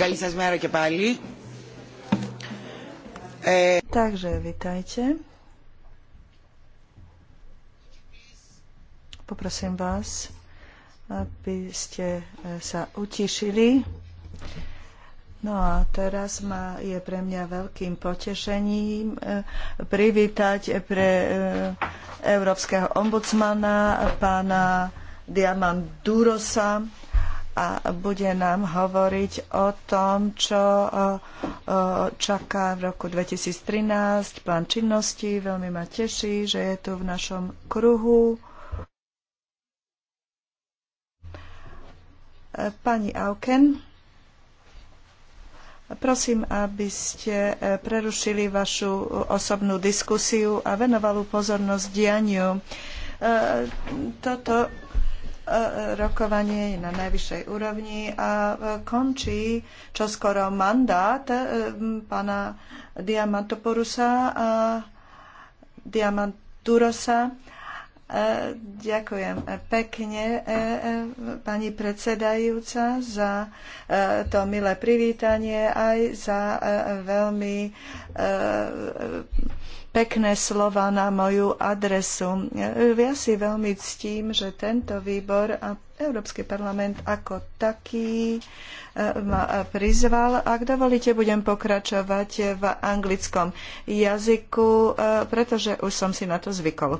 Καλή σας μέρα και πάλι. Takže vitajte. Poprosím vás, aby ste e, sa utišili. No a teraz ma, je pre mňa veľkým potešením e, privítať pre e, európskeho ombudsmana pána Diamandurosa. Durosa a bude nám hovoriť o tom, čo e, e, čaká v roku 2013, plán činnosti. Veľmi ma teší, že je tu v našom kruhu. E, pani Auken, prosím, aby ste prerušili vašu osobnú diskusiu a venovali pozornosť dianiu. Toto rokovanie je na najvyššej úrovni a e, končí čoskoro mandát e, pána Diamantoporusa a Diamanturosa E, ďakujem pekne, e, e, pani predsedajúca, za to milé privítanie aj za veľmi pekné slova na moju adresu. Ja si veľmi ctím, že tento výbor a Európsky parlament ako taký ma prizval. Ak dovolíte, budem pokračovať v anglickom jazyku, pretože už som si na to zvykol.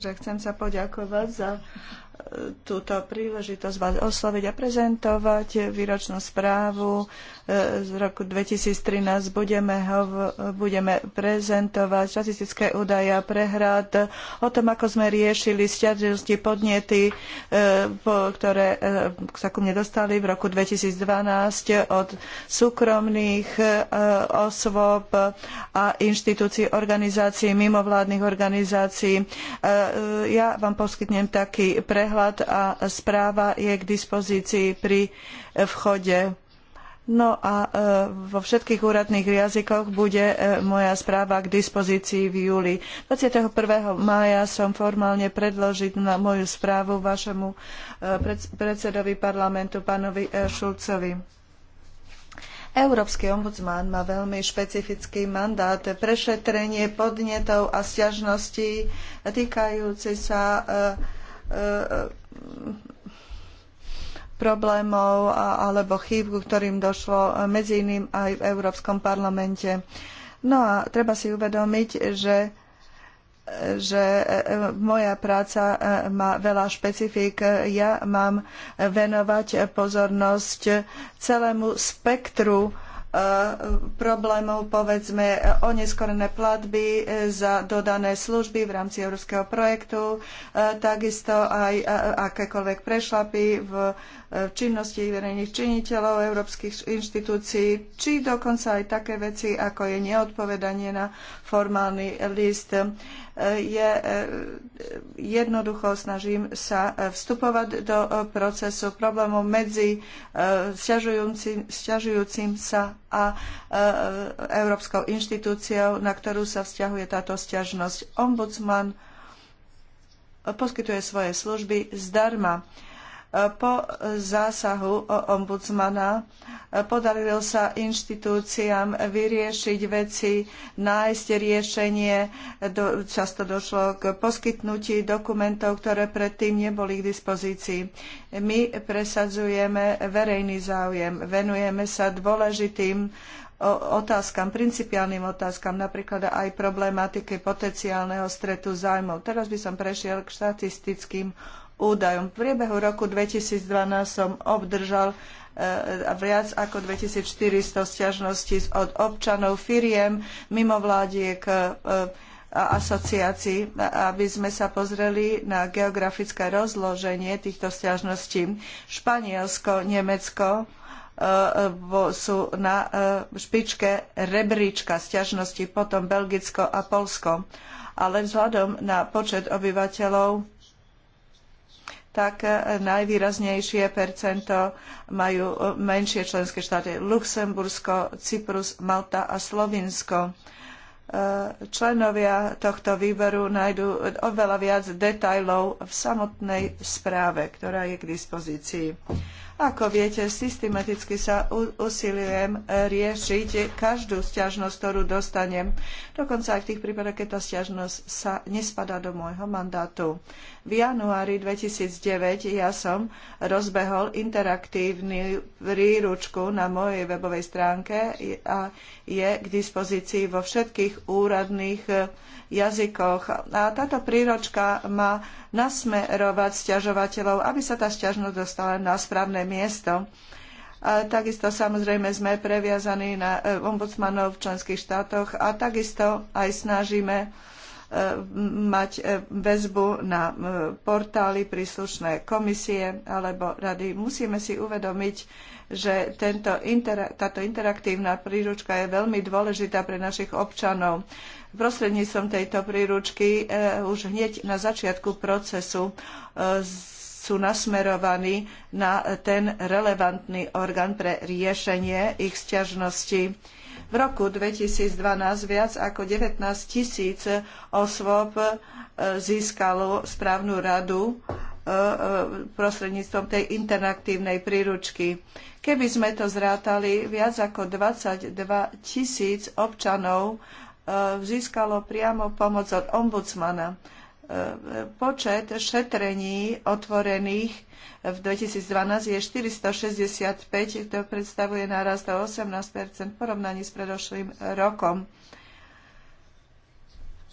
že chcem sa poďakovať za túto príležitosť vás osloviť a prezentovať výročnú správu e, z roku 2013. Budeme, hov, budeme prezentovať štatistické údaje a prehrad o tom, ako sme riešili stiažnosti podnety, e, ktoré e, sa ku mne dostali v roku 2012 od súkromných osôb a inštitúcií, organizácií, mimovládnych organizácií. Ja vám poskytnem taký prehľad prehľad a správa je k dispozícii pri e, vchode. No a e, vo všetkých úradných jazykoch bude e, moja správa k dispozícii v júli. 21. mája som formálne predložiť na moju správu vašemu predsedovi parlamentu, pánovi Šulcovi. Európsky ombudsman má veľmi špecifický mandát prešetrenie podnetov a sťažností týkajúci sa problémov alebo chýb, ktorým došlo eh, medzi iným aj v Európskom parlamente. No a treba si uvedomiť, že eh, že eh, moja práca má veľa špecifik. Ja mám venovať pozornosť celému spektru Eh, problémov, povedzme oneskorené platby eh, za dodané služby v rámci európskeho projektu, eh, takisto aj akékoľvek prešlapy v činnosti verejných činiteľov európskych inštitúcií, či dokonca aj také veci, ako je neodpovedanie na formálny list je eh, jednoducho snažím sa eh, vstupovať do eh, procesu problémov medzi sťažujúcim, sťažujúcim sa a Európskou inštitúciou, na ktorú sa vzťahuje táto sťažnosť. Ombudsman poskytuje svoje služby zdarma po zásahu ombudsmana eh, podarilo sa inštitúciám vyriešiť veci, nájsť riešenie. Do, často došlo k poskytnutí dokumentov, ktoré predtým neboli k dispozícii. My presadzujeme verejný záujem, venujeme sa dôležitým eh, otázkam, principiálnym otázkam, napríklad aj problematike potenciálneho stretu zájmov. Teraz by som prešiel k štatistickým údajom. V priebehu roku 2012 som obdržal eh, viac ako 2400 stiažností od občanov, firiem, mimovládiek, eh, asociácií, aby sme sa pozreli na geografické rozloženie týchto stiažností. Španielsko, Nemecko eh, sú na špičke rebríčka stiažností, potom Belgicko a Polsko. Ale vzhľadom na počet obyvateľov tak e, najvýraznejšie percento majú e, menšie členské štáty Luxembursko, Cyprus, Malta a Slovinsko. E, členovia tohto výboru nájdú oveľa viac detajlov v samotnej správe, ktorá je k dispozícii. Ako viete, systematicky sa usilujem e, riešiť každú sťažnosť, ktorú dostanem. Dokonca aj v tých prípadoch, keď tá sťažnosť sa nespadá do môjho mandátu. V januári 2009 ja som rozbehol interaktívnu príručku na mojej webovej stránke a je k dispozícii vo všetkých úradných e, jazykoch. A táto príročka má nasmerovať sťažovateľov, aby sa tá sťažnosť dostala na správne miesto. A takisto samozrejme sme previazaní na eh, ombudsmanov v členských štátoch a takisto aj snažíme eh, mať eh, väzbu na portály príslušné komisie alebo rady. Musíme si uvedomiť, že tento, táto interaktívna príručka je veľmi dôležitá pre našich občanov. Prostredníctvom tejto príručky e, už hneď na začiatku procesu e, sú nasmerovaní na ten relevantný orgán pre riešenie ich sťažností. V roku 2012 viac ako 19 tisíc osôb e, získalo správnu radu prostredníctvom tej interaktívnej príručky. Keby sme to zrátali, viac ako 22 tisíc občanov Eh, získalo priamo pomoc od ombudsmana. Eh, počet šetrení otvorených v 2012 je 465, to predstavuje nárast o 18 v porovnaní s predošlým rokom.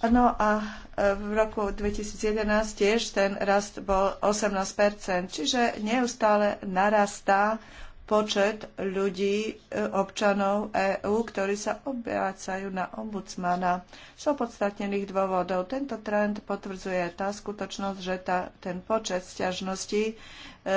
No a eh, v roku 2011 tiež ten rast bol 18 čiže neustále narastá počet ľudí, e, občanov EÚ, ktorí sa obrácajú na ombudsmana z opodstatnených dôvodov. Tento trend potvrdzuje tá skutočnosť, že tá, ten počet stiažností e, e,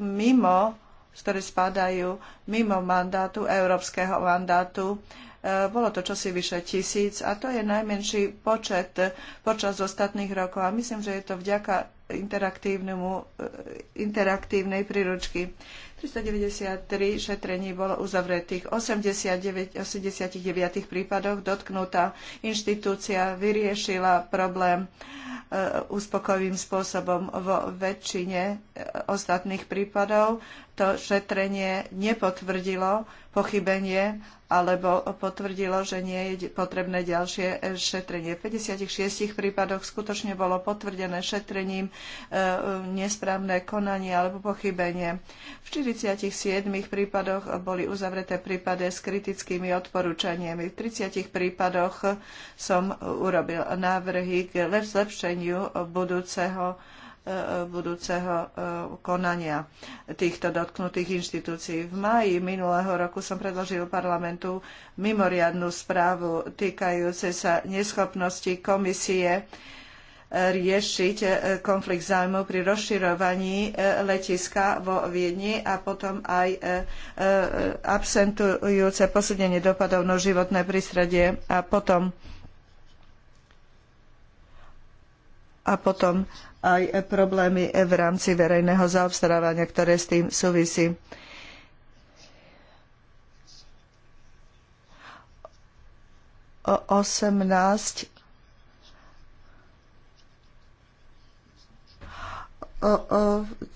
mimo, z spadajú mimo mandátu, európskeho mandátu, e, bolo to čosi vyše tisíc a to je najmenší počet počas ostatných rokov a myslím, že je to vďaka interaktívnej príručky. 393 šetrení bolo uzavretých, 89, 89 prípadoch dotknutá inštitúcia vyriešila problém e, uspokojivým spôsobom. Vo väčšine e, ostatných prípadov to šetrenie nepotvrdilo pochybenie alebo potvrdilo, že nie je potrebné ďalšie e, šetrenie. V 56 prípadoch skutočne bolo potvrdené šetrením e, e, nesprávne konanie alebo pochybenie. V 47 prípadoch boli uzavreté prípade s kritickými odporúčaniami. V 30 prípadoch som urobil návrhy k zlepšeniu budúceho budúceho eh, konania týchto dotknutých inštitúcií. V máji minulého roku som predložil parlamentu mimoriadnu správu týkajúce sa neschopnosti komisie eh, riešiť eh, konflikt záujmov pri rozširovaní letiska vo Viedni a potom aj absentujúce posúdenie dopadov na životné prístredie a potom a potom aj problémy v rámci verejného zaobstarávania, ktoré s tým súvisí. O 18 o, o,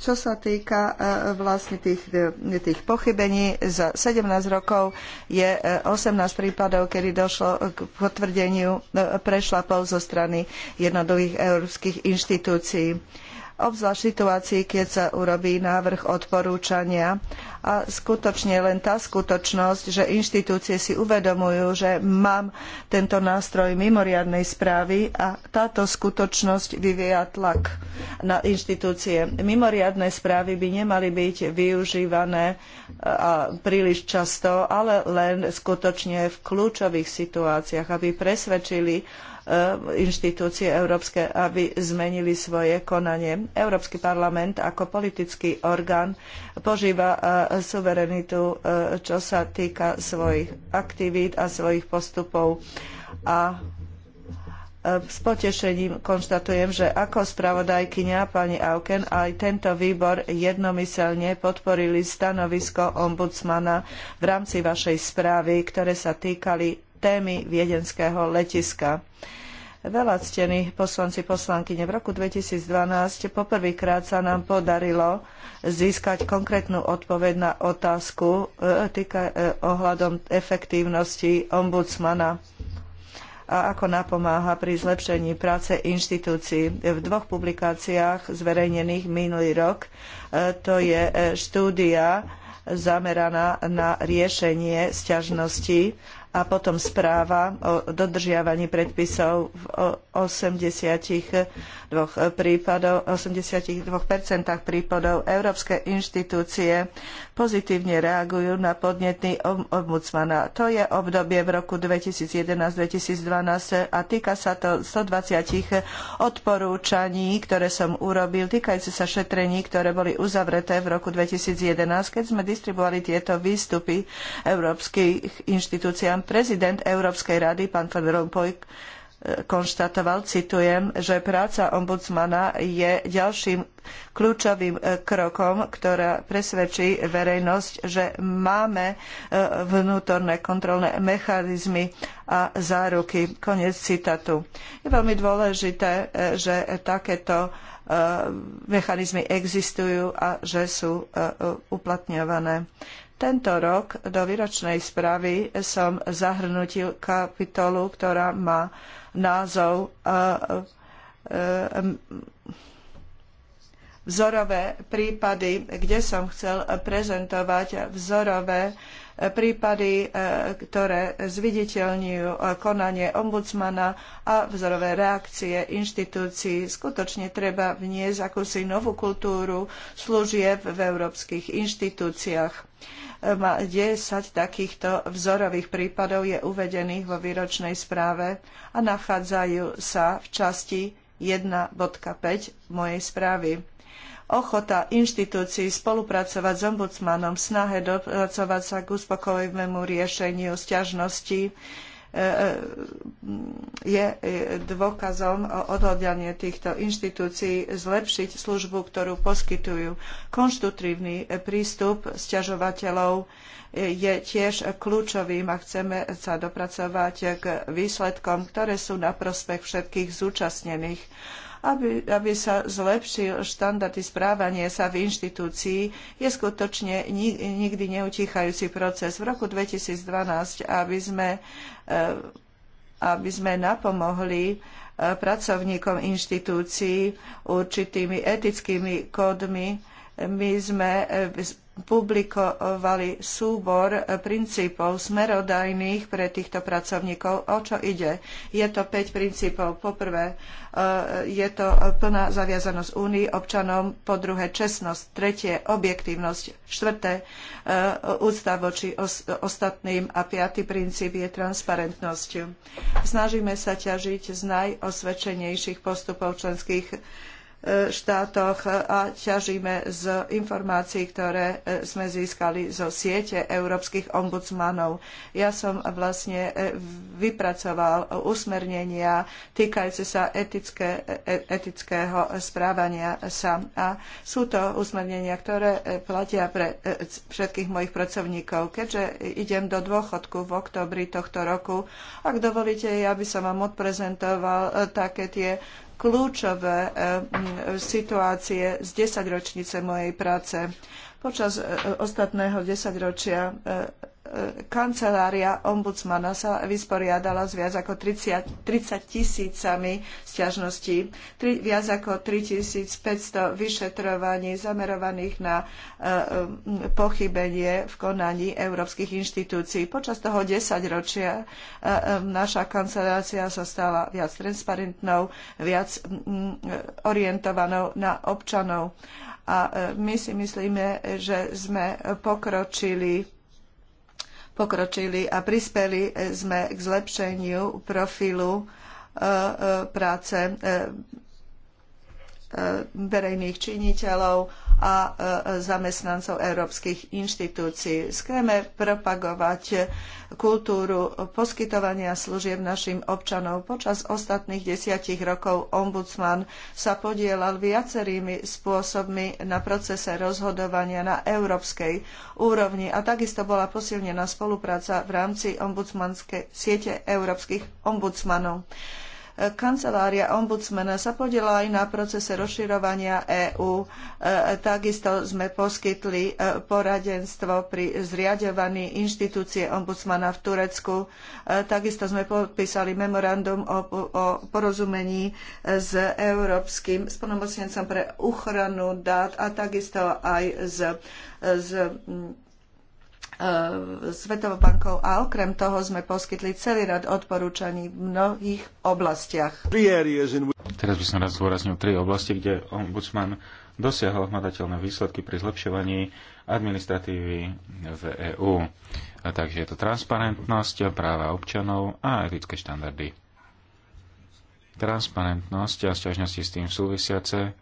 čo sa týka e, vlastne tých, e, tých pochybení, za 17 rokov je 18 e, prípadov, kedy došlo k potvrdeniu prešlapov zo strany jednotlivých európskych inštitúcií obzvlášť v situácii, keď sa urobí návrh odporúčania. A skutočne len tá skutočnosť, že inštitúcie si uvedomujú, že mám tento nástroj mimoriadnej správy a táto skutočnosť vyvíja tlak na inštitúcie. Mimoriadne správy by nemali byť využívané e, príliš často, ale len skutočne v kľúčových situáciách, aby presvedčili Eh, inštitúcie európske, aby zmenili svoje konanie. Európsky parlament ako politický orgán požíva eh, suverenitu, eh, čo sa týka svojich aktivít a svojich postupov. A s potešením konštatujem, že ako spravodajkyňa pani Auken aj tento výbor jednomyselne podporili stanovisko ombudsmana v rámci vašej správy, ktoré sa týkali témy viedenského letiska. Veľa ctení poslanci poslankyne, v roku 2012 poprvýkrát sa nám podarilo získať konkrétnu odpoveď na otázku e, týka, e, ohľadom efektívnosti ombudsmana a ako napomáha pri zlepšení práce inštitúcií. V dvoch publikáciách zverejnených minulý rok e, to je štúdia zameraná na riešenie sťažností a potom správa o dodržiavaní predpisov v 82, prípadov, 82 prípadov európske inštitúcie pozitívne reagujú na podnetný ombudsmana. To je obdobie v roku 2011-2012 a týka sa to 120 odporúčaní, ktoré som urobil, týkajúce sa šetrení, ktoré boli uzavreté v roku 2011, keď sme distribuovali tieto výstupy európskych inštitúciám prezident Európskej rady, pán Van Rompuy, e, konštatoval, citujem, že práca ombudsmana je ďalším kľúčovým e, krokom, ktorá presvedčí verejnosť, že máme e, vnútorné kontrolné mechanizmy a záruky. Koniec citatu. Je veľmi dôležité, že takéto mechanizmy existujú a že sú uplatňované. Tento rok do výročnej správy som zahrnutil kapitolu, ktorá má názov e, e, vzorové prípady, kde som chcel prezentovať vzorové prípady, e, ktoré zviditeľňujú e, konanie ombudsmana a vzorové reakcie inštitúcií. Skutočne treba vniesť akúsi novú kultúru služieb v európskych inštitúciách. 10 e, takýchto vzorových prípadov je uvedených vo výročnej správe a nachádzajú sa v časti 1.5 mojej správy ochota inštitúcií spolupracovať s ombudsmanom v snahe dopracovať sa k uspokojivému riešeniu sťažností e, e, je e, dôkazom o odhodlanie týchto inštitúcií zlepšiť službu, ktorú poskytujú. Konštruktívny prístup sťažovateľov je tiež kľúčovým a chceme sa dopracovať k výsledkom, ktoré sú na prospech všetkých zúčastnených aby, aby sa zlepšil štandardy správania sa v inštitúcii, je skutočne nikdy neutichajúci proces. V roku 2012, aby sme, eh, aby sme napomohli eh, pracovníkom inštitúcií určitými etickými kódmi, my sme eh, publikovali súbor princípov smerodajných pre týchto pracovníkov. O čo ide? Je to 5 princípov. Poprvé, e, je to plná zaviazanosť únii občanom, po druhé čestnosť, tretie objektívnosť, štvrté e, úcta voči ostatným a piaty princíp je transparentnosť. Snažíme sa ťažiť z najosvedčenejších postupov členských štátoch a ťažíme z informácií, ktoré e, sme získali zo siete európskych ombudsmanov. Ja som vlastne e, vypracoval usmernenia týkajúce sa etické, e, etického správania sa. A sú to usmernenia, ktoré platia pre všetkých mojich pracovníkov. Keďže idem do dôchodku v oktobri tohto roku, ak dovolíte, ja by som vám odprezentoval také tie kľúčové e, situácie z desaťročnice mojej práce. Počas e, ostatného desaťročia e, kancelária ombudsmana sa vysporiadala s viac ako 30, tisícami stiažností, viac ako 3500 vyšetrovaní zamerovaných na e, e, pochybenie v konaní európskych inštitúcií. Počas toho desaťročia e, naša kancelácia sa stala viac transparentnou, viac mm, orientovanou na občanov. A my si myslíme, že sme pokročili pokročili a prispeli e, sme k zlepšeniu profilu e, e, práce verejných činiteľov a e, zamestnancov európskych inštitúcií. Skréme propagovať kultúru poskytovania služieb našim občanov. Počas ostatných desiatich rokov ombudsman sa podielal viacerými spôsobmi na procese rozhodovania na európskej úrovni a takisto bola posilnená spolupráca v rámci ombudsmanskej siete európskych ombudsmanov. Kancelária ombudsmana sa podiela aj na procese rozširovania EÚ. E, takisto sme poskytli e, poradenstvo pri zriadovaní inštitúcie ombudsmana v Turecku. E, takisto sme podpísali memorandum o, porozumení s Európskym spolnomocnencom pre ochranu dát a takisto aj s, s E, Svetovou bankou a okrem toho sme poskytli celý rad odporúčaní v mnohých oblastiach. Teraz by som raz zdôraznil tri oblasti, kde ombudsman dosiahol hmatateľné výsledky pri zlepšovaní administratívy v EÚ. Takže je to transparentnosť, práva občanov a etické štandardy. Transparentnosť a sťažnosti s tým súvisiace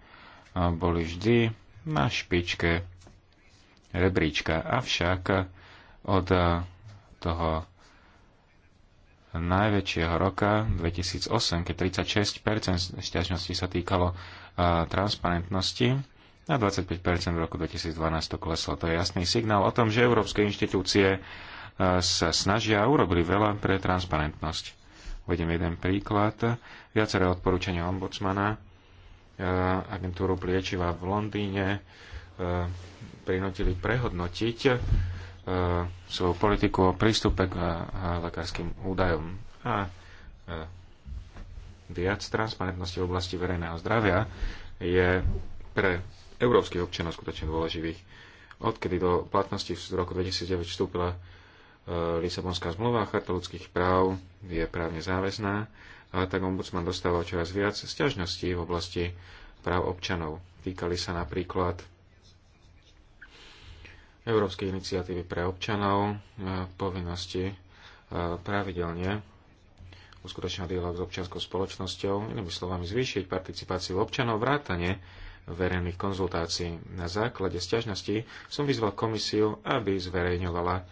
boli vždy na špičke rebríčka, avšak od eh, toho najväčšieho roka 2008, keď 36% šťažnosti sa týkalo eh, transparentnosti a 25% v roku 2012 to kleslo. To je jasný signál o tom, že európske inštitúcie eh, sa snažia a urobili veľa pre transparentnosť. Uvediem jeden príklad. Viaceré odporúčania ombudsmana agentúru pliečiva v Londýne prinútili prehodnotiť E, svoju politiku o prístupe k e, lekárskym údajom a e, viac transparentnosti v oblasti verejného zdravia je pre európskych občanov skutočne dôležitých. Odkedy do platnosti v roku 2009 vstúpila Lisabonská zmluva a charta ľudských práv je právne záväzná, ale tak ombudsman dostával čoraz viac sťažností v oblasti práv občanov. Týkali sa napríklad Európskej iniciatívy pre občanov, e, povinnosti e, pravidelne uskutočňovať dialog s občianskou spoločnosťou, inými slovami zvýšiť participáciu občanov, vrátane verejných konzultácií. Na základe sťažnosti som vyzval komisiu, aby zverejňovala e,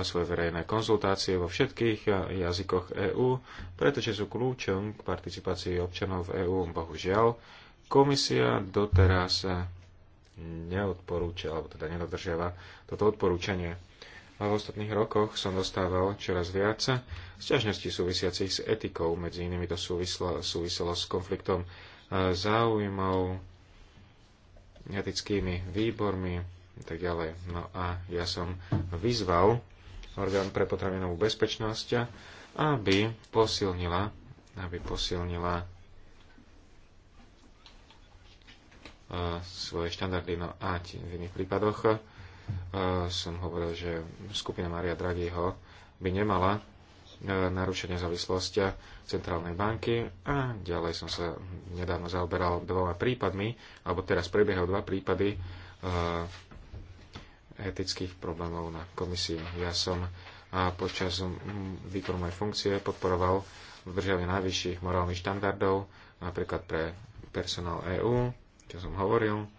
svoje verejné konzultácie vo všetkých jazykoch EÚ, pretože sú kľúčom k participácii občanov v EÚ. Bohužiaľ, komisia doteraz neodporúča, alebo teda nedodržiava toto odporúčanie. A v ostatných rokoch som dostával čoraz viac sťažností súvisiacich s etikou, medzi inými to súvislo, súviselo s konfliktom eh, záujmov, etickými výbormi a tak ďalej. No a ja som vyzval orgán pre potravinovú bezpečnosť, aby posilnila, aby posilnila svoje štandardy. No a v iných prípadoch som hovoril, že skupina Maria Draghiho by nemala narušiť závislosti centrálnej banky a ďalej som sa nedávno zaoberal dvoma prípadmi, alebo teraz prebiehajú dva prípady etických problémov na komisii. Ja som a počas výkonu mojej funkcie podporoval dodržiavanie najvyšších morálnych štandardov, napríklad pre personál EÚ, čo som hovoril,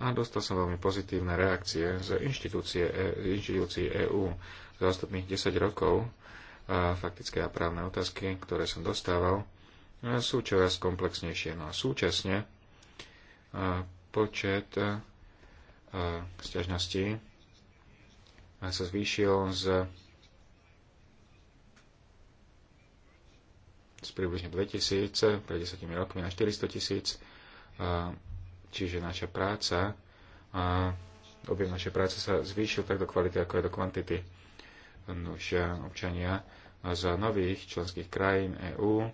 a dostal som veľmi pozitívne reakcie z inštitúcie, e- inštitúcií EÚ za ostatných 10 rokov. A faktické a právne otázky, ktoré som dostával, sú čoraz komplexnejšie. No a súčasne a počet sťažností sa zvýšil z, z približne 2000 pred 10 rokmi na 400 tisíc Čiže naša práca, a objem našej práce sa zvýšil tak do kvality, ako aj do kvantity. Nož občania z nových členských krajín EÚ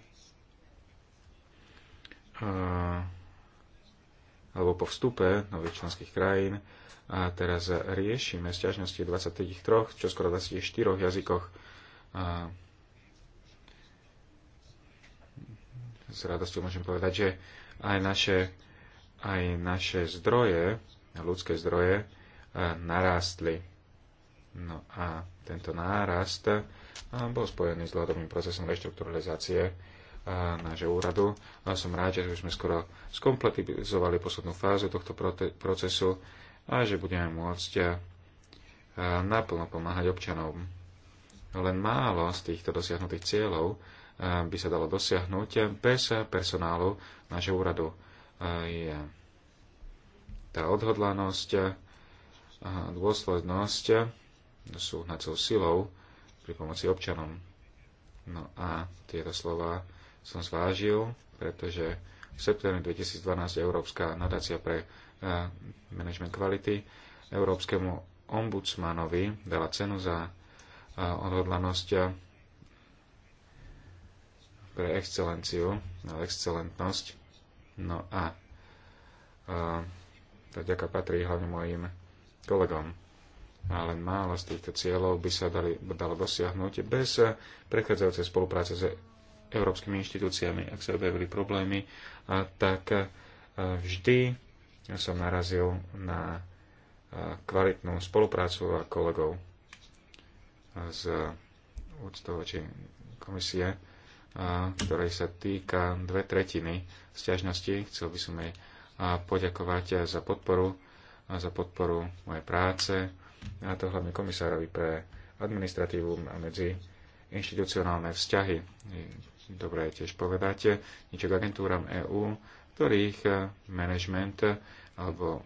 alebo po vstupe nových členských krajín a teraz riešime sťažnosti v 23, čo skoro 24 jazykoch a s radosťou môžem povedať, že aj naše aj naše zdroje, ľudské zdroje, e, narástli. No a tento nárast e, bol spojený s dlhodobým procesom reštrukturalizácie e, nášho úradu. A som rád, že už sme skoro skompletizovali poslednú fázu tohto procesu a že budeme môcť naplno pomáhať občanom. Len málo z týchto dosiahnutých cieľov by sa dalo dosiahnuť bez personálu nášho úradu je tá odhodlanosť a dôslednosť sú hnacou silou pri pomoci občanom. No a tieto slova som zvážil, pretože v septembri 2012 Európska nadácia pre e, management kvality Európskemu ombudsmanovi dala cenu za e, odhodlanosť pre excelenciu, excelentnosť No a, a tá vďaka patrí hlavne mojim kolegom. ale len málo z týchto cieľov by sa dali, dalo dosiahnuť bez prechádzajúcej spolupráce s európskymi inštitúciami. Ak sa objavili problémy, tak vždy som narazil na kvalitnú spoluprácu a kolegov z úctovačej komisie ktorej sa týka dve tretiny sťažnosti. Chcel by som jej poďakovať za podporu, za podporu mojej práce a to hlavne komisárovi pre administratívu a medzi inštitucionálne vzťahy. Dobre je tiež povedať, niečo k agentúram EÚ, ktorých management alebo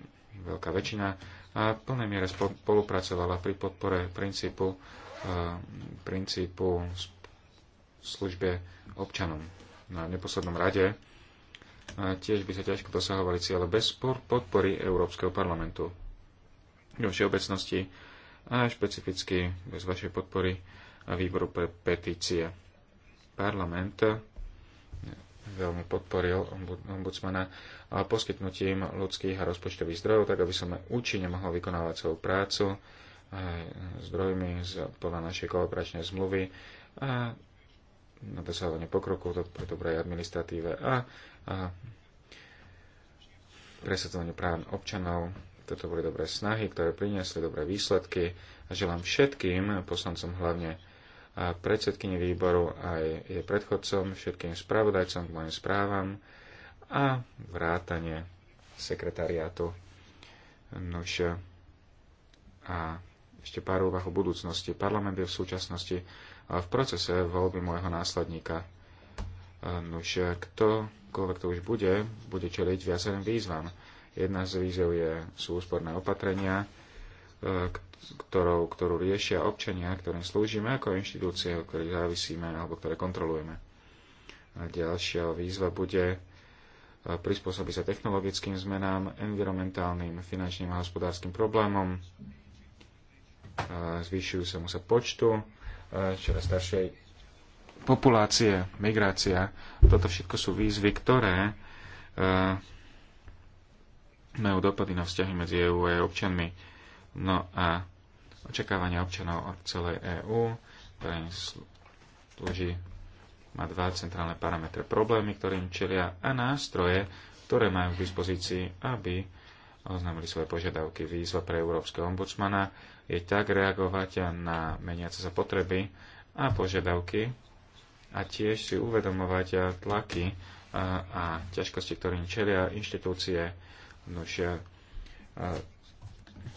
veľká väčšina a v plnej miere spolupracovala pri podpore princípu, princípu službe občanom. Na neposlednom rade tiež by sa ťažko dosahovali cieľe bez podpory Európskeho parlamentu. Do všeobecnosti a špecificky bez vašej podpory a výboru pre petície. Parlament veľmi podporil ombudsmana a poskytnutím ľudských a rozpočtových zdrojov, tak aby som účinne mohol vykonávať svoju prácu zdrojmi podľa našej kooperačnej zmluvy a na dosahovanie pokrokov, pre dobrej administratíve a, a presadzovanie práv občanov. Toto boli dobré snahy, ktoré priniesli dobré výsledky a želám všetkým poslancom hlavne a predsedkyni výboru aj jej predchodcom, všetkým spravodajcom k mojim správam a vrátanie sekretariátu. Nož a ešte pár úvah o budúcnosti. Parlament je v súčasnosti v procese voľby môjho následníka. E, nuž, e, ktokoľvek to už bude, bude čeliť viacerým výzvam. Jedna z výzev je, sú úsporné opatrenia, e, ktorou, ktorú riešia občania, ktorým slúžime ako inštitúcie, o ktorých závisíme alebo ktoré kontrolujeme. A ďalšia výzva bude prispôsobiť sa technologickým zmenám, environmentálnym, finančným a hospodárskym problémom. Zvyšujú sa mu sa počtu, Eh, čoraz staršej populácie, migrácia. Toto všetko sú výzvy, ktoré eh, majú dopady na vzťahy medzi EÚ a občanmi. No a očakávania občanov od celej EÚ, ktoré im slúži, má dva centrálne parametre. Problémy, ktorým čelia a nástroje, ktoré majú k dispozícii, aby oznámili svoje požiadavky. Výzva pre Európskeho ombudsmana je tak reagovať na meniace sa potreby a požiadavky a tiež si uvedomovať tlaky a, a ťažkosti, ktorým čelia inštitúcie. Nož,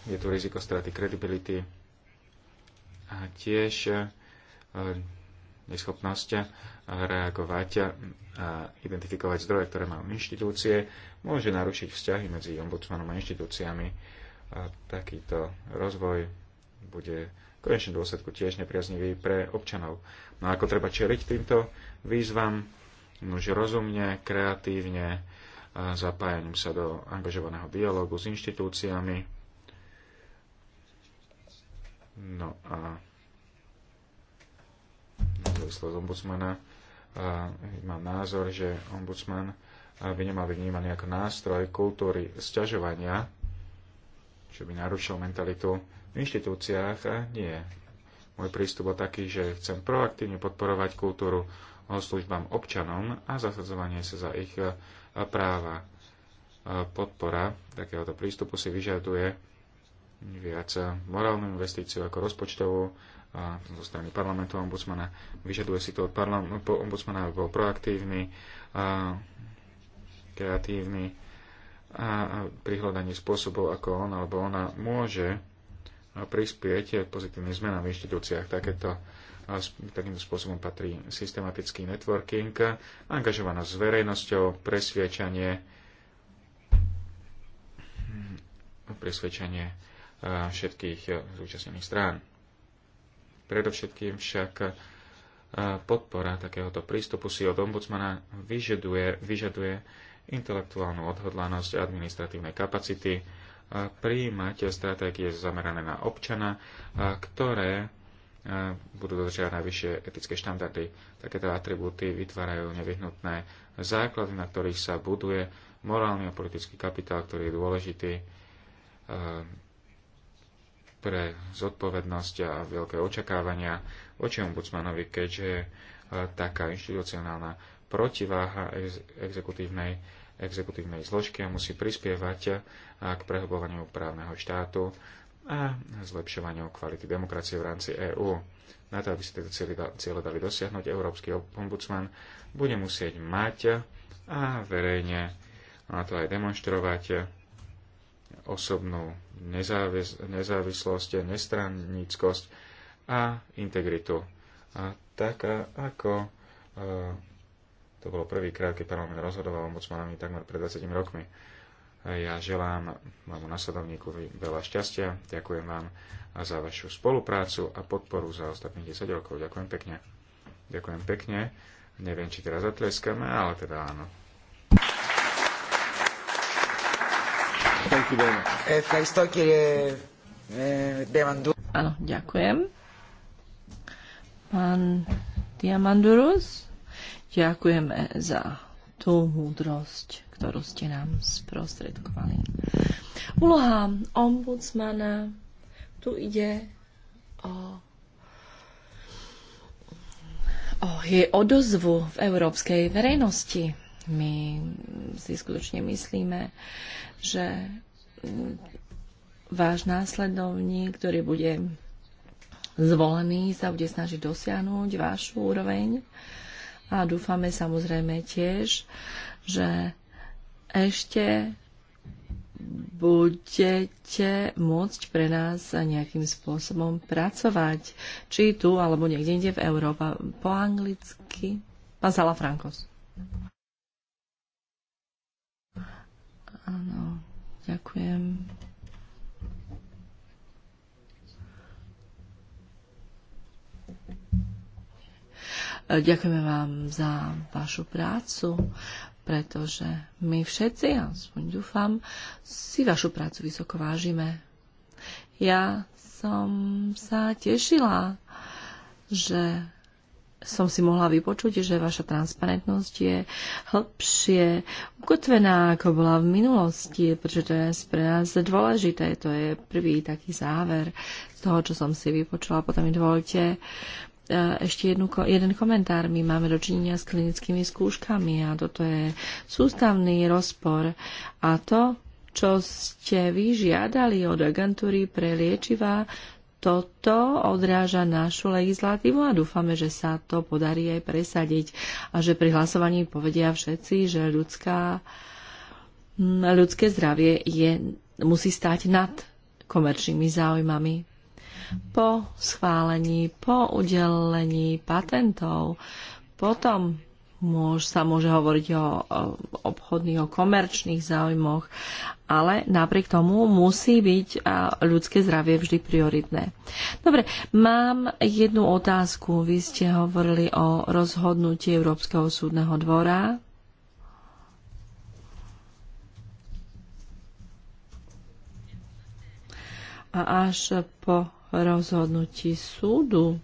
je tu riziko straty kredibility a tiež neschopnosť reagovať a identifikovať zdroje, ktoré majú inštitúcie, môže narušiť vzťahy medzi ombudsmanom a inštitúciami. A takýto rozvoj bude v konečnom dôsledku tiež nepriaznivý pre občanov. No ako treba čeliť týmto výzvam? Nož rozumne, kreatívne, zapájaním sa do angažovaného dialogu s inštitúciami. No a z ombudsmana mám názor, že ombudsman by nemal byť vnímaný ako nástroj kultúry sťažovania, čo by narušil mentalitu v inštitúciách nie. Môj prístup bol taký, že chcem proaktívne podporovať kultúru o službám občanom a zasadzovanie sa za ich e, práva. E, podpora takéhoto prístupu si vyžaduje viac morálnu investíciu ako rozpočtovú a zo strany parlamentu ombudsmana. Vyžaduje si to od ombudsmana, aby bol proaktívny, a kreatívny a pri hľadaní spôsobov, ako on alebo ona môže prispieť k pozitívnym zmenám v inštitúciách. Takéto, takýmto spôsobom patrí systematický networking, angažovanosť s verejnosťou, presviečanie, hm, presviečanie všetkých e, zúčastnených strán. Predovšetkým však e, podpora takéhoto prístupu si od ombudsmana vyžaduje, vyžaduje intelektuálnu odhodlanosť administratívnej kapacity, prijímať stratégie zamerané na občana, ktoré budú dodržiavať najvyššie etické štandardy. Takéto atribúty vytvárajú nevyhnutné základy, na ktorých sa buduje morálny a politický kapitál, ktorý je dôležitý pre zodpovednosť a veľké očakávania voči ombudsmanovi, keďže taká inštitucionálna protiváha exekutívnej exekutívnej zložky a musí prispievať eh, k prehobovaniu právneho štátu a zlepšovaniu kvality demokracie v rámci EÚ. Na to, aby sa tieto ciele dali dosiahnuť, Európsky ombudsman bude musieť mať a verejne na to aj demonstrovať osobnú nezávis- nezávislosť, nestranníckosť a integritu. A tak eh, ako eh, to bolo prvýkrát, keď parlament rozhodoval ombudsmanami takmer pred 20 rokmi. Ja želám môjmu nasledovníku veľa šťastia, ďakujem vám za vašu spoluprácu a podporu za ostatných 10 rokov. Ďakujem pekne. Ďakujem pekne. Neviem, či teraz zatleskáme, ale teda áno. Eh, eh, áno, ďakujem. Pán Diamandurus. Ďakujeme za tú múdrosť, ktorú ste nám sprostredkovali. Úloha ombudsmana, tu ide o, o jej odozvu v európskej verejnosti. My si skutočne myslíme, že mm, váš následovník, ktorý bude zvolený, sa bude snažiť dosiahnuť vašu úroveň a dúfame samozrejme tiež, že ešte budete môcť pre nás nejakým spôsobom pracovať, či tu, alebo niekde inde v Európa, po anglicky. Pán Sala Frankos. Áno, ďakujem. E, ďakujeme vám za vašu prácu, pretože my všetci, aspoň dúfam, si vašu prácu vysoko vážime. Ja som sa tešila, že som si mohla vypočuť, že vaša transparentnosť je hĺbšie ukotvená, ako bola v minulosti, pretože to je pre nás dôležité. To je prvý taký záver z toho, čo som si vypočula. Potom mi dovolte ešte jednu, jeden komentár. My máme dočinenia s klinickými skúškami a toto je sústavný rozpor. A to, čo ste vy žiadali od agentúry pre liečivá, toto odráža našu legislatívu a dúfame, že sa to podarí aj presadiť a že pri hlasovaní povedia všetci, že ľudská, hm, ľudské zdravie je, musí stať nad komerčnými záujmami po schválení, po udelení patentov. Potom môž, sa môže hovoriť o, o obchodných, o komerčných záujmoch, ale napriek tomu musí byť ľudské zdravie vždy prioritné. Dobre, mám jednu otázku. Vy ste hovorili o rozhodnutí Európskeho súdneho dvora. A až po rozhodnutí súdu.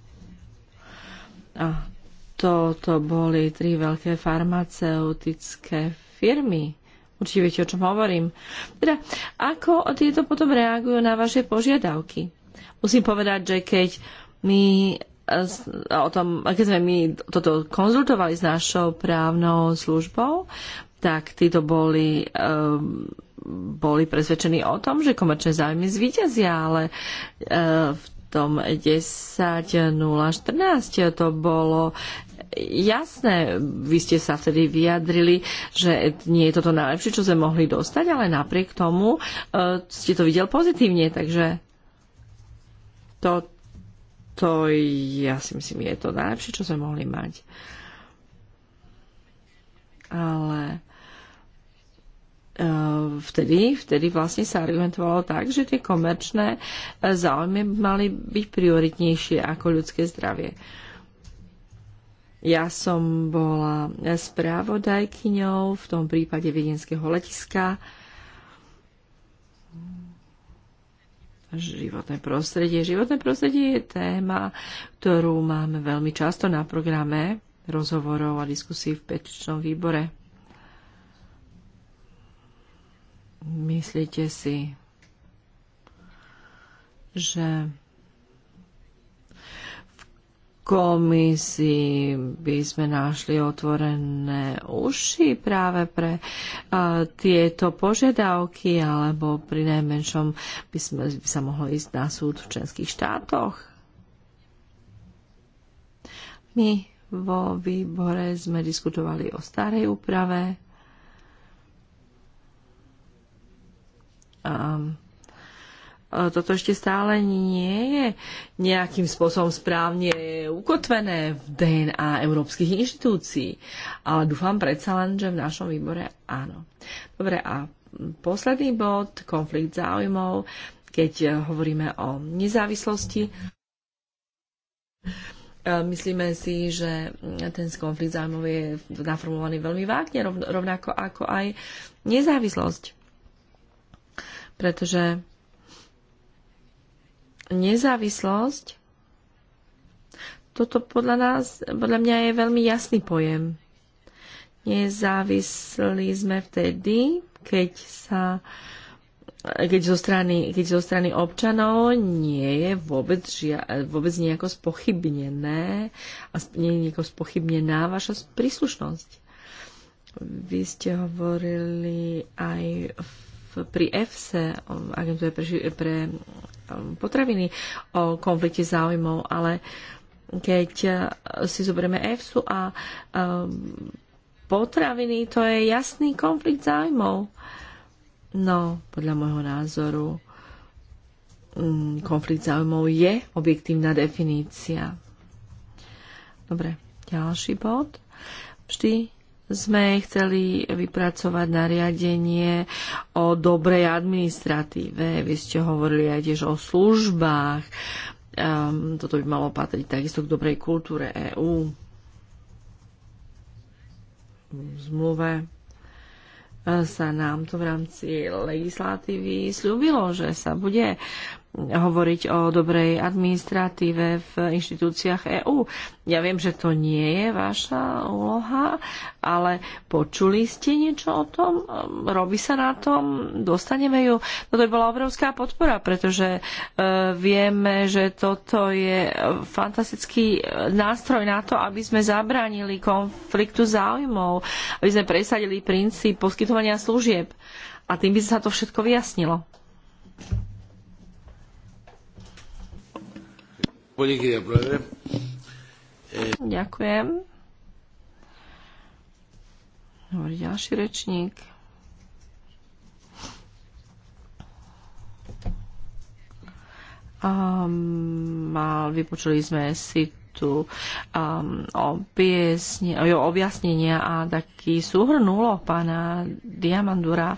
A toto boli tri veľké farmaceutické firmy. Určite viete, o čom hovorím. Teda, ako tieto potom reagujú na vaše požiadavky? Musím povedať, že keď my eh, o tom, keď sme my toto konzultovali s našou právnou službou, tak títo boli um, boli presvedčení o tom, že komerčné zájmy zvíťazia, ale e, v tom 10.014 to bolo jasné, vy ste sa vtedy vyjadrili, že nie je toto najlepšie, čo sme mohli dostať, ale napriek tomu e, ste to videl pozitívne, takže to, to ja si myslím, je to najlepšie, čo sme mohli mať. Ale Eh, vtedy, vtedy vlastne sa argumentovalo tak, že tie komerčné eh, záujmy mali byť prioritnejšie ako ľudské zdravie. Ja som bola správodajkyňou v tom prípade viedenského letiska. Životné prostredie. Životné prostredie je téma, ktorú máme veľmi často na programe rozhovorov a diskusí v petičnom výbore. Myslíte si, že v komisii by sme našli otvorené uši práve pre uh, tieto požiadavky, alebo pri najmenšom by, sme, by sa mohlo ísť na súd v členských štátoch? My vo výbore sme diskutovali o starej úprave Um, toto ešte stále nie je nejakým spôsobom správne ukotvené v DNA európskych inštitúcií. Ale dúfam predsa len, že v našom výbore áno. Dobre, a posledný bod, konflikt záujmov, keď eh, hovoríme o nezávislosti. Eh, myslíme si, že mm, ten konflikt záujmov je naformovaný veľmi vágne, rovnako ako aj nezávislosť pretože nezávislosť, toto podľa nás, podľa mňa je veľmi jasný pojem. Nezávislí sme vtedy, keď sa keď zo, strany, keď zo strany občanov nie je vôbec, žia, vôbec nejako spochybnené a nie je nejako spochybnená vaša príslušnosť. Vy ste hovorili aj v pri EFSE, agentúre pre, pre um, potraviny, o konflikte záujmov, ale keď e, si zoberieme EFSU a um, potraviny, to je jasný konflikt záujmov. No, podľa môjho názoru, mm, konflikt záujmov je objektívna definícia. Dobre, ďalší bod. Vždy sme chceli vypracovať nariadenie o dobrej administratíve. Vy ste hovorili aj tiež o službách. Um, toto by malo patriť takisto k dobrej kultúre EÚ. V zmluve e, sa nám to v rámci legislatívy slúbilo, že sa bude hovoriť o dobrej administratíve v inštitúciách EÚ. Ja viem, že to nie je vaša úloha, ale počuli ste niečo o tom? Robí sa na tom? Dostaneme ju? No to bola obrovská podpora, pretože e, vieme, že toto je fantastický e, nástroj na to, aby sme zabránili konfliktu záujmov, aby sme presadili princíp poskytovania služieb. A tým by sa to všetko vyjasnilo. Ďakujem. Hovorí ďalší rečník. Um, mal, vypočuli sme si tu um, objasne, objasnenia a taký súhrn úloh pána Diamandura.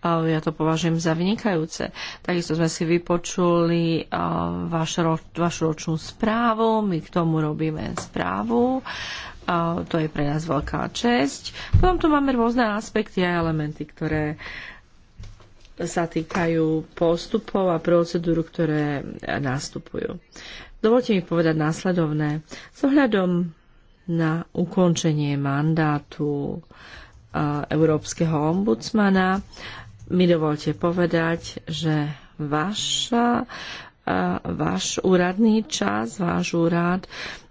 Uh, ja to považujem za vynikajúce. Takisto sme si vypočuli uh, vaš roč, vašu ročnú správu, my k tomu robíme správu. Uh, to je pre nás veľká česť. Potom tu máme rôzne aspekty a elementy, ktoré uh, sa týkajú postupov a procedúr, ktoré nastupujú. Dovolte mi povedať následovné. S ohľadom na ukončenie mandátu Európskeho ombudsmana mi dovolte povedať, že vaša, váš úradný čas, váš úrad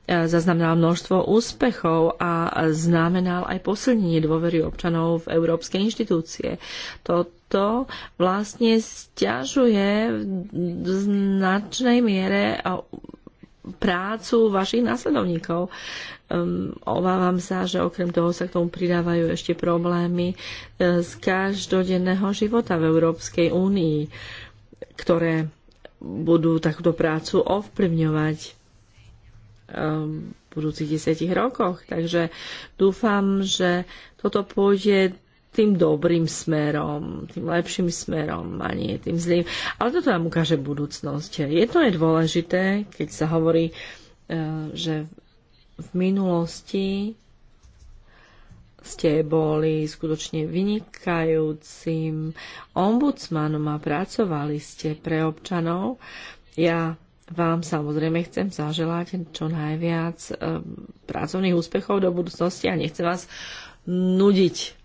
zaznamenal množstvo úspechov a znamenal aj posilnenie dôvery občanov v európske inštitúcie. To to vlastne stiažuje v značnej miere prácu vašich následovníkov. Um, obávam sa, že okrem toho sa k tomu pridávajú ešte problémy e, z každodenného života v Európskej únii, ktoré budú takúto prácu ovplyvňovať um, v budúcich desiatich rokoch. Takže dúfam, že toto pôjde tým dobrým smerom, tým lepším smerom a nie tým zlým. Ale toto nám ukáže budúcnosť. Jedno je dôležité, keď sa hovorí, e, že v minulosti ste boli skutočne vynikajúcim ombudsmanom a pracovali ste pre občanov. Ja vám samozrejme chcem zaželať čo najviac e, pracovných úspechov do budúcnosti a nechcem vás nudiť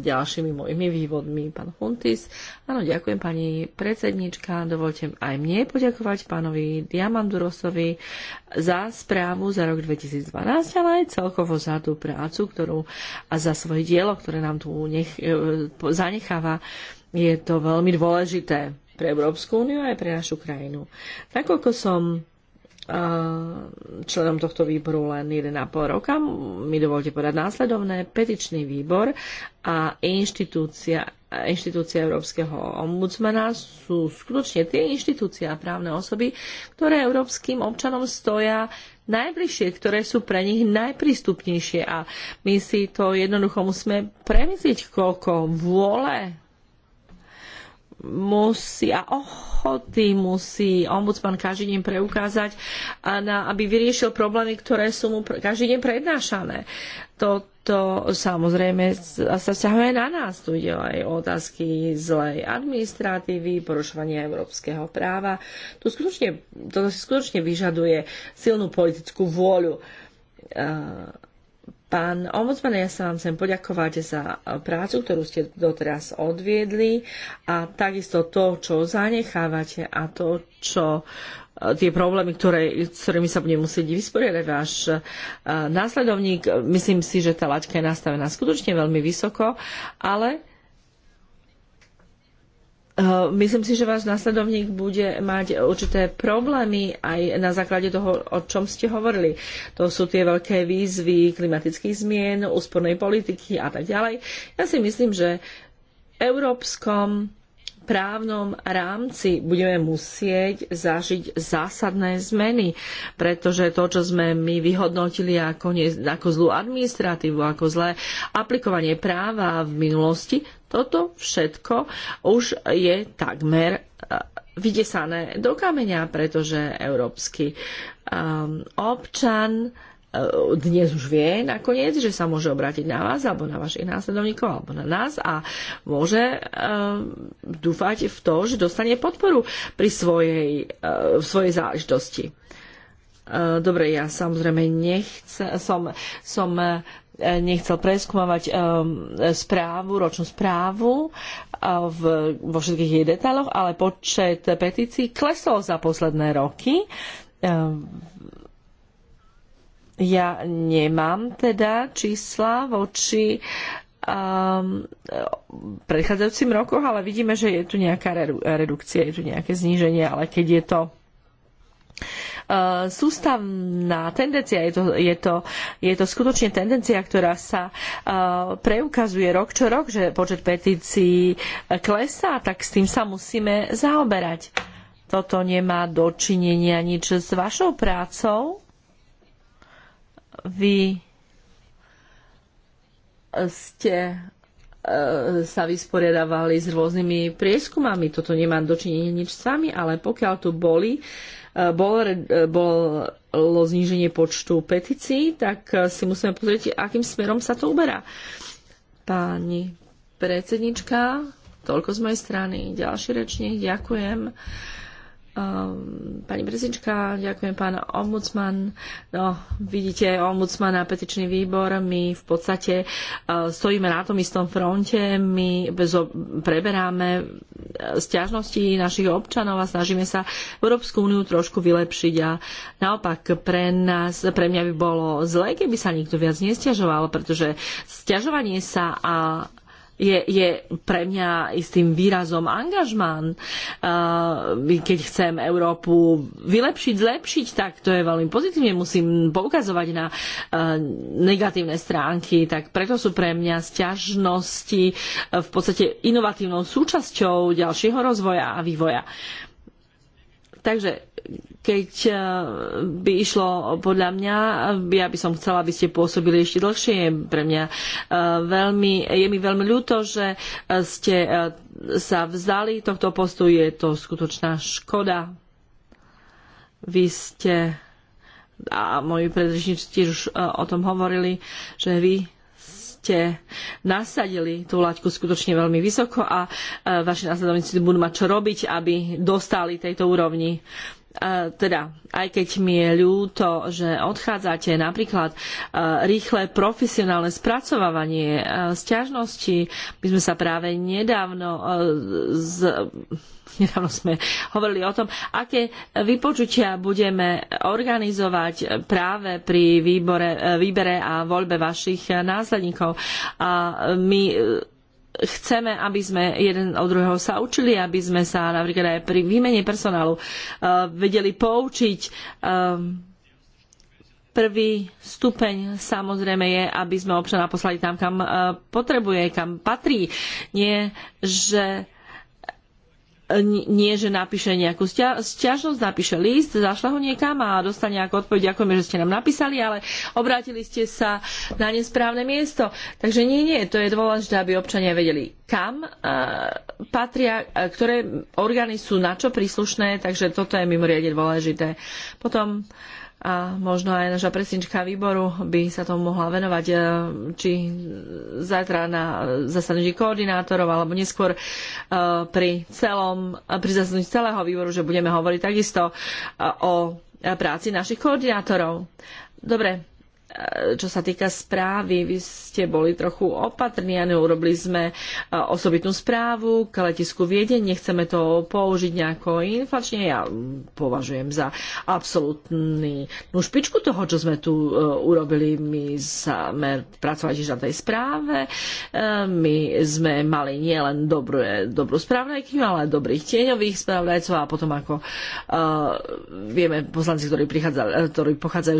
ďalšími mojimi vývodmi, pán Huntis. Áno, ďakujem pani predsednička. Dovolte aj mne poďakovať pánovi Diamandurosovi za správu za rok 2012, ale aj celkovo za tú prácu, ktorú a za svoje dielo, ktoré nám tu nech, e, zanecháva. Je to veľmi dôležité pre Európsku úniu aj pre našu krajinu. Nakoľko som Eh, členom tohto výboru len 1,5 roka. Mi dovolte povedať následovné. Petičný výbor a inštitúcia inštitúcie Európskeho ombudsmana sú skutočne tie inštitúcie a právne osoby, ktoré európskym občanom stoja najbližšie, ktoré sú pre nich najprístupnejšie. A my si to jednoducho musíme premyslieť, koľko vôle musí a ochoty musí ombudsman každý deň preukázať, na, aby vyriešil problémy, ktoré sú mu každý deň prednášané. Toto samozrejme sa vzťahuje na nás. Tu ide aj o otázky zlej administratívy, porušovania európskeho práva. Tu skutočne, toto si skutočne vyžaduje silnú politickú vôľu. Uh, Pán ombudsman, ja sa vám chcem poďakovať za prácu, ktorú ste doteraz odviedli a takisto to, čo zanechávate a to, čo e, tie problémy, ktoré, s ktorými sa bude musieť vysporiadať váš e, následovník. Myslím si, že tá laťka je nastavená skutočne veľmi vysoko, ale Eh, myslím si, že váš následovník bude mať určité problémy aj na základe toho, o čom ste hovorili. To sú tie veľké výzvy klimatických zmien, úspornej politiky a tak ďalej. Ja si myslím, že európskom právnom rámci budeme musieť zažiť zásadné zmeny, pretože to, čo sme my vyhodnotili ako, ne, ako zlú administratívu, ako zlé aplikovanie práva v minulosti, toto všetko už je takmer eh, vydesané do kameňa, pretože európsky um, občan dnes už vie nakoniec, že sa môže obrátiť na vás alebo na vašich následovníkov alebo na nás a môže uh, dúfať v to, že dostane podporu pri svojej, uh, svojej záležitosti. Uh, dobre, ja samozrejme nechcem, som, som nechcel preskúmavať správu, ročnú správu v, vo všetkých jej detailoch, ale počet petícií klesol za posledné roky ja nemám teda čísla voči um, predchádzajúcim rokoch, ale vidíme, že je tu nejaká redukcia, je tu nejaké zníženie, ale keď je to Uh, sústavná tendencia, je to, je, to, je to skutočne tendencia, ktorá sa uh, preukazuje rok čo rok, že počet petícií uh, klesá, tak s tým sa musíme zaoberať. Toto nemá dočinenia nič s vašou prácou, vy ste e, sa vysporiadavali s rôznymi prieskumami. Toto nemám dočinenie nič s vami, ale pokiaľ tu boli, e, bol, e, bolo zníženie počtu petícií, tak si musíme pozrieť, akým smerom sa to uberá. Páni predsednička, toľko z mojej strany. Ďalší rečník, ďakujem. Ehm, pani Brezička, ďakujem pán ombudsman. No, vidíte, ombudsman a petičný výbor, my v podstate e, stojíme na tom istom fronte, my bezo- preberáme e, stiažnosti našich občanov a snažíme sa Európsku úniu trošku vylepšiť a naopak pre nás, pre mňa by bolo zle, keby sa nikto viac nestiažoval, pretože stiažovanie sa a je, je pre mňa istým výrazom angažmán. Keď chcem Európu vylepšiť, zlepšiť, tak to je veľmi pozitívne. Musím poukazovať na negatívne stránky, tak preto sú pre mňa sťažnosti e, v podstate inovatívnou súčasťou ďalšieho rozvoja a vývoja. Takže keď eh, by išlo podľa mňa, ja by som chcela, aby ste pôsobili ešte dlhšie. Je pre mňa eh, veľmi, je mi veľmi ľúto, že eh, ste sa vzdali tohto postu. Je to skutočná škoda. Vy ste a moji predrečníci tiež už o tom hovorili, že vy ste nasadili tú laťku skutočne veľmi vysoko a vaši následovníci budú mať čo robiť, aby dostali tejto úrovni teda, aj keď mi je ľúto, že odchádzate napríklad e, rýchle profesionálne spracovávanie e, sťažnosti, my sme sa práve nedávno e, z, nedávno sme hovorili o tom, aké vypočutia budeme organizovať práve pri výbore, výbere a voľbe vašich následníkov. A my chceme, aby sme jeden od druhého sa učili, aby sme sa napríklad aj pri výmene personálu eh, vedeli poučiť. Ehm, prvý stupeň samozrejme je, aby sme občana poslali tam, kam eh, potrebuje, kam patrí. Nie, že nie, že napíše nejakú sťažnosť, napíše list, zašla ho niekam a dostane nejakú odpoveď, ďakujeme, že ste nám napísali, ale obrátili ste sa na nesprávne miesto. Takže nie, nie, to je dôležité, aby občania vedeli, kam uh, patria, uh, ktoré orgány sú na čo príslušné, takže toto je mimoriadne dôležité. Potom uh, a možno aj naša predsednička výboru by sa tomu mohla venovať, e, či zajtra na zasadnutí koordinátorov alebo neskôr e, pri celom, e, pri zasadnutí celého výboru, že budeme hovoriť takisto o práci našich koordinátorov. Dobre, E, čo sa týka správy, vy ste boli trochu opatrní a neurobili sme e, osobitnú správu k letisku Viedeň. Nechceme to použiť nejako inflačne. Ja považujem za absolútny no špičku toho, čo sme tu e, urobili. My sme pracovali tiež na tej správe. My sme mali nielen dobrú, dobrú správnajkyňu, ale dobrých tieňových správnajcov a potom ako vieme poslanci, ktorí, ktorí pochádzajú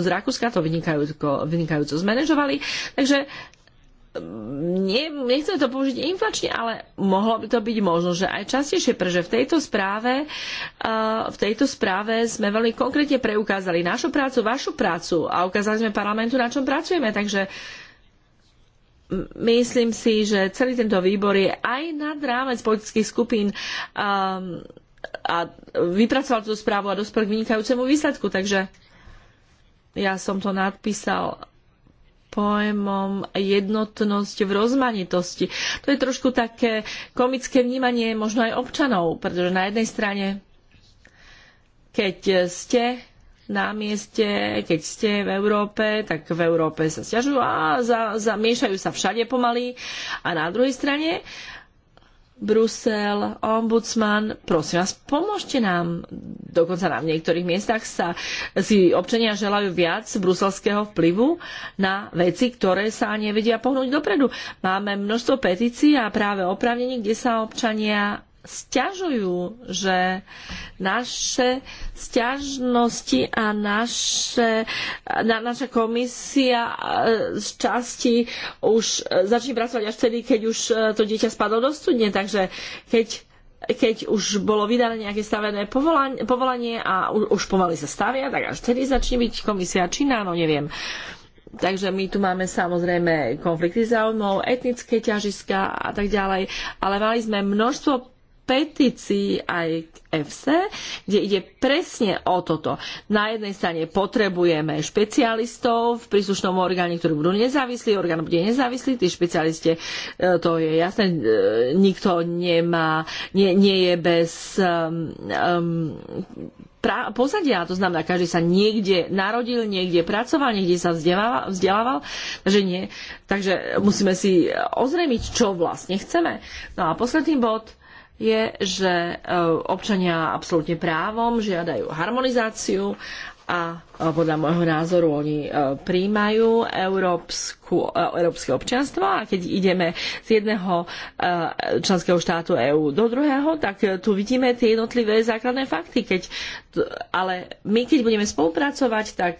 z Rakúska, to vynikajúco, vynikajúco zmanéžovali. Takže mm, nie, nechcem to použiť inflačne, ale mohlo by to byť možno, že aj častejšie, pretože v tejto správe, eh, v tejto správe sme veľmi konkrétne preukázali našu prácu, vašu prácu a ukázali sme parlamentu, na čom pracujeme. Takže mm, myslím si, že celý tento výbor je aj nad rámec politických skupín eh, a vypracoval tú správu a dospel k vynikajúcemu výsledku. Takže ja som to nadpísal pojmom jednotnosť v rozmanitosti. To je trošku také komické vnímanie možno aj občanov, pretože na jednej strane, keď ste na mieste, keď ste v Európe, tak v Európe sa stiažujú a za, zamiešajú sa všade pomaly. A na druhej strane Brusel, ombudsman, prosím vás, pomôžte nám. Dokonca na v niektorých miestach sa si občania želajú viac bruselského vplyvu na veci, ktoré sa nevedia pohnúť dopredu. Máme množstvo petícií a práve opravnení, kde sa občania sťažujú, že naše sťažnosti a naše, na, naša komisia e, z časti už e, začne pracovať až vtedy, keď už e, to dieťa spadlo do studne. Takže keď keď už bolo vydané nejaké stavené povolanie, povolanie a u, už pomaly sa stavia, tak až vtedy začne byť komisia činná, no neviem. Takže my tu máme samozrejme konflikty záujmov, etnické ťažiska a tak ďalej, ale mali sme množstvo petícii aj k EFSE, kde ide presne o toto. Na jednej strane potrebujeme špecialistov v príslušnom orgáne, ktorí budú nezávislí, orgán bude nezávislý, tí špecialiste, to je jasné, e, nikto nemá, nie, nie je bez um, um, pra- pozadia, to znamená, každý sa niekde narodil, niekde pracoval, niekde sa vzdelával, vzdelával takže nie. Takže musíme si ozremiť, čo vlastne chceme. No a posledný bod, je, že e, občania absolútne právom žiadajú harmonizáciu a e, podľa môjho názoru oni e, príjmajú európsku otázku e, európskeho občianstva a keď ideme z jedného e, členského štátu EÚ do druhého, tak e, tu vidíme tie jednotlivé základné fakty. Keď, ale my, keď budeme spolupracovať, tak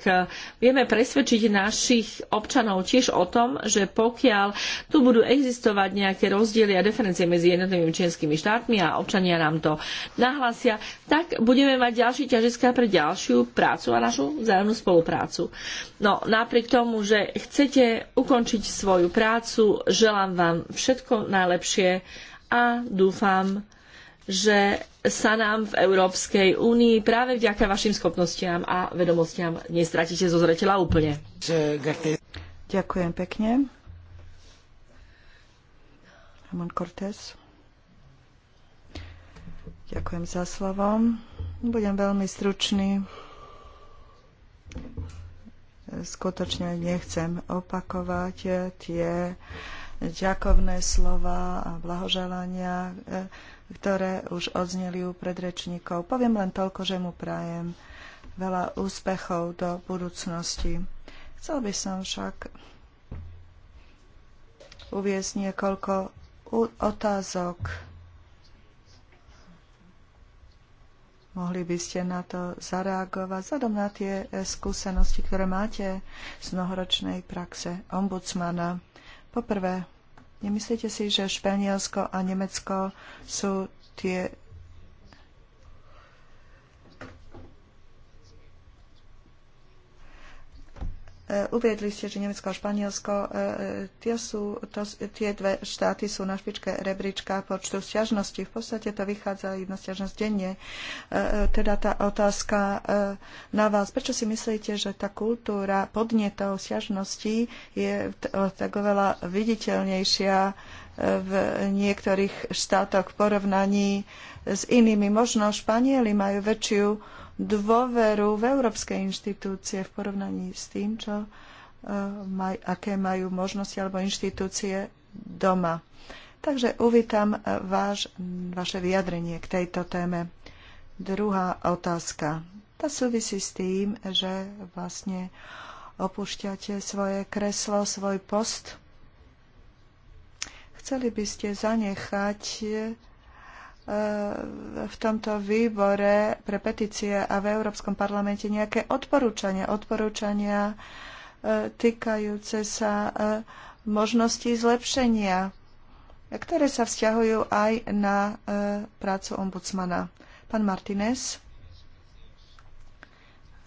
vieme presvedčiť našich občanov tiež o tom, že pokiaľ tu budú existovať nejaké rozdiely a diferencie medzi jednotlivými členskými štátmi a občania nám to nahlásia, tak budeme mať ďalšie ťažiská pre ďalšiu prácu a našu vzájomnú spoluprácu. No napriek tomu, že chcete ukončiť svoju prácu. Želám vám všetko najlepšie a dúfam, že sa nám v Európskej únii práve vďaka vašim schopnostiam a vedomostiam nestratíte zo zreteľa úplne. Ďakujem pekne. Ramon Cortés. Ďakujem za slovo. Budem veľmi stručný skutočne nechcem opakovať e, tie ďakovné slova a blahoželania, e, ktoré už odzneli u predrečníkov. Poviem len toľko, že mu prajem veľa úspechov do budúcnosti. Chcel by som však uviezť niekoľko otázok Mohli by ste na to zareagovať, vzhľadom na tie skúsenosti, ktoré máte z mnohoročnej praxe ombudsmana. Poprvé, nemyslíte si, že Španielsko a Nemecko sú tie E, uviedli ste, že Nemecko a Španielsko, e, e, tie, sú, to, tie dve štáty sú na špičke rebríčka počtu sťažností. V podstate to vychádza jedna sťažnosť denne. Teda tá otázka na vás. Prečo si myslíte, že tá kultúra podnetov sťažností je tak oveľa viditeľnejšia v niektorých štátoch v porovnaní s inými. Možno Španieli majú väčšiu dôveru v európske inštitúcie v porovnaní s tým, čo, e, maj, aké majú možnosti alebo inštitúcie doma. Takže uvítam e, váš, vaše vyjadrenie k tejto téme. Druhá otázka. Tá súvisí s tým, že vlastne opúšťate svoje kreslo, svoj post. Chceli by ste zanechať Eh, v tomto výbore pre petície a v Európskom parlamente nejaké odporúčania, odporúčania eh, týkajúce sa eh, možností zlepšenia, ktoré sa vzťahujú aj na prácu ombudsmana. Pán Martinez.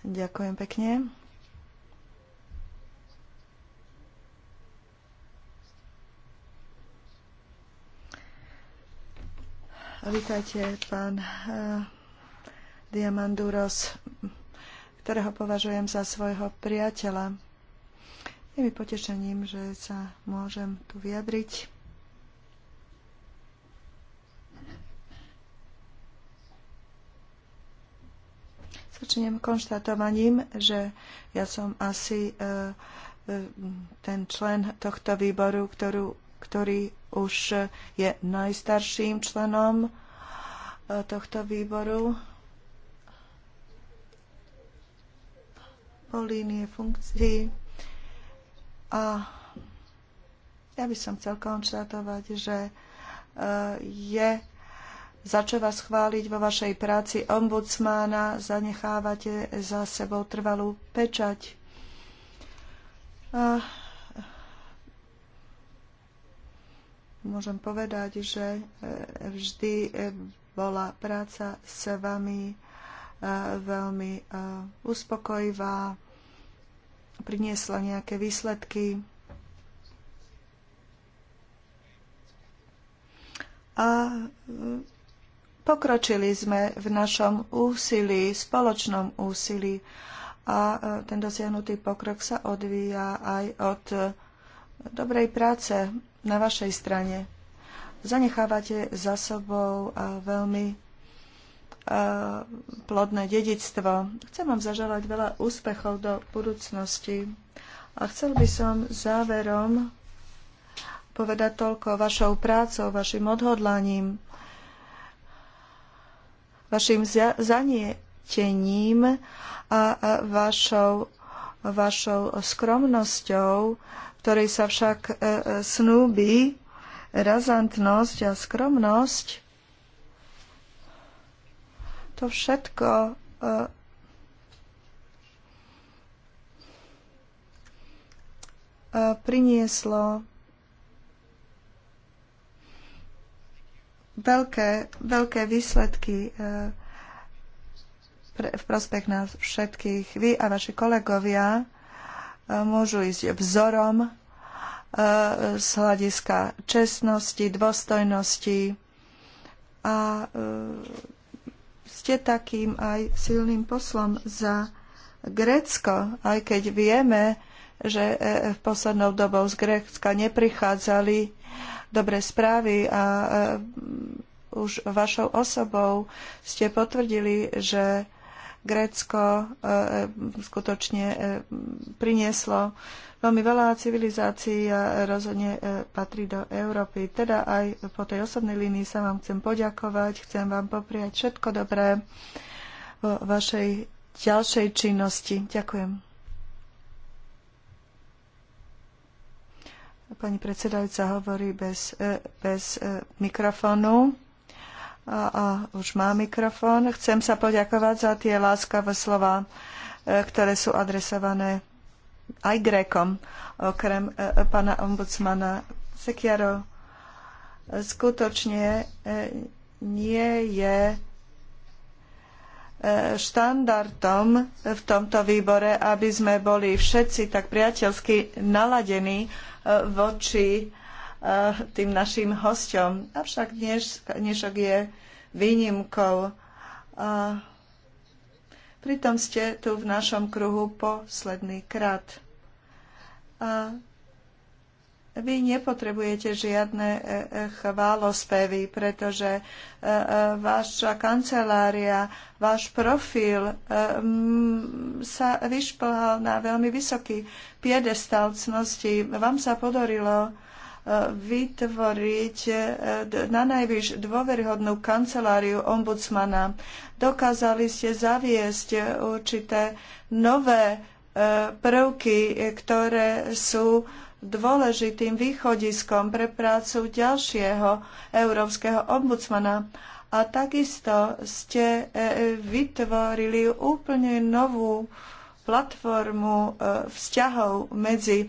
Ďakujem pekne. Vítajte, pán eh, Diamanduros, ktorého považujem za svojho priateľa. Je mi potešením, že sa môžem tu vyjadriť. Začnem konštatovaním, že ja som asi eh, eh, ten člen tohto výboru, ktorú, ktorý už je najstarším členom e, tohto výboru. Po línie funkcií. A ja by som chcel konštatovať, že e, je za čo vás chváliť vo vašej práci ombudsmána, zanechávate za sebou trvalú pečať. A môžem povedať, že e, vždy e, bola práca s vami e, veľmi uspokojivá, priniesla nejaké výsledky. A pokročili sme v našom úsilí, spoločnom úsilí a ten dosiahnutý pokrok sa odvíja aj od dobrej práce na vašej strane. Zanechávate za sobou eh, veľmi eh, plodné dedictvo. Chcem vám zaželať veľa úspechov do budúcnosti a chcel by som záverom povedať toľko vašou prácou, vašim odhodlaním, vašim zanietením a vašou, vašou skromnosťou ktorej sa však e, e, snúbi razantnosť a skromnosť, to všetko e, prinieslo veľké, veľké výsledky v prospech nás všetkých. Vy a vaši kolegovia E, môžu ísť vzorom e, z hľadiska čestnosti, dôstojnosti a e, ste takým aj silným poslom za Grécko, aj keď vieme, že v poslednou dobou z Grécka neprichádzali dobré správy a už vašou osobou ste potvrdili, že Grécko e, e, skutočne e, prinieslo veľmi veľa civilizácií a rozhodne patrí do Európy. Teda aj po tej osobnej línii sa vám chcem poďakovať, chcem vám popriať všetko dobré vo vašej ďalšej činnosti. Ďakujem. Pani predsedajúca hovorí bez, bez mikrofónu. A, a už má mikrofón. Chcem sa poďakovať za tie láskavé slova, e, ktoré sú adresované aj Grékom, okrem e, pána ombudsmana Sekiaro. Skutočne e, nie je štandardom v tomto výbore, aby sme boli všetci tak priateľsky naladení voči Eh, tým našim hosťom. Avšak dneš, dnešok je výnimkou. A eh, pritom ste tu v našom kruhu posledný krát. A eh, vy nepotrebujete žiadne chválospevy, pretože vaša kancelária, váš profil sa vyšplhal na veľmi vysoký piedestal cnosti. Vám sa podarilo vytvoriť e, na najvyš dôveryhodnú kanceláriu ombudsmana. Dokázali ste zaviesť určité nové e, prvky, ktoré sú dôležitým východiskom pre prácu ďalšieho európskeho ombudsmana. A takisto ste e, vytvorili úplne novú platformu vzťahov medzi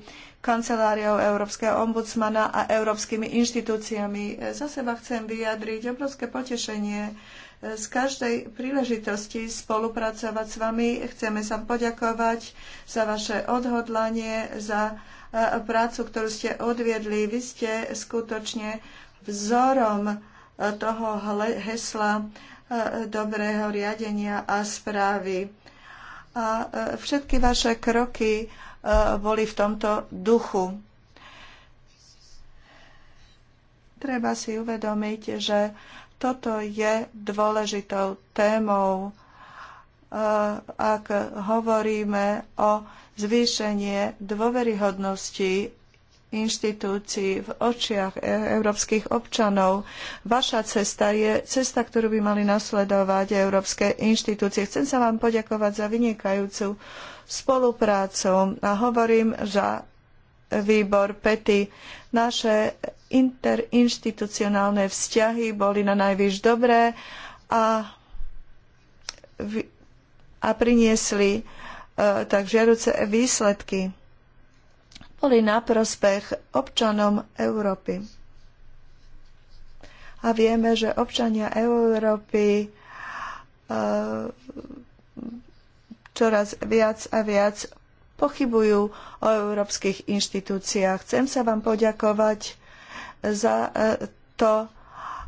kanceláriou Európskeho ombudsmana a európskymi inštitúciami. Za seba chcem vyjadriť obrovské potešenie z každej príležitosti spolupracovať s vami. Chceme sa poďakovať za vaše odhodlanie, za e, prácu, ktorú ste odviedli. Vy ste skutočne vzorom e, toho hesla e, dobrého riadenia a správy. A všetky vaše kroky Eh, boli v tomto duchu. Treba si uvedomiť, že toto je dôležitou témou, eh, ak hovoríme o zvýšenie dôveryhodnosti inštitúcií v očiach e, európskych občanov. Vaša cesta je cesta, ktorú by mali nasledovať európske inštitúcie. Chcem sa vám poďakovať za vynikajúcu spoluprácu a hovorím za výbor PETI. Naše interinštitucionálne vzťahy boli na najvyš dobré a, a priniesli e, tak žiaduce výsledky. Boli na prospech občanom Európy. A vieme, že občania Európy e, čoraz viac a viac pochybujú o európskych inštitúciách. Chcem sa vám poďakovať za e, to,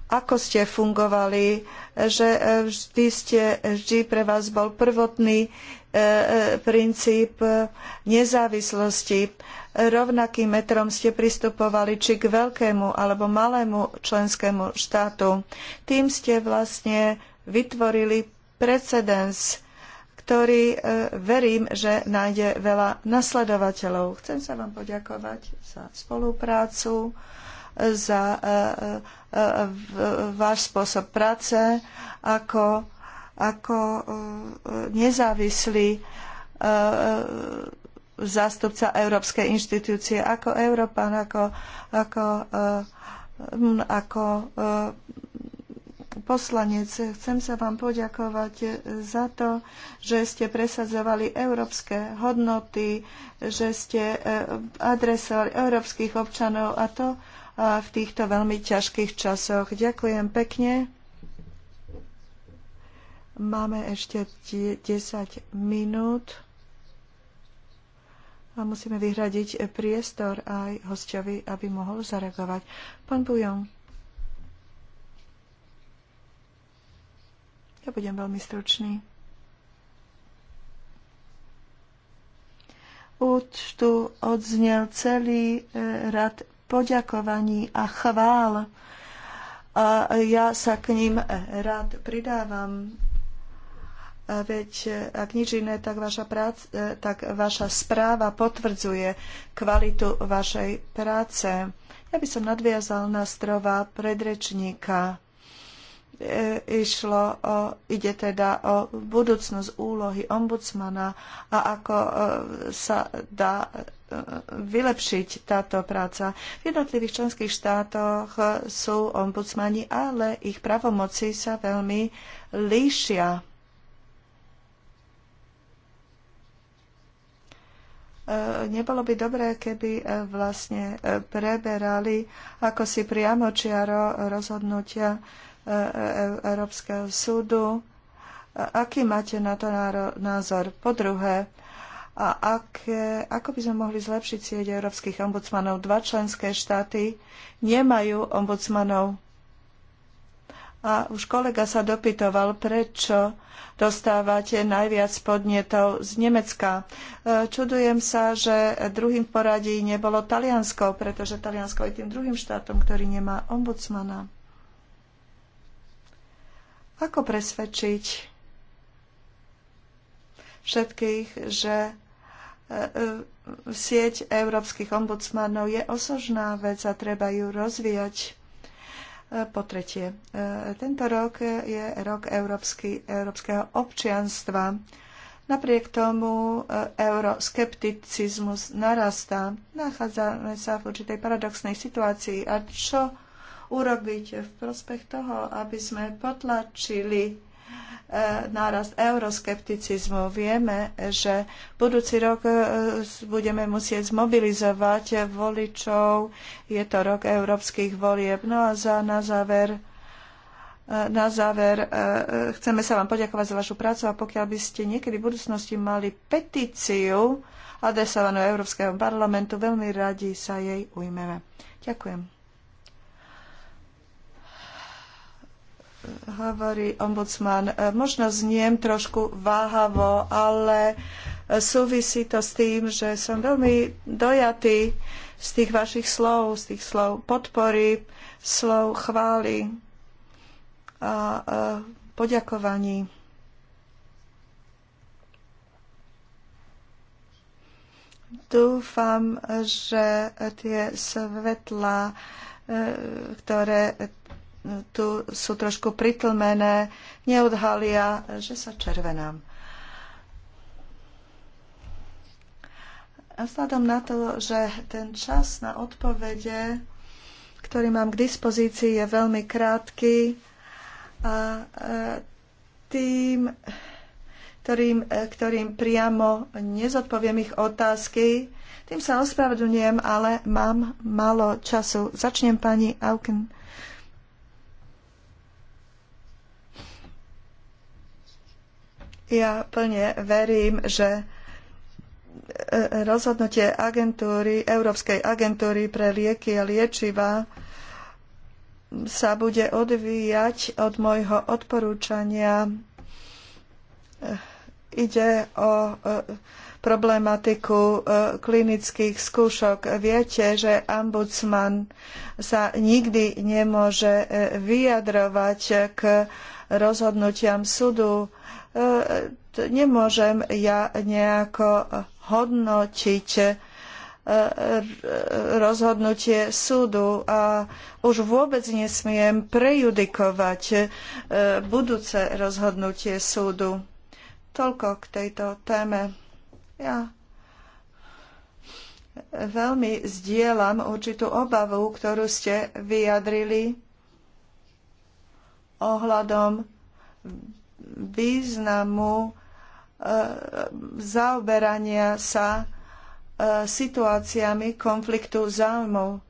ako ste fungovali, že e, vždy, ste, vždy pre vás bol prvotný e, princíp nezávislosti. Rovnakým metrom ste pristupovali či k veľkému alebo malému členskému štátu. Tým ste vlastne vytvorili precedens ktorý e, verím, že nájde veľa nasledovateľov. Chcem sa vám poďakovať za spoluprácu, za e, e, váš spôsob práce ako, ako nezávislý zástupca Európskej inštitúcie, ako Európan, ako, ako, ako poslanec, chcem sa vám poďakovať za to, že ste presadzovali európske hodnoty, že ste e, adresovali európskych občanov a to v týchto veľmi ťažkých časoch. Ďakujem pekne. Máme ešte 10 minút a musíme vyhradiť priestor aj hostovi, aby mohol zareagovať. Pán Bujon. Ja budem veľmi stručný. Už tu odznel celý e, rad poďakovaní a chvál. A ja sa k ním e, rád pridávam. Veď e, ak nič iné, tak vaša, práca, tak vaša správa potvrdzuje kvalitu vašej práce. Ja by som nadviazal na strova predrečníka. E, išlo o, ide teda o budúcnosť úlohy ombudsmana a ako e, sa dá e, vylepšiť táto práca. V jednotlivých členských štátoch sú ombudsmani, ale ich pravomoci sa veľmi líšia. nebolo by dobré, keby vlastne preberali ako si priamočiaro rozhodnutia Európskeho súdu. Aký máte na to názor? Po druhé, a ak, ako by sme mohli zlepšiť sieť európskych ombudsmanov? Dva členské štáty nemajú ombudsmanov. A už kolega sa dopytoval, prečo dostávate najviac podnetov z Nemecka. E, čudujem sa, že druhým poradí nebolo Taliansko, pretože Taliansko je tým druhým štátom, ktorý nemá ombudsmana. Ako presvedčiť všetkých, že e, e, sieť európskych ombudsmanov je osožná vec a treba ju rozvíjať. E, po tretie, tento rok je rok európsky, európskeho občianstva. Napriek tomu euroskepticizmus narastá. Nachádzame sa v určitej paradoxnej situácii. A čo urobiť v prospech toho, aby sme potlačili e, nárast euroskepticizmu. Vieme, že budúci rok e, budeme musieť zmobilizovať voličov. Je to rok európskych volieb. No a za, na záver e, na záver chceme sa vám poďakovať za vašu prácu a pokiaľ by ste niekedy v budúcnosti mali petíciu adresovanú Európskeho parlamentu, veľmi radi sa jej ujmeme. Ďakujem. hovorí ombudsman. E, možno zniem trošku váhavo, ale súvisí to s tým, že som veľmi dojatý z tých vašich slov, z tých slov podpory, slov chvály a e, poďakovaní. Dúfam, že tie svetlá, e, ktoré tu sú trošku pritlmené, neodhalia, že sa červenám. A vzhľadom na to, že ten čas na odpovede, ktorý mám k dispozícii, je veľmi krátky a e, tým, ktorým, e, ktorým priamo nezodpoviem ich otázky, tým sa ospravedlňujem, ale mám málo času. Začnem pani Auken. Ja plne verím, že e, rozhodnutie agentúry, Európskej agentúry pre lieky a liečiva sa bude odvíjať od môjho odporúčania. Ide o e, problematiku e, klinických skúšok. Viete, že ombudsman sa nikdy nemôže vyjadrovať k rozhodnutiam súdu. E, nemôžem ja nejako hodnotiť e, rozhodnutie súdu a už vôbec nesmiem prejudikovať e, budúce rozhodnutie súdu. Toľko k tejto téme. Ja veľmi zdieľam určitú obavu, ktorú ste vyjadrili ohľadom významu e, zaoberania sa e, situáciami konfliktu záujmov. E,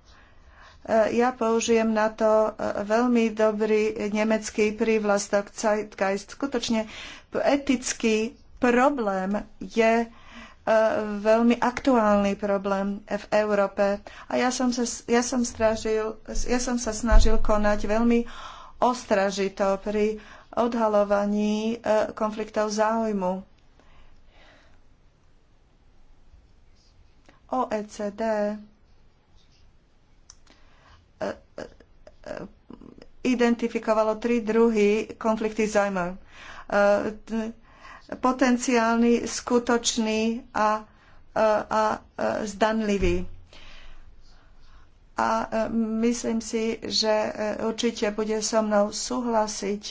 ja použijem na to veľmi dobrý nemecký prívlastok Zeitgeist. Skutočne etický problém je veľmi aktuálny problém v Európe. A ja som sa, ja som strážil, ja som sa snažil konať veľmi ostražito pri odhalovaní e, konfliktov záujmu. OECD e, e, identifikovalo tri druhy konflikty záujmu. Potenciálny, skutočný a, a, a zdanlivý a e, myslím si, že e, určite bude so mnou súhlasiť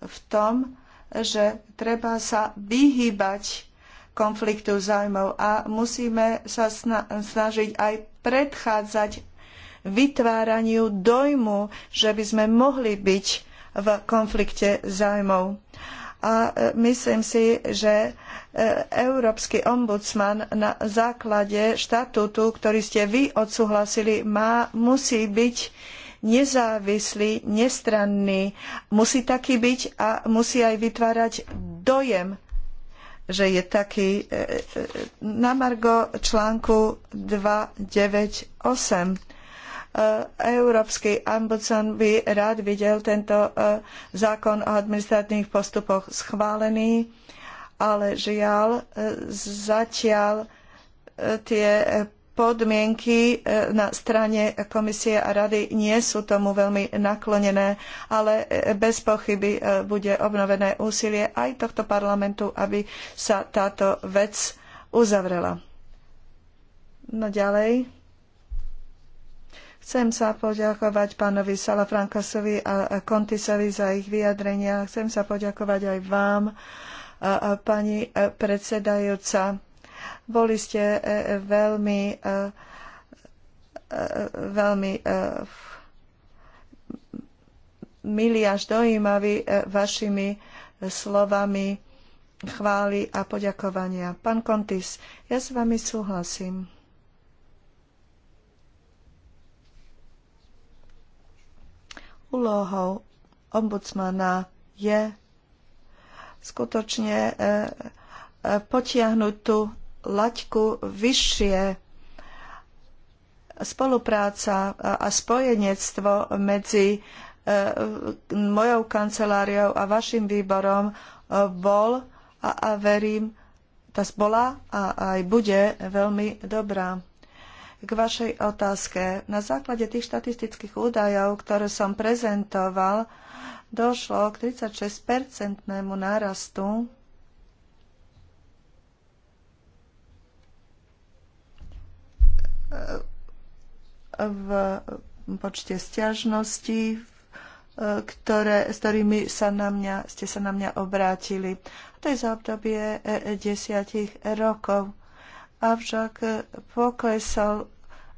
v tom, že treba sa vyhýbať konfliktu zájmov a musíme sa snažiť aj predchádzať vytváraniu dojmu, že by sme mohli byť v konflikte zájmov a e, myslím si, že e, Európsky ombudsman na základe štatútu, ktorý ste vy odsúhlasili, má, musí byť nezávislý, nestranný. Musí taký byť a musí aj vytvárať dojem, že je taký e, na margo článku 298 E, Európsky ombudsman by rád videl tento e, zákon o administratívnych postupoch schválený, ale žiaľ e, zatiaľ tie podmienky na strane komisie a rady nie sú tomu veľmi naklonené, ale bez pochyby bude obnovené úsilie aj tohto parlamentu, aby sa táto vec uzavrela. No ďalej. Chcem sa poďakovať pánovi Salafrankasovi a Kontisovi za ich vyjadrenia. Chcem sa poďakovať aj vám, pani e, predsedajúca. Boli ste e, e, veľmi, veľmi milí až dojímaví vašimi slovami chvály a poďakovania. Pán Kontis, ja s vami súhlasím. úlohou ombudsmana je skutočne e, e, potiahnuť tú laťku vyššie spolupráca a spojenectvo medzi e, mojou kanceláriou a vašim výborom bol a, a verím, tá bola a aj bude veľmi dobrá. K vašej otázke. Na základe tých štatistických údajov, ktoré som prezentoval, došlo k 36-percentnému nárastu v počte stiažností, ktoré, s ktorými sa na mňa, ste sa na mňa obrátili. To je za obdobie e, e, desiatich rokov avšak poklesol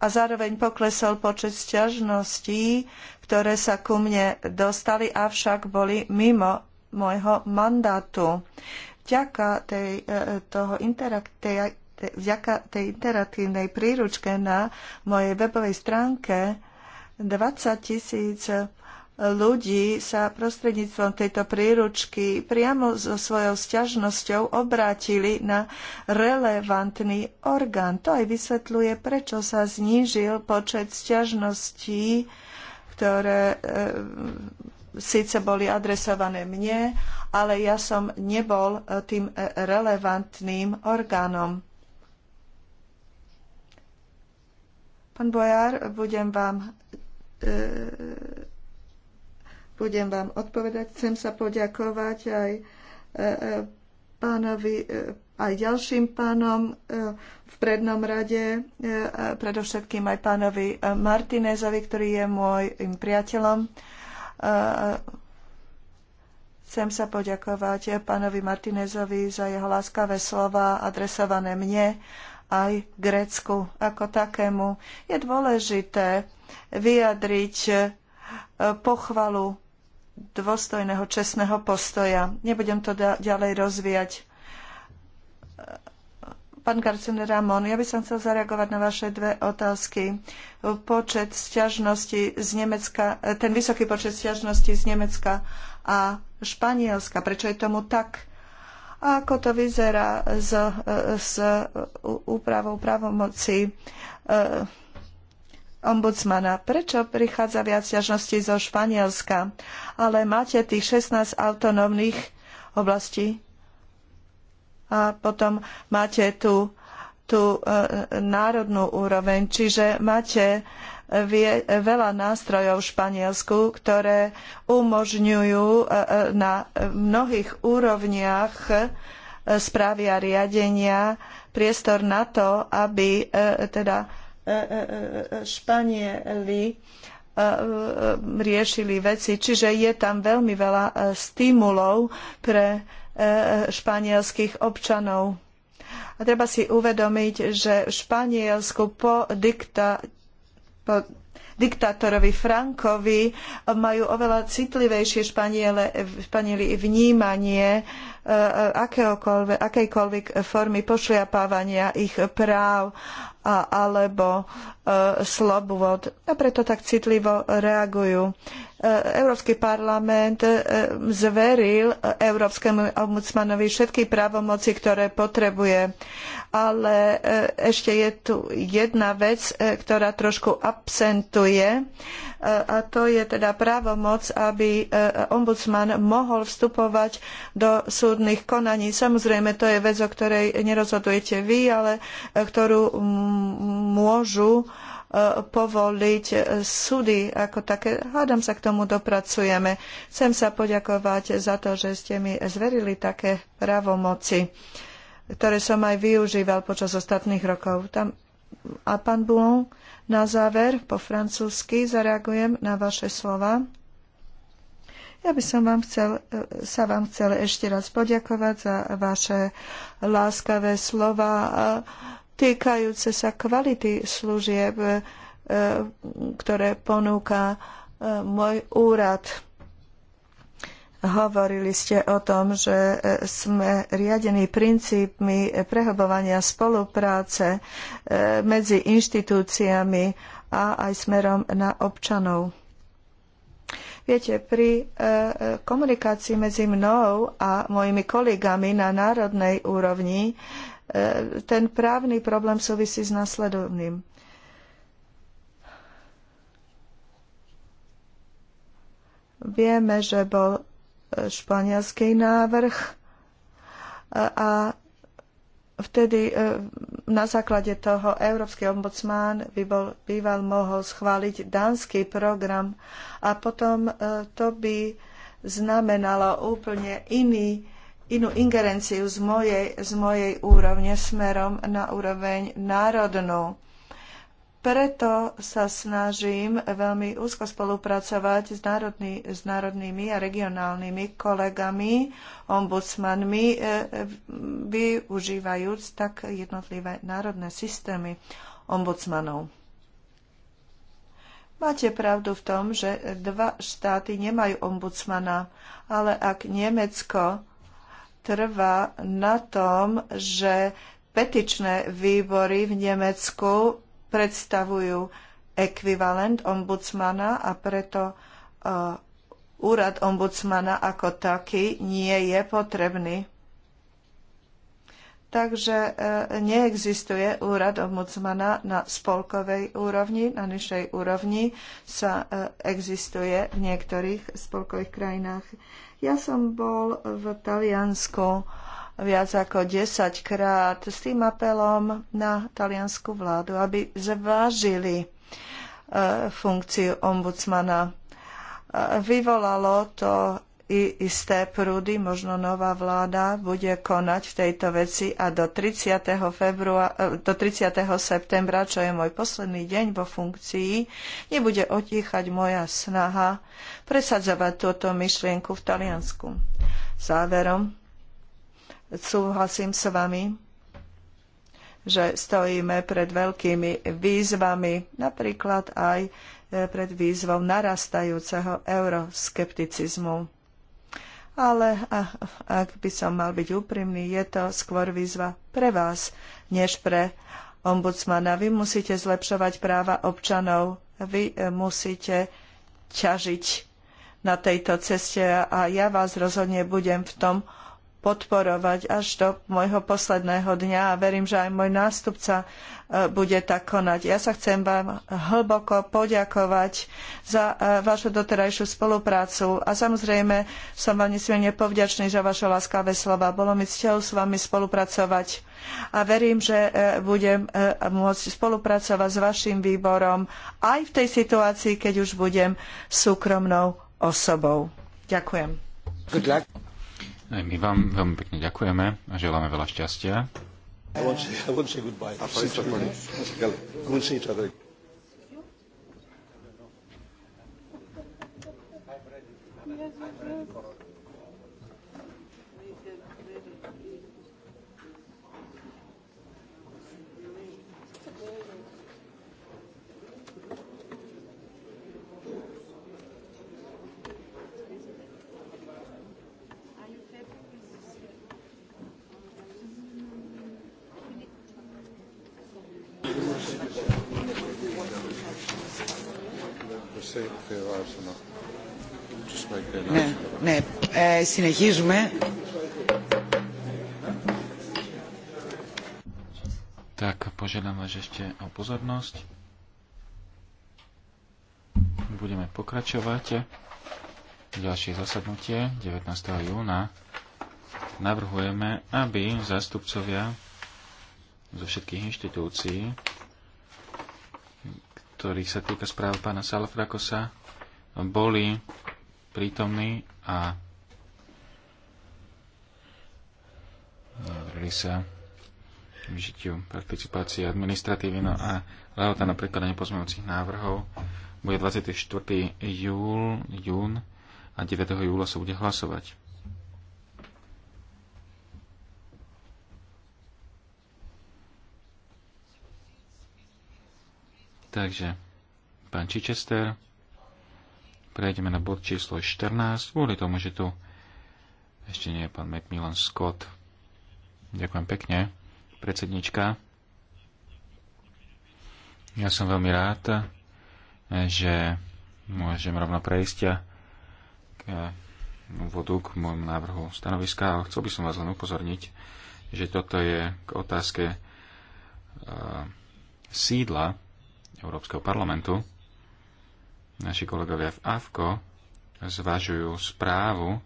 a zároveň poklesol počet sťažností, ktoré sa ku mne dostali, avšak boli mimo môjho mandátu. Vďaka tej, e, toho tej, vďaka tej interaktívnej príručke na mojej webovej stránke 20 tisíc 000 ľudí sa prostredníctvom tejto príručky priamo so svojou sťažnosťou obrátili na relevantný orgán. To aj vysvetľuje, prečo sa znížil počet sťažností, ktoré e, síce boli adresované mne, ale ja som nebol e, tým e, relevantným orgánom. Pán Bojar, budem vám e, budem vám odpovedať. Chcem sa poďakovať aj e, e, pánovi, e, aj ďalším pánom v prednom rade, predovšetkým aj pánovi Martinezovi, ktorý je môjim priateľom. Chcem sa poďakovať pánovi Martinezovi za jeho láskavé slova adresované mne aj Grécku ako takému. Je dôležité vyjadriť pochvalu dôstojného, čestného postoja. Nebudem to ďalej rozvíjať. Pán Garcine Ramon, ja by som chcel zareagovať na vaše dve otázky. Počet stiažností z Nemecka, ten vysoký počet stiažností z Nemecka a Španielska. Prečo je tomu tak? A ako to vyzerá s, s úpravou právomoci? ombudsmana. Prečo prichádza viac ťažností zo Španielska? Ale máte tých 16 autonómnych oblastí a potom máte tú, tú e, národnú úroveň. Čiže máte e, veľa nástrojov v Španielsku, ktoré umožňujú e, na mnohých úrovniach správy a riadenia priestor na to, aby teda Španieli e, e, riešili veci. Čiže je tam veľmi veľa e, stimulov pre španielskych občanov. A treba si uvedomiť, že v Španielsku po, dikta, po diktátorovi Frankovi majú oveľa citlivejšie Španiele, Španieli vnímanie akejkoľvek formy pošliapávania ich práv a, alebo e, slobôd. A preto tak citlivo reagujú. E, Európsky parlament e, zveril Európskemu ombudsmanovi všetky právomoci, ktoré potrebuje. Ale e, ešte je tu jedna vec, e, ktorá trošku absentuje. E, a to je teda právomoc, aby e, ombudsman mohol vstupovať do súdnych konaní. Samozrejme, to je vec, o ktorej nerozhodujete vy, ale e, ktorú môžu e, povoliť súdy ako také. Hádam sa k tomu dopracujeme. Chcem sa poďakovať za to, že ste mi zverili také právomoci, ktoré som aj využíval počas ostatných rokov. Tam... A pán Boulon, na záver, po francúzsky, zareagujem na vaše slova. Ja by som vám chcel, e, sa vám chcel ešte raz poďakovať za vaše láskavé slova e, týkajúce sa kvality služieb, e, ktoré ponúka môj úrad Hovorili ste o tom, že e, sme riadení princípmi prehobovania spolupráce e, medzi inštitúciami a aj smerom na občanov. Viete, pri e, komunikácii medzi mnou a mojimi kolegami na národnej úrovni ten právny problém súvisí s následovným. Vieme, že bol španielský návrh a vtedy e, na základe toho Európsky ombudsman by bol, býval mohol schváliť dánsky program a potom e, to by znamenalo úplne iný, inú ingerenciu z mojej, z mojej úrovne smerom na úroveň národnú. Preto sa snažím veľmi úzko spolupracovať s, národný, s národnými a regionálnymi kolegami, ombudsmanmi, e, e, využívajúc tak jednotlivé národné systémy ombudsmanov. Máte pravdu v tom, že dva štáty nemajú ombudsmana, ale ak Nemecko trvá na tom, že petičné výbory v Nemecku predstavujú ekvivalent ombudsmana a preto uh, úrad ombudsmana ako taký nie je potrebný. Takže uh, neexistuje úrad ombudsmana na spolkovej úrovni, na nižšej úrovni sa uh, existuje v niektorých spolkových krajinách. Ja som bol v Taliansku viac ako 10 krát s tým apelom na taliansku vládu, aby zvážili e, funkciu ombudsmana. E, vyvolalo to i isté prúdy, možno nová vláda bude konať v tejto veci a do 30. Februá, e, do 30. septembra, čo je môj posledný deň vo funkcii, nebude otíchať moja snaha presadzovať túto myšlienku v Taliansku. Záverom, Súhlasím s vami, že stojíme pred veľkými výzvami, napríklad aj e, pred výzvou narastajúceho euroskepticizmu. Ale ak by som mal byť úprimný, je to skôr výzva pre vás, než pre ombudsmana. Vy musíte zlepšovať práva občanov, vy e, musíte ťažiť na tejto ceste a ja vás rozhodne budem v tom podporovať až do môjho posledného dňa a verím, že aj môj nástupca e, bude tak konať. Ja sa chcem vám hlboko poďakovať za e, vašu doterajšiu spoluprácu a samozrejme som vám nesmierne povďačný za vaše láskavé slova. Bolo mi cťou s vami spolupracovať a verím, že e, budem môcť spolupracovať s vašim výborom aj v tej situácii, keď už budem súkromnou osobou. Ďakujem. Aj my vám veľmi pekne ďakujeme a želáme veľa šťastia. I won't say, I won't say goodbye. I see each other. Ναι, ναι. Ε, συνεχίζουμε. Tak, požiadam vás ešte o pozornosť. Budeme pokračovať. Ďalšie zasadnutie 19. júna navrhujeme, aby zástupcovia zo všetkých inštitúcií, ktorých sa týka správa pána Salafrakosa, boli prítomní a vyjadrili sa žitiu participácie administratívy. No a lehota na prekladanie pozmeňujúcich návrhov bude 24. júl, jún a 9. júla sa bude hlasovať. Takže, pán Chichester. Prejdeme na bod číslo 14, kvôli tomu, že tu ešte nie je pán Macmillan Scott. Ďakujem pekne, predsednička. Ja som veľmi rád, že môžem rovno prejsť k vodu k môjmu návrhu stanoviska, ale chcel by som vás len upozorniť, že toto je k otázke eh, sídla Európskeho parlamentu naši kolegovia v AFKO zvažujú správu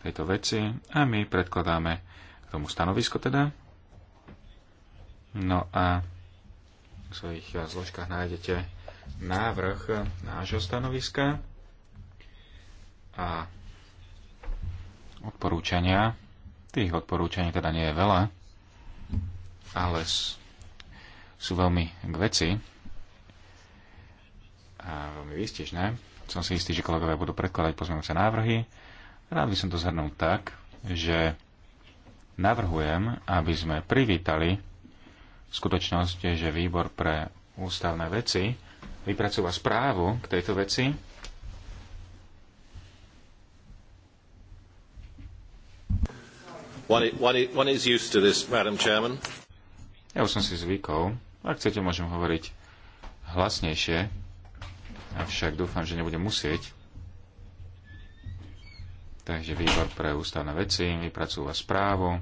tejto veci a my predkladáme k tomu stanovisko teda. No a v svojich zložkách nájdete návrh nášho stanoviska a odporúčania. Tých odporúčaní teda nie je veľa, ale sú veľmi k veci a veľmi výstižné. Som si istý, že kolegovia budú predkladať pozmeňujúce návrhy. Rád by som to zhrnul tak, že navrhujem, aby sme privítali skutočnosť, že výbor pre ústavné veci vypracúva správu k tejto veci. One, one, one is used to this, Madam Chairman. Ja už som si zvykol. Ak chcete, môžem hovoriť hlasnejšie. Avšak dúfam, že nebudem musieť. Takže výbor pre ústavné veci vypracúva správu.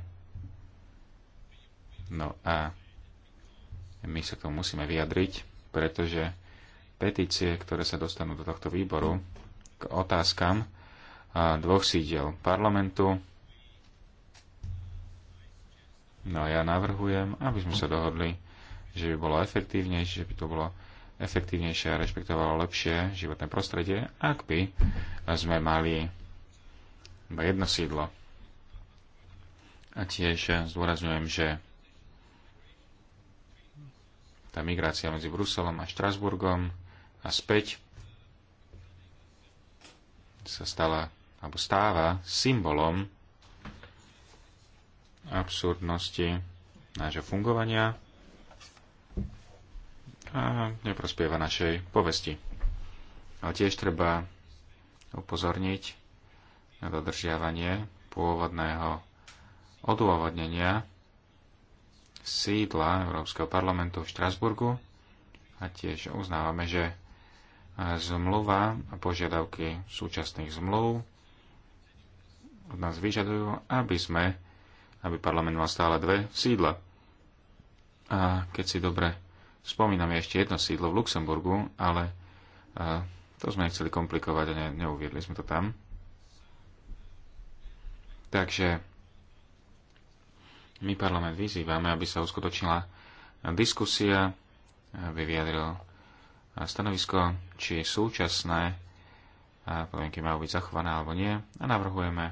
No a my sa k tomu musíme vyjadriť, pretože petície, ktoré sa dostanú do tohto výboru k otázkam dvoch sídel parlamentu, No a ja navrhujem, aby sme sa dohodli, že by bolo efektívnejšie, že by to bolo efektívnejšie a rešpektovalo lepšie životné prostredie, ak by sme mali iba jedno sídlo. A tiež zdôrazňujem, že tá migrácia medzi Bruselom a Štrasburgom a späť sa stala alebo stáva symbolom absurdnosti nášho fungovania a neprospieva našej povesti. Ale tiež treba upozorniť na dodržiavanie pôvodného odôvodnenia sídla Európskeho parlamentu v Štrasburgu a tiež uznávame, že zmluva a požiadavky súčasných zmluv od nás vyžadujú, aby sme, aby parlament mal stále dve sídla. A keď si dobre Spomínam ešte jedno sídlo v Luxemburgu, ale to sme nechceli komplikovať a ne, neuviedli sme to tam. Takže my parlament vyzývame, aby sa uskutočnila diskusia, aby vyjadril stanovisko, či súčasné podmienky majú byť zachované alebo nie. A navrhujeme,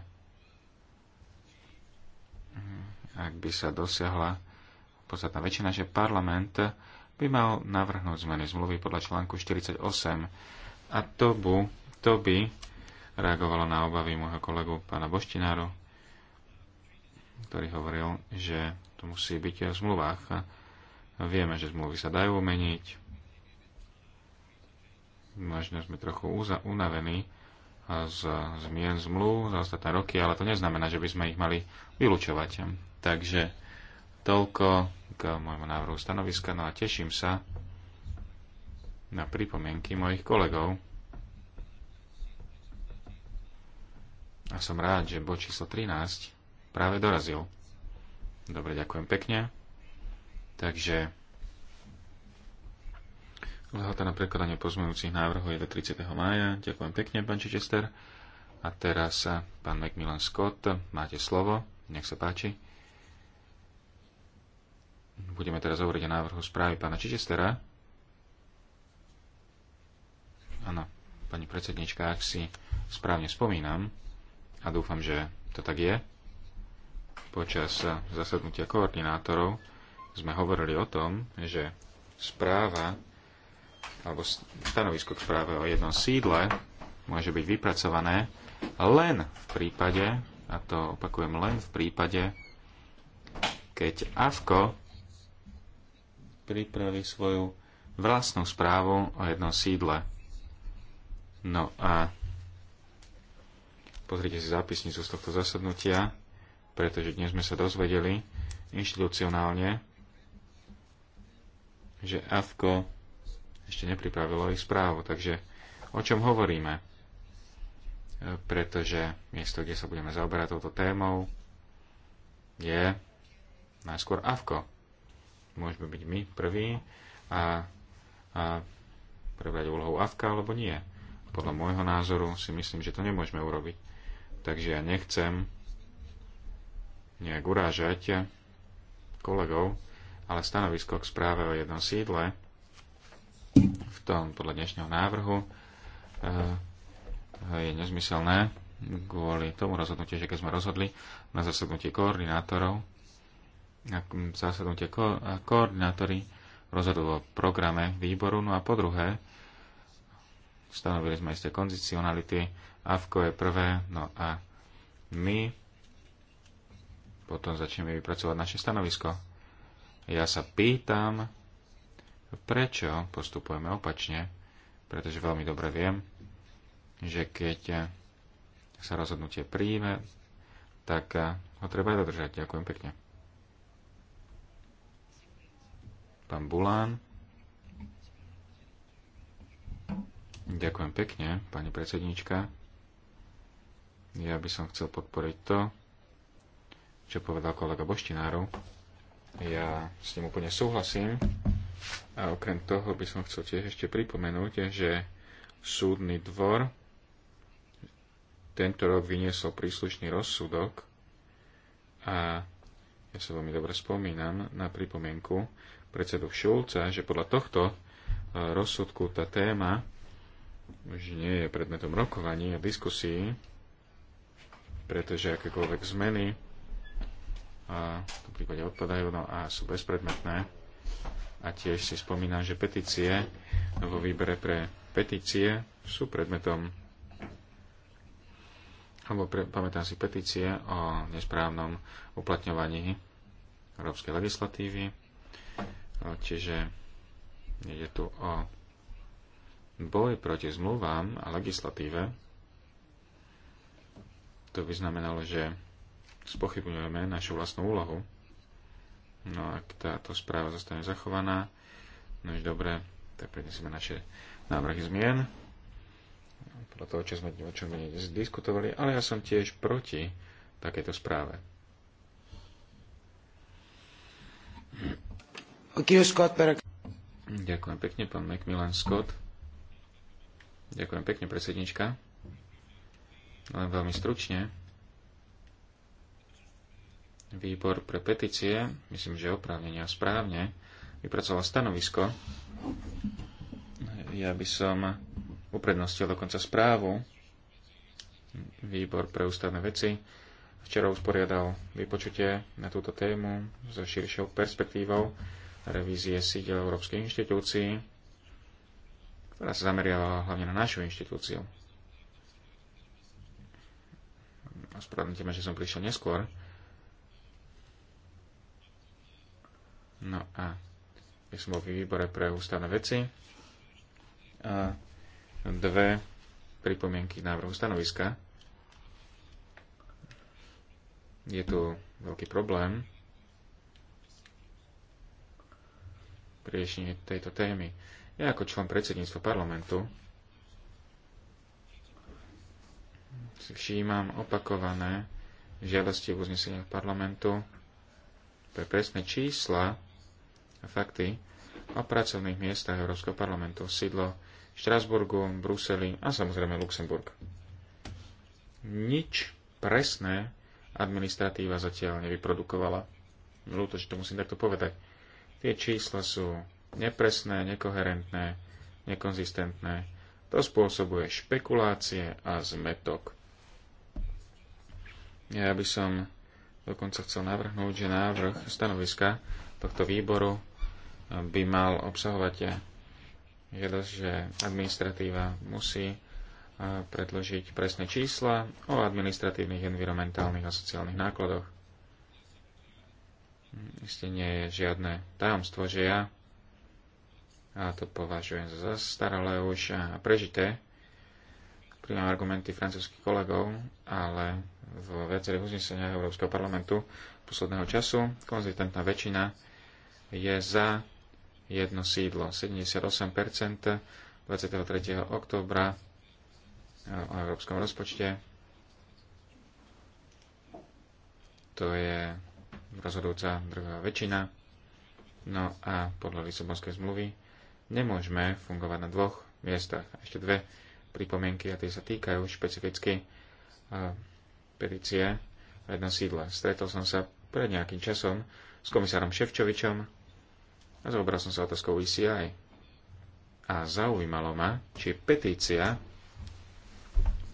ak by sa dosiahla podstatná väčšina, že parlament by mal navrhnúť zmeny zmluvy podľa článku 48 a to, bu, to by reagovalo na obavy môjho kolegu pána Boštináru, ktorý hovoril, že to musí byť v zmluvách. A vieme, že zmluvy sa dajú meniť. Možno sme trochu unavení z zmien zmluv za ostatné roky, ale to neznamená, že by sme ich mali vylúčovať. Takže Toľko k môjmu návrhu stanoviska, no a teším sa na pripomienky mojich kolegov. A som rád, že bod číslo 13 práve dorazil. Dobre, ďakujem pekne. Takže lehota na prekladanie pozmeňujúcich návrhov je do 30. mája. Ďakujem pekne, pán Čičester. A teraz pán Macmillan Scott, máte slovo. Nech sa páči. Budeme teraz hovoriť o návrhu správy pána Čičestera. Áno, pani predsednička, ak si správne spomínam, a dúfam, že to tak je, počas zasadnutia koordinátorov sme hovorili o tom, že správa alebo stanovisko k správe o jednom sídle môže byť vypracované len v prípade, a to opakujem len v prípade, keď AFKO pripraví svoju vlastnú správu o jednom sídle. No a pozrite si zápisnicu z tohto zasadnutia, pretože dnes sme sa dozvedeli inštitucionálne, že AFKO ešte nepripravilo ich správu. Takže o čom hovoríme? Pretože miesto, kde sa budeme zaoberať touto témou, je najskôr AFKO môžeme byť my prví a, a prebrať úlohu afka alebo nie. Podľa môjho názoru si myslím, že to nemôžeme urobiť. Takže ja nechcem nejak urážať kolegov, ale stanovisko k správe o jednom sídle v tom podľa dnešného návrhu e, e, je nezmyselné kvôli tomu rozhodnutie, že keď sme rozhodli na zasadnutí koordinátorov, zásadnutie ko- koordinátori rozhodujú o programe výboru, no a po druhé stanovili sme isté kondicionality, AFKO je prvé, no a my potom začneme vypracovať naše stanovisko. Ja sa pýtam, prečo postupujeme opačne, pretože veľmi dobre viem, že keď sa rozhodnutie príjme, tak eh, ho treba aj dodržať. Ďakujem pekne. pán Bulán. Ďakujem pekne, pani predsednička. Ja by som chcel podporiť to, čo povedal kolega Boštinárov. Ja s ním úplne súhlasím. A okrem toho by som chcel tiež ešte pripomenúť, že súdny dvor tento rok vyniesol príslušný rozsudok a ja sa veľmi dobre spomínam na pripomienku predsedu Šulca, že podľa tohto e, rozsudku tá téma už nie je predmetom rokovaní a diskusí, pretože akékoľvek zmeny a v prípade odpadajú no a sú bezpredmetné. A tiež si spomínam, že petície vo výbere pre petície sú predmetom alebo pre, pamätám si petície o nesprávnom uplatňovaní európskej legislatívy Čiže je tu o boj proti zmluvám a legislatíve. To by znamenalo, že spochybňujeme našu vlastnú úlohu. No a ak táto správa zostane zachovaná, no už dobre, tak prinesieme naše návrhy zmien podľa toho, čo sme, o čom dnes diskutovali, ale ja som tiež proti takéto správe. Ďakujem pekne, pán Macmillan Scott. Ďakujem pekne, predsednička. Len veľmi stručne. Výbor pre petície, myslím, že oprávnenia správne, vypracoval stanovisko. Ja by som uprednostil dokonca správu. Výbor pre ústavné veci včera usporiadal vypočutie na túto tému so širšou perspektívou revízie sídel Európskej inštitúcii, ktorá sa zameriava hlavne na našu inštitúciu. Ospravedlňte ma, že som prišiel neskôr. No a ja som bol v výbore pre ústavné veci. A dve pripomienky k návrhu stanoviska. Je tu veľký problém, pri riešení tejto témy. Ja ako člen predsedníctva parlamentu si všímam opakované žiadosti v uzneseniach parlamentu pre presné čísla a fakty o pracovných miestach Európskeho parlamentu, sídlo Štrasburgu, Bruseli a samozrejme Luxemburg. Nič presné administratíva zatiaľ nevyprodukovala. Ľúto, že to musím takto povedať. Tie čísla sú nepresné, nekoherentné, nekonzistentné. To spôsobuje špekulácie a zmetok. Ja by som dokonca chcel navrhnúť, že návrh stanoviska tohto výboru by mal obsahovať žiadosť, že administratíva musí eh, predložiť presné čísla o administratívnych, environmentálnych a sociálnych nákladoch. Isté nie je žiadne tajomstvo, že ja a to považujem za zastaralé už a prežité. Príjem argumenty francúzských kolegov, ale v viacerých uzneseniach Európskeho parlamentu posledného času konzistentná väčšina je za jedno sídlo. 78% 23. oktobra e, o európskom rozpočte. To je rozhodujúca druhá väčšina. No a podľa Lisabonskej zmluvy nemôžeme fungovať na dvoch miestach. Ešte dve pripomienky a tie sa týkajú špecificky e, petície a jedno sídla. Stretol som sa pred nejakým časom s komisárom Ševčovičom a zobral som sa otázkou ECI. A zaujímalo ma, či petícia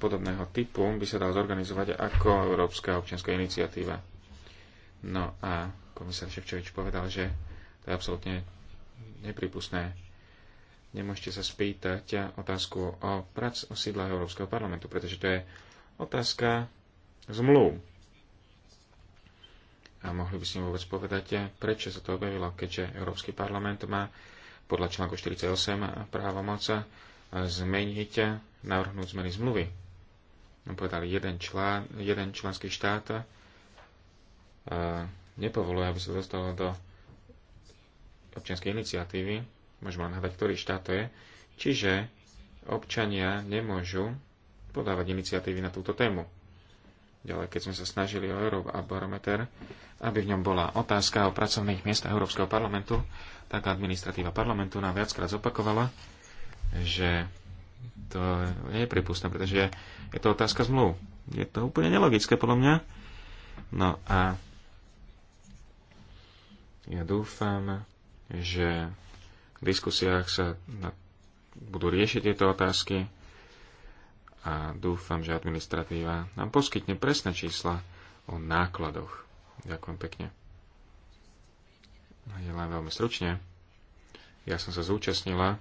podobného typu by sa dal zorganizovať ako Európska občianská iniciatíva. No a komisár Ševčovič povedal, že to je absolútne nepripustné. Nemôžete sa spýtať otázku o, prac, o sídlach Európskeho parlamentu, pretože to je otázka zmluv. A mohli by ste vôbec povedať, prečo sa to objavilo, keďže Európsky parlament má podľa článku 48 právo moca zmeniť, navrhnúť zmeny zmluvy. No, Povedali jeden, člán, jeden členský štát nepovoluje, aby sa dostalo do občianskej iniciatívy, môžeme len hľadať, ktorý štát to je, čiže občania nemôžu podávať iniciatívy na túto tému. Ďalej, keď sme sa snažili o Európ a barometer, aby v ňom bola otázka o pracovných miestach Európskeho parlamentu, tak administratíva parlamentu nám viackrát zopakovala, že to nie je pripustné, pretože je to otázka zmluv. Je to úplne nelogické podľa mňa. No a ja dúfam, že v diskusiách sa na, budú riešiť tieto otázky a dúfam, že administratíva nám poskytne presné čísla o nákladoch. Ďakujem pekne. Je len veľmi stručne. Ja som sa zúčastnila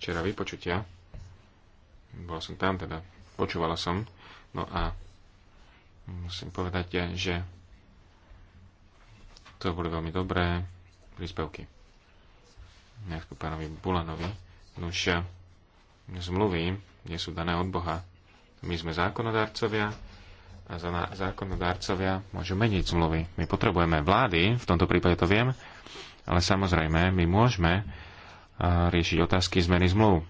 včera vypočutia. Bola som tam, teda počúvala som. No a musím povedať, že to boli veľmi dobré príspevky. nejakú pánovi Bulanovi. Nuž, zmluvy nie sú dané od Boha. My sme zákonodárcovia a za zákonodárcovia môžu meniť zmluvy. My potrebujeme vlády, v tomto prípade to viem, ale samozrejme my môžeme riešiť otázky zmeny zmluv.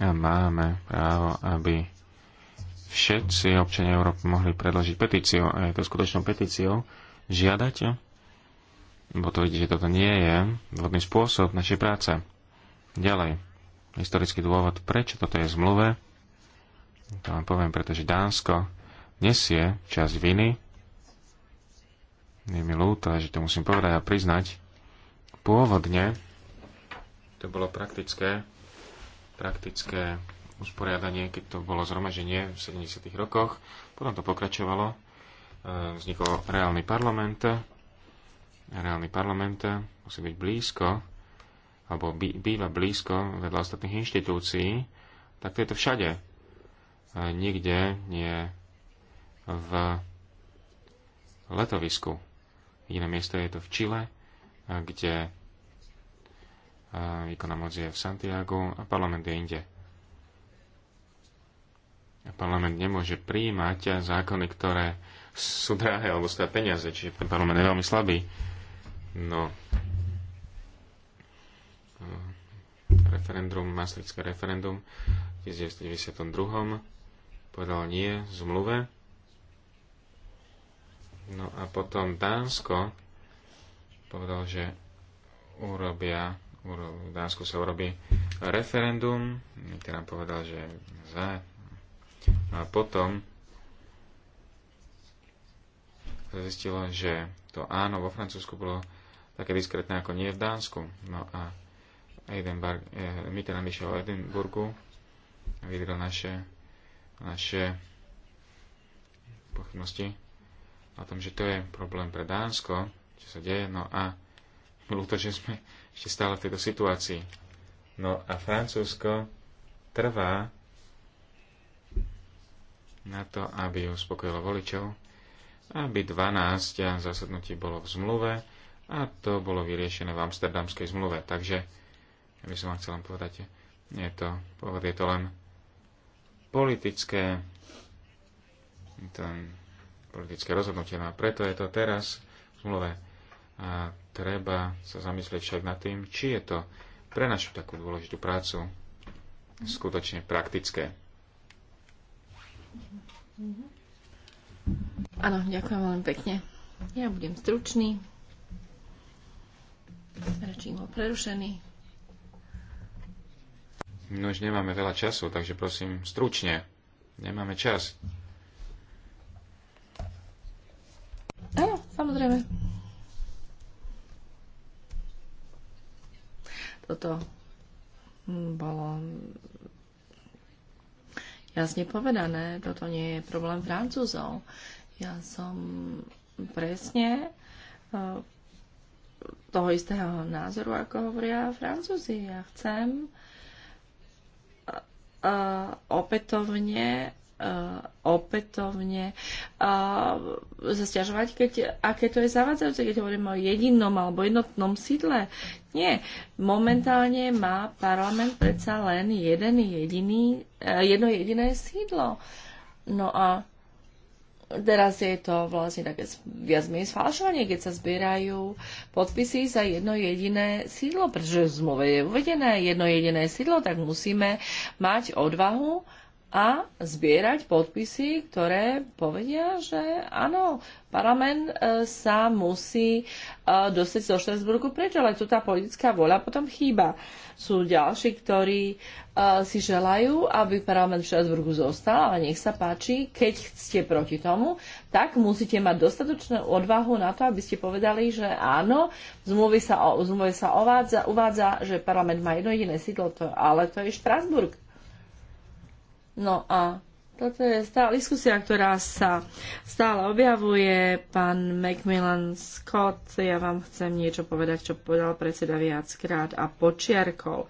A máme právo, aby všetci občania Európy mohli predložiť petíciu, a je to skutočnou petíciou, žiadať, bo to vidíte, že toto nie je vhodný spôsob našej práce. Ďalej, historický dôvod, prečo toto je v zmluve, to vám poviem, pretože Dánsko nesie časť viny, je mi ľúto, že to musím povedať a priznať, pôvodne to bolo praktické, praktické usporiadanie, keď to bolo zhromaženie v 70. rokoch. Potom to pokračovalo. E, vznikol reálny parlament. Reálny parlament musí byť blízko, alebo býva blízko vedľa ostatných inštitúcií. Tak to je to všade. E, nikde nie v letovisku. Iné miesto je to v Čile, e, kde výkonná moc je v Santiago a parlament je inde parlament nemôže prijímať zákony, ktoré sú drahé alebo stojí peniaze, čiže ten parlament je veľmi slabý. No. Referendum, Maastrichtské referendum v 1992. povedal nie zmluve. No a potom Dánsko povedal, že urobia, v Dánsku sa urobí referendum, ktorý nám povedal, že za a potom sa zistilo, že to áno vo Francúzsku bolo také diskrétne ako nie v Dánsku. No a Edinburgh, eh, teda myšiel v Edinburgu, vydrel naše, naše pochybnosti o tom, že to je problém pre Dánsko, čo sa deje, no a ľúto, že sme ešte stále v tejto situácii. No a Francúzsko trvá na to, aby uspokojilo voličov, aby 12 zasadnutí bolo v zmluve a to bolo vyriešené v Amsterdamskej zmluve. Takže, by som vám chcel povedať, nie je to, povod je to len politické, to politické rozhodnutie. No a preto je to teraz v zmluve. A treba sa zamyslieť však nad tým, či je to pre našu takú dôležitú prácu skutočne praktické. Áno, ďakujem veľmi pekne. Ja budem stručný. Radším bol prerušený. No už nemáme veľa času, takže prosím, stručne. Nemáme čas. Áno, samozrejme. Toto bolo jasne povedané, toto nie je problém Francúzov. Ja som presne e, toho istého názoru, ako hovoria Francúzi. Ja chcem e, e, opätovne Eh, opätovne eh, sa stiažovať, keď, aké to je zavádzajúce, keď hovoríme o jedinom alebo jednotnom sídle. Nie, momentálne má parlament predsa len jeden jediný, eh, jedno jediné sídlo. No a teraz je to vlastne také viac menej sfalšovanie, keď sa zbierajú podpisy za jedno jediné sídlo, pretože v zmluve je uvedené jedno jediné sídlo, tak musíme mať odvahu a zbierať podpisy, ktoré povedia, že áno, parlament e, sa musí e, dostať zo Štrasburgu preč, ale tu tá politická voľa potom chýba. Sú ďalší, ktorí e, si želajú, aby parlament v Štrasburgu zostal, ale nech sa páči, keď ste proti tomu, tak musíte mať dostatočnú odvahu na to, aby ste povedali, že áno, v zmluve sa, o, zmluve sa ovádza, uvádza, že parlament má jedno jediné sídlo, to, ale to je Štrasburg No a toto je stále diskusia, ktorá sa stále objavuje. Pán Macmillan Scott, ja vám chcem niečo povedať, čo povedal predseda viackrát a počiarkol.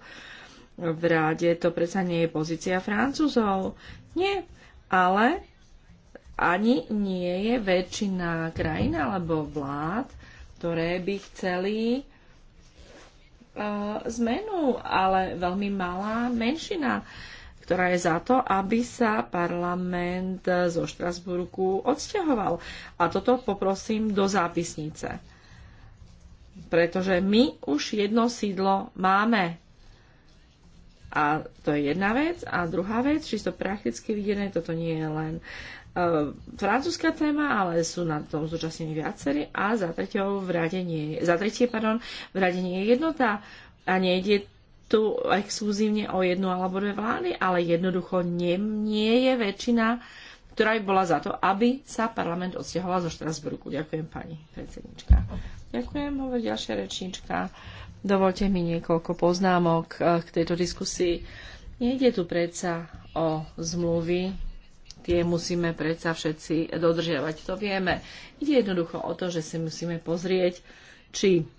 V ráde to predsa nie je pozícia Francúzov. Nie, ale ani nie je väčšina krajín alebo vlád, ktoré by chceli uh, zmenu, ale veľmi malá menšina. Uh, ktorá je za to, aby sa parlament zo Štrasburku odsťahoval. A toto poprosím do zápisnice. Pretože my už jedno sídlo máme. A to je jedna vec. A druhá vec, čisto prakticky videné, toto nie je len e, francúzska téma, ale sú na tom zúčastnení viacerí. A za, v rade nie, za tretie pardon, v rade nie je jednota. A nejde tu exkluzívne o jednu alebo dve vlády, ale jednoducho nie, nie je väčšina, ktorá by bola za to, aby sa parlament odsťahoval zo Štrasburgu. Ďakujem pani predsednička. Ďakujem, hovorí ďalšia rečníčka. Dovolte mi niekoľko poznámok eh, k tejto diskusii. Nejde tu predsa o zmluvy, tie musíme predsa všetci dodržiavať, to vieme. Ide jednoducho o to, že si musíme pozrieť, či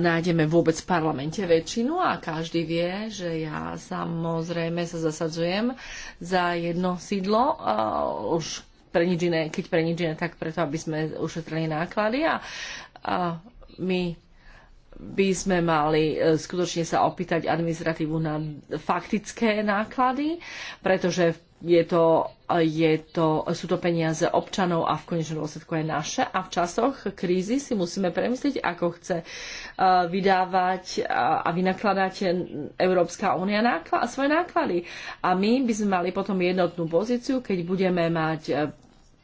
nájdeme vôbec v parlamente väčšinu a každý vie, že ja samozrejme sa zasadzujem za jedno sídlo uh, už pre nič iné, keď pre nič iné, tak preto, aby sme ušetrili náklady a, a my by sme mali e, skutočne sa opýtať administratívu na faktické náklady, pretože v je to, je to, sú to peniaze občanov a v konečnom dôsledku aj naše. A v časoch krízy si musíme premyslieť, ako chce eh, vydávať eh, a vynakladať Európska únia svoje náklady. A my by sme mali potom jednotnú pozíciu, keď budeme mať eh,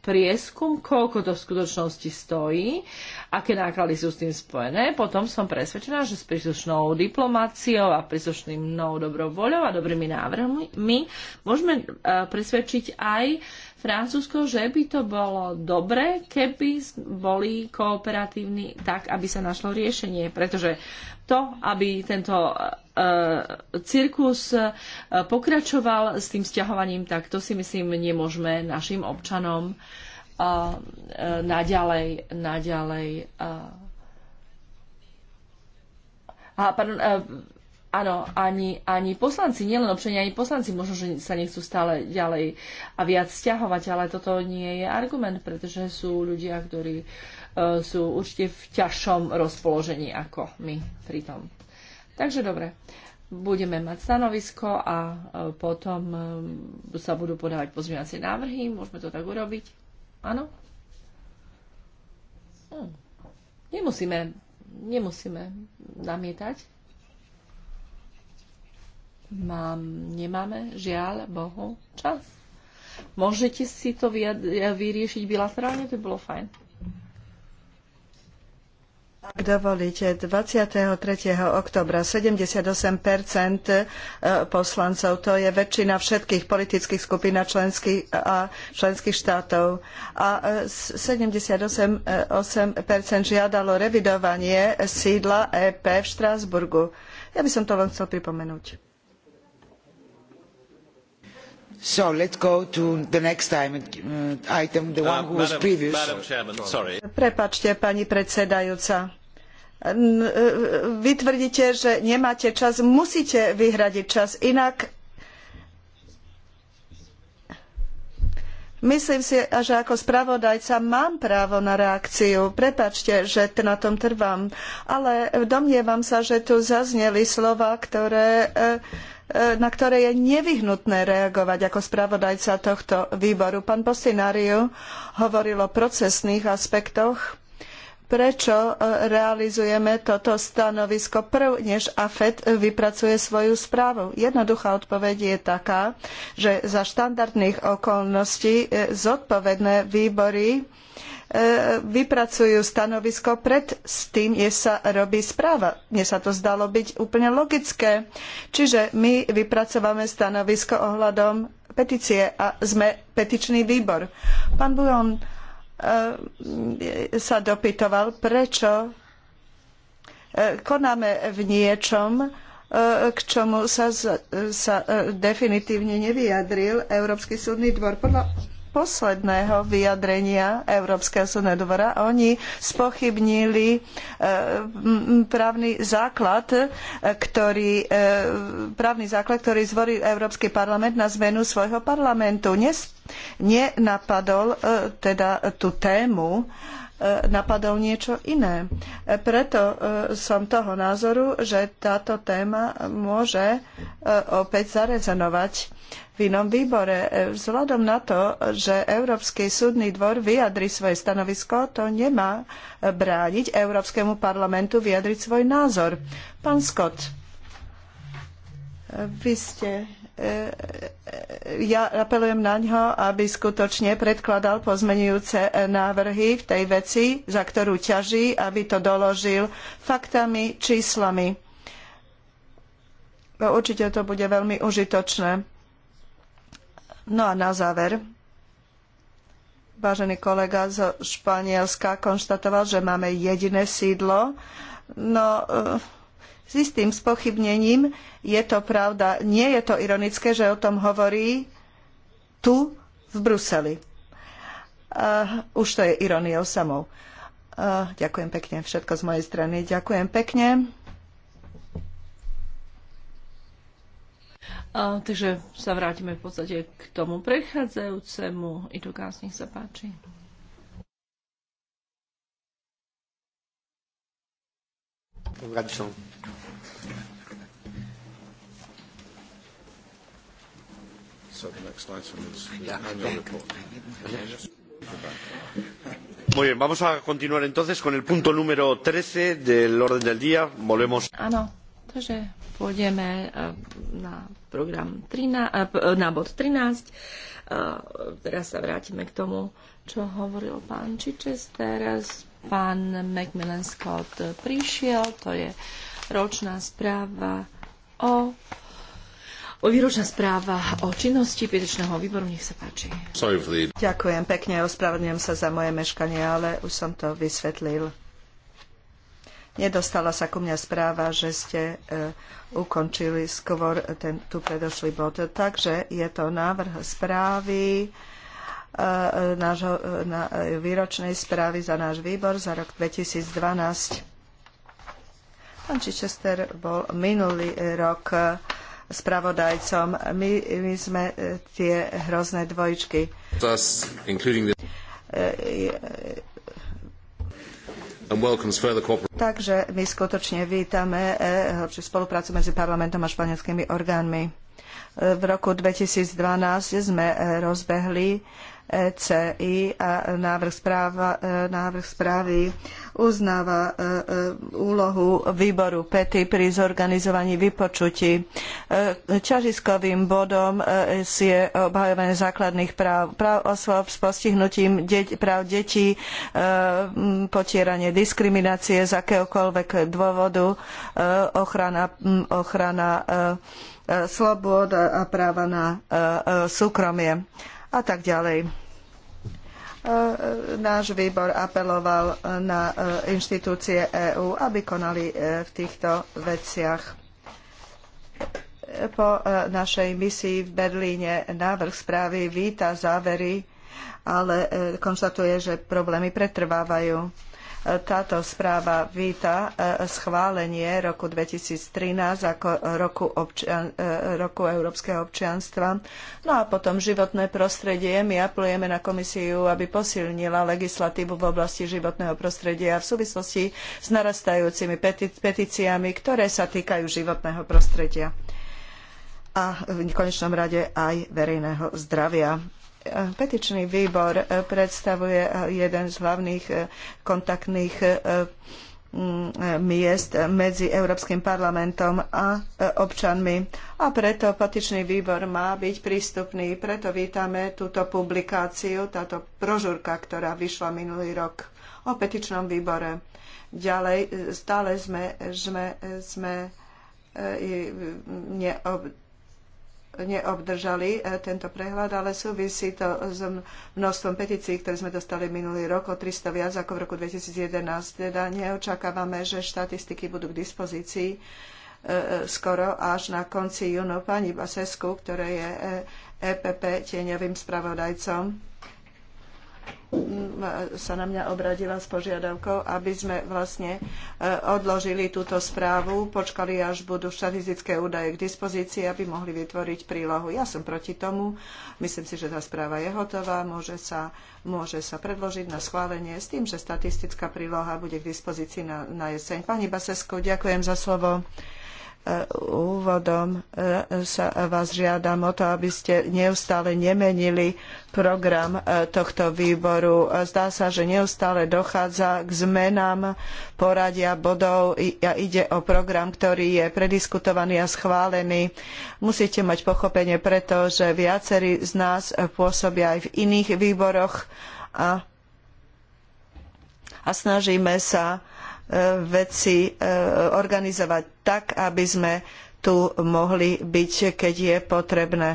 prieskum, koľko to v skutočnosti stojí, aké náklady sú s tým spojené. Potom som presvedčená, že s príslušnou diplomáciou a príslušným mnou dobrovoľou a dobrými návrhmi môžeme eh, presvedčiť aj Francúzsko, že by to bolo dobre, keby boli kooperatívni tak, aby sa našlo riešenie. Pretože to, aby tento uh, cirkus e, pokračoval s tým sťahovaním, tak to si myslím nemôžeme našim občanom uh, naďalej, naďalej a pardon, Áno, ani, ani poslanci, nielen občania, ani poslanci možno, že sa nechcú stále ďalej a viac stiahovať, ale toto nie je argument, pretože sú ľudia, ktorí uh, sú určite v ťažšom rozpoložení ako my pri tom. Takže dobre, budeme mať stanovisko a uh, potom uh, sa budú podávať pozmeňovacie návrhy, môžeme to tak urobiť. Áno? Hm. Nemusíme, nemusíme namietať Mám, nemáme, žiaľ Bohu, čas. Môžete si to vyriešiť bilaterálne, to by bolo fajn. Ak dovolíte, 23. oktobra 78 e, poslancov, to je väčšina všetkých politických skupín a členských, a členských štátov. A 78 e, žiadalo revidovanie sídla EP v Štrásburgu. Ja by som to len chcel pripomenúť. So let's go to the next uh, item, the uh, one who was previous. Prepačte, pani predsedajúca. Uh, vy tvrdíte, že nemáte čas, musíte vyhradiť čas, inak Myslím si, že ako spravodajca mám právo na reakciu. Prepačte, že na tom trvám. Ale domnievam sa, že tu zazneli slova, ktoré e, na ktoré je nevyhnutné reagovať ako spravodajca tohto výboru. Pán Bostináriu hovoril o procesných aspektoch prečo e, realizujeme toto stanovisko prv, než AFET vypracuje svoju správu. Jednoduchá odpoveď je taká, že za štandardných okolností e, zodpovedné výbory vypracujú stanovisko pred s tým, než sa robí správa. Mne sa to zdalo byť úplne logické. Čiže my vypracovávame stanovisko ohľadom petície a sme petičný výbor. Pán Bujon e, sa dopytoval, prečo e, konáme v niečom, e, k čomu sa, sa, definitívne nevyjadril Európsky súdny dvor. Podľa posledného vyjadrenia Európskeho súdneho dvora. Oni spochybnili e, e, e, právny základ, ktorý, právny základ, ktorý zvoril Európsky parlament na zmenu svojho parlamentu. Nenapadol teda tú tému, napadol niečo iné. Preto som toho názoru, že táto téma môže opäť zarezonovať inom výbore. E, vzhľadom na to, že Európsky súdny dvor vyjadri svoje stanovisko, to nemá e, brániť Európskemu parlamentu vyjadriť svoj názor. Pán Scott, e, vy ste ja apelujem na ňo, aby skutočne predkladal pozmenujúce návrhy v tej veci, za ktorú ťaží, aby to doložil faktami, číslami. Určite to bude veľmi užitočné. No a na záver, vážený kolega zo Španielska konštatoval, že máme jediné sídlo. No, eh, s istým spochybnením je to pravda. Nie je to ironické, že o tom hovorí tu v Bruseli. Uh, už to je ironiou samou. Uh, ďakujem pekne, všetko z mojej strany. Ďakujem pekne. A, takže sa vrátime v podstate k tomu prechádzajúcemu. Idugás, nech sa páči. Muy bien, vamos a continuar entonces con el punto número 13 del orden del día. Volvemos. Ah, no. Entonces, pôjdeme e, na program 13, e, e, na bod 13. Teraz sa vrátime k tomu, čo hovoril pán Teraz Pán McMillan Scott prišiel, to je ročná správa o O výročná správa o činnosti petičného výboru, nech sa páči. Ďakujem pekne, ospravedlňujem sa za moje meškanie, ale už som to vysvetlil. Nedostala sa ku mňa správa, že ste e, ukončili skôr ten, tu predošlý bod. Takže je to návrh správy e, e, nášho, na, výročnej správy za náš výbor za rok 2012. Pán Čičester bol minulý rok spravodajcom. My, my sme tie hrozné dvojčky. Takže my skutočne vítame horšiu e, spoluprácu medzi parlamentom a španielskými orgánmi. E, v roku 2012 sme e, rozbehli ECI a návrh, správa, návrh správy uznáva e, e, úlohu výboru PETI pri zorganizovaní vypočutí. E, ťažiskovým bodom je obhajovanie základných práv, práv osôb s postihnutím práv detí, potieranie diskriminácie z akéhokoľvek dôvodu, ochrana, ochrana slobôd a práva na súkromie a tak ďalej E, e, náš výbor apeloval e, na inštitúcie EÚ, aby konali v týchto veciach. Po našej misii v Berlíne návrh správy víta závery, ale konštatuje, že problémy pretrvávajú táto správa víta e, schválenie roku 2013 ako roku, občan, e, roku európskeho občianstva. No a potom životné prostredie. My apelujeme na komisiu, aby posilnila legislatívu v oblasti životného prostredia v súvislosti s narastajúcimi petíciami, ktoré sa týkajú životného prostredia a v konečnom rade aj verejného zdravia. Petičný výbor eh, predstavuje eh, jeden z hlavných eh, kontaktných mm, miest medzi Európskym parlamentom a občanmi. A preto petičný výbor má byť prístupný. Preto vítame túto publikáciu, táto prožurka, ktorá vyšla minulý rok o petičnom výbore. Ďalej stále sme, sme, sme neob, neobdržali e, tento prehľad, ale súvisí to s množstvom petícií, ktoré sme dostali minulý rok, o 300 viac ako v roku 2011. Teda neočakávame, že štatistiky budú k dispozícii e, e, skoro až na konci júna pani Basescu, ktoré je EPP tieňovým spravodajcom sa na mňa obradila s požiadavkou, aby sme vlastne e, odložili túto správu, počkali, až budú štatistické údaje k dispozícii, aby mohli vytvoriť prílohu. Ja som proti tomu. Myslím si, že tá správa je hotová, môže sa, môže sa predložiť na schválenie s tým, že statistická príloha bude k dispozícii na, na jeseň. Pani Basesko, ďakujem za slovo úvodom e, sa vás žiadam o to, aby ste neustále nemenili program e, tohto výboru. E, zdá sa, že neustále dochádza k zmenám poradia bodov a ide o program, ktorý je prediskutovaný a schválený. Musíte mať pochopenie preto, že viacerí z nás pôsobia aj v iných výboroch a, a snažíme sa E, veci e, organizovať tak, aby sme tu mohli byť, keď je potrebné.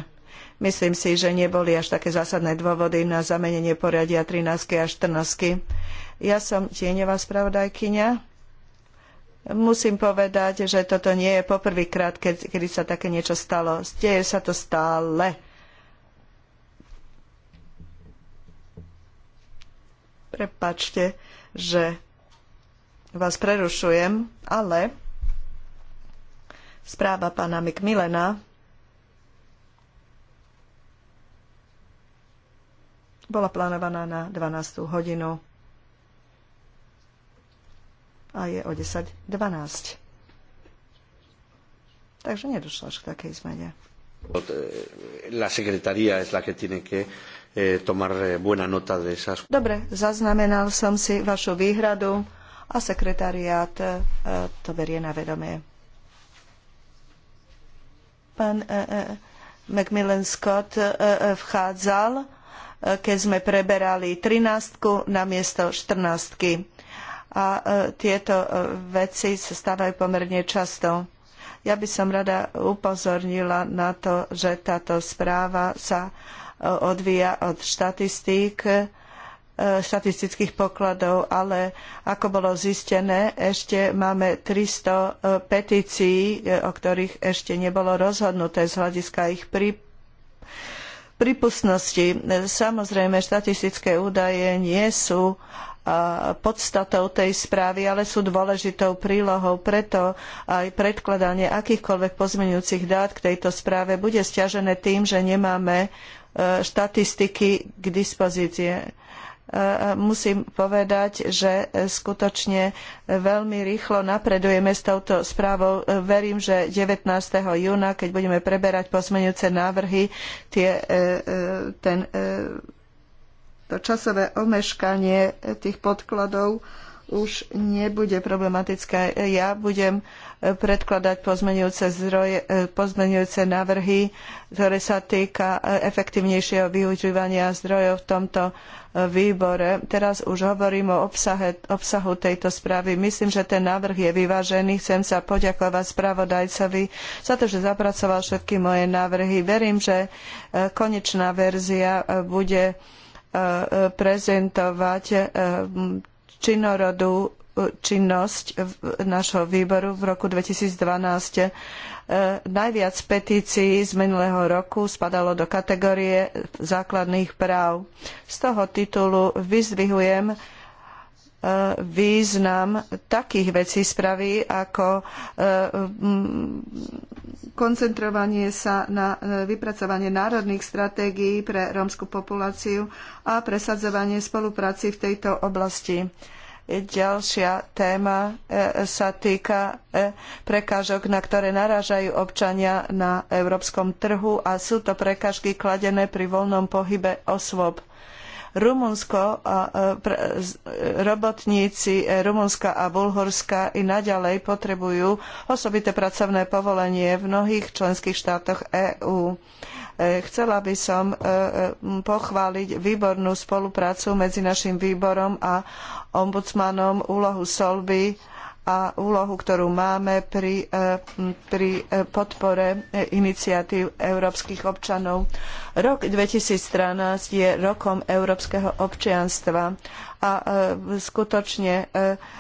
Myslím si, že neboli až také zásadné dôvody na zamenenie poriadia 13. a 14. Ja som tieňová spravodajkyňa. Musím povedať, že toto nie je poprvýkrát, keď, sa také niečo stalo. Deje sa to stále. Prepačte, že vás prerušujem, ale správa pána Mikmilena bola plánovaná na 12. hodinu a je o 10.12. Takže nedošlo až k takej zmene. La es la que tiene que eh, tomar eh, buena nota de esas. Dobre, zaznamenal som si vašu výhradu a sekretariát e, to berie na vedomie. Pán e, e, Macmillan Scott vchádzal, keď sme preberali 13 na miesto 14. A tieto veci sa stávajú pomerne často. Ja by som rada upozornila na to, že táto správa sa odvíja od štatistík, E, štatistických pokladov, ale ako bolo zistené, ešte máme 300 e, petícií, e, o ktorých ešte nebolo rozhodnuté z hľadiska ich prípustnosti. Samozrejme, štatistické údaje nie sú podstatou tej správy, ale sú dôležitou prílohou. Preto aj predkladanie akýchkoľvek pozmeňujúcich dát k tejto správe bude stiažené tým, že nemáme štatistiky k dispozícii musím povedať, že e, skutočne e, veľmi rýchlo napredujeme s touto správou. E, verím, že 19. júna, keď budeme preberať pozmeňujúce návrhy, to časové omeškanie tých podkladov už nebude problematická. Ja budem eh, predkladať pozmenujúce, zdroje, eh, pozmenujúce návrhy, ktoré sa týka eh, efektívnejšieho využívania zdrojov v tomto výbore. Teraz už hovorím o obsahe, obsahu tejto správy. Myslím, že ten návrh je vyvážený. Chcem sa poďakovať spravodajcovi za to, že zapracoval všetky moje návrhy. Verím, že konečná verzia bude prezentovať činorodú e, činnosť nášho výboru v roku 2012. E, najviac petícií z minulého roku spadalo do kategórie základných práv. Z toho titulu vyzdvihujem význam takých vecí spraví, ako eh, koncentrovanie sa na eh, vypracovanie národných stratégií pre rómsku populáciu a presadzovanie spolupráci v tejto oblasti. Ďalšia téma eh, sa týka prekážok, na ktoré narážajú občania na európskom trhu a sú to prekážky kladené pri voľnom pohybe osôb Rumunsko a e, e, robotníci e, Rumunska a Bulhorska i naďalej potrebujú osobité pracovné povolenie v mnohých členských štátoch EÚ chcela by som pochváliť výbornú spoluprácu medzi našim výborom a ombudsmanom úlohu Solby a úlohu, ktorú máme pri, e, pri e, podpore e, iniciatív európskych občanov. Rok 2013 je rokom európskeho občianstva a skutočne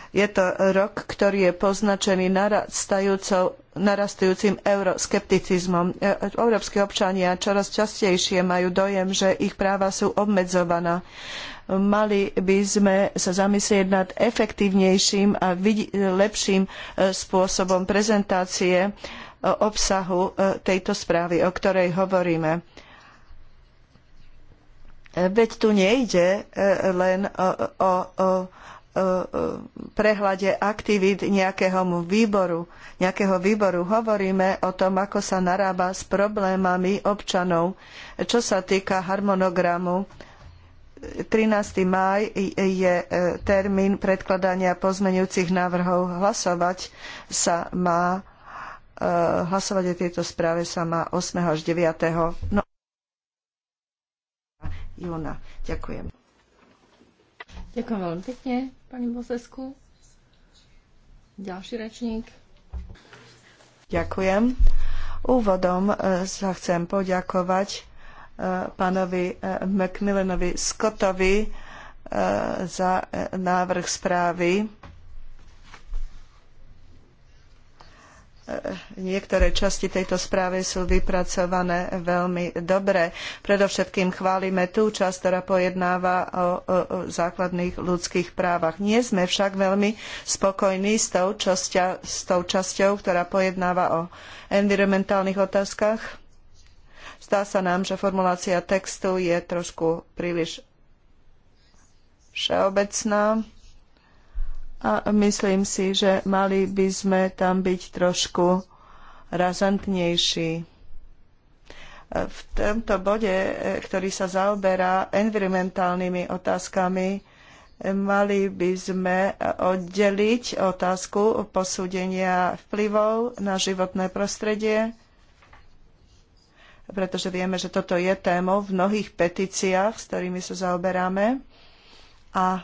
je to rok, ktorý je poznačený narastajúcou narastajúcim euroskepticizmom. Európski občania čoraz častejšie majú dojem, že ich práva sú obmedzované mali by sme sa zamyslieť nad efektívnejším a lepším e, spôsobom prezentácie e, obsahu e, tejto správy, o ktorej hovoríme. Veď tu nejde len o, o, o prehľade aktivít nejakého výboru. Nejakého výboru hovoríme o tom, ako sa narába s problémami občanov, čo sa týka harmonogramu 13. máj je e, termín predkladania pozmenujúcich návrhov. Hlasovať sa má, e, hlasovať o tejto správe sa má 8. až 9. No, júna. Ďakujem. Ďakujem veľmi pekne, pani Bosesku. Ďalší rečník. Ďakujem. Úvodom e, sa chcem poďakovať pánovi eh, Macmillanovi Scottovi eh, za eh, návrh správy. niektoré časti tejto správy sú vypracované veľmi dobre. Predovšetkým chválime tú časť, ktorá pojednáva o, o, o základných ľudských právach. Nie sme však veľmi spokojní s tou, s tou časťou, ktorá pojednáva o environmentálnych otázkach Zdá sa nám, že formulácia textu je trošku príliš všeobecná a myslím si, že mali by sme tam byť trošku razantnejší. V tomto bode, ktorý sa zaoberá environmentálnymi otázkami, mali by sme oddeliť otázku posúdenia vplyvov na životné prostredie pretože vieme, že toto je téma v mnohých petíciách, s ktorými sa zaoberáme. A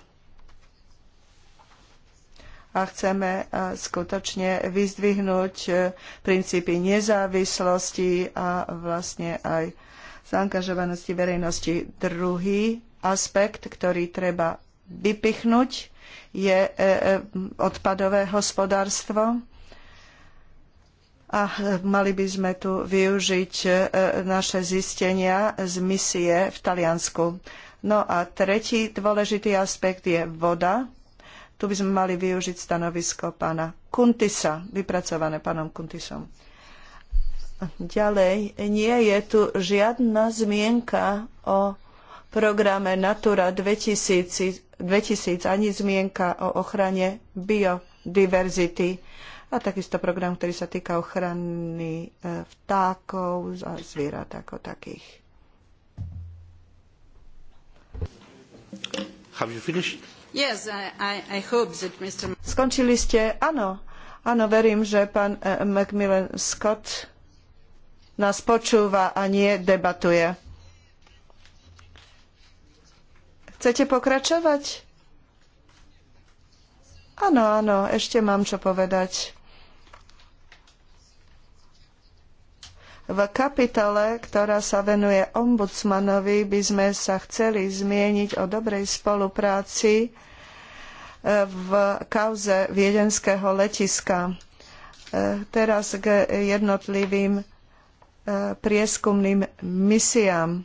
a chceme e, skutočne vyzdvihnúť e, princípy nezávislosti a vlastne aj zaangažovanosti verejnosti. Druhý aspekt, ktorý treba vypichnúť, je e, odpadové hospodárstvo a mali by sme tu využiť e, naše zistenia z misie v Taliansku. No a tretí dôležitý aspekt je voda. Tu by sme mali využiť stanovisko pána Kuntisa, vypracované pánom Kuntisom. Ďalej, nie je tu žiadna zmienka o programe Natura 2000, 2000 ani zmienka o ochrane biodiverzity a takisto program, ktorý sa týka ochrany e, vtákov a zvierat ako takých. Have you finished? Yes, I, I hope that Mr. Skončili ste? Áno. Áno, verím, že pán e, Macmillan Scott nás počúva a nie debatuje. Chcete pokračovať? Áno, áno, ešte mám čo povedať. V kapitole, ktorá sa venuje ombudsmanovi, by sme sa chceli zmieniť o dobrej spolupráci e, v kauze viedenského letiska. E, teraz k jednotlivým e, prieskumným misiám.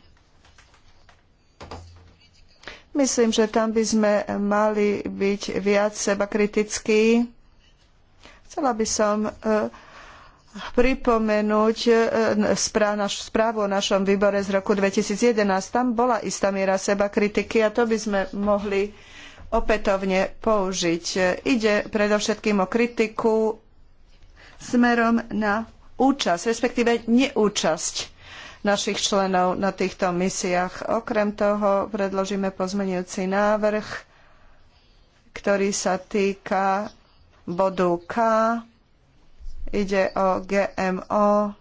Myslím, že tam by sme mali byť viac seba kritickí. Chcela by som uh, pripomenúť e, správu o našom výbore z roku 2011. Tam bola istá miera seba kritiky a to by sme mohli opätovne použiť. E, ide predovšetkým o kritiku smerom na účasť, respektíve neúčasť našich členov na týchto misiách. Okrem toho predložíme pozmenujúci návrh, ktorý sa týka bodu K Ide o GMO,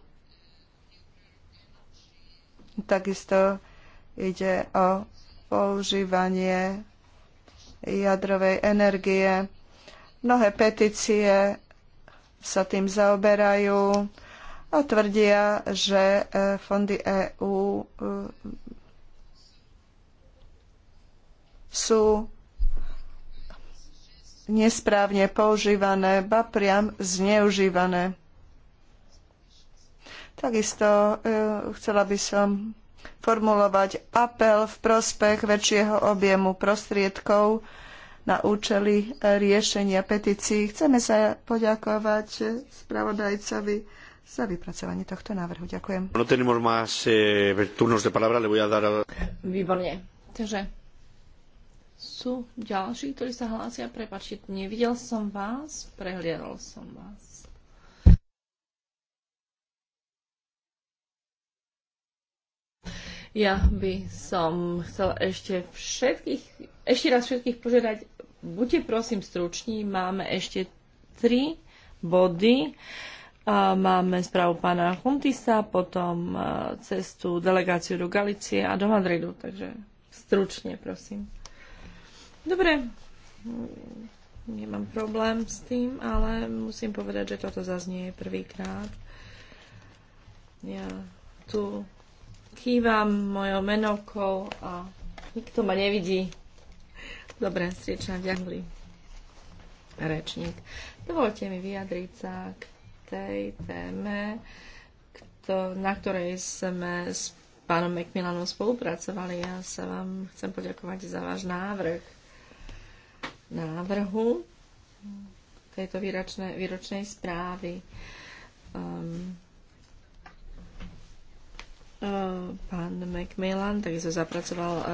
takisto ide o používanie jadrovej energie. Mnohé petície sa tým zaoberajú a tvrdia, že e, fondy EÚ e, sú nesprávne používané, ba priam zneužívané. Takisto e, chcela by som formulovať apel v prospech väčšieho objemu prostriedkov na účely riešenia petícií. Chceme sa poďakovať spravodajcovi za vypracovanie tohto návrhu. Ďakujem. Výborne. Takže sú ďalší, ktorí sa hlásia? Prepačte, nevidel som vás, prehliadol som vás. Ja by som chcela ešte všetkých, ešte raz všetkých požiadať, buďte prosím struční, máme ešte tri body. Máme správu pána Huntisa, potom e, cestu, delegáciu do Galície a do Madridu, takže stručne prosím. Dobre, nemám problém s tým, ale musím povedať, že toto zaznie prvýkrát. Ja tu kývam mojou menovkou a nikto ma nevidí. Dobre, v ďahli. Rečník. Dovolte mi vyjadriť sa k tej téme, na ktorej sme s pánom McMillanom spolupracovali. Ja sa vám chcem poďakovať za váš návrh návrhu tejto výročné výročnej správy. Um, pán Macmillan, takisto zapracoval e,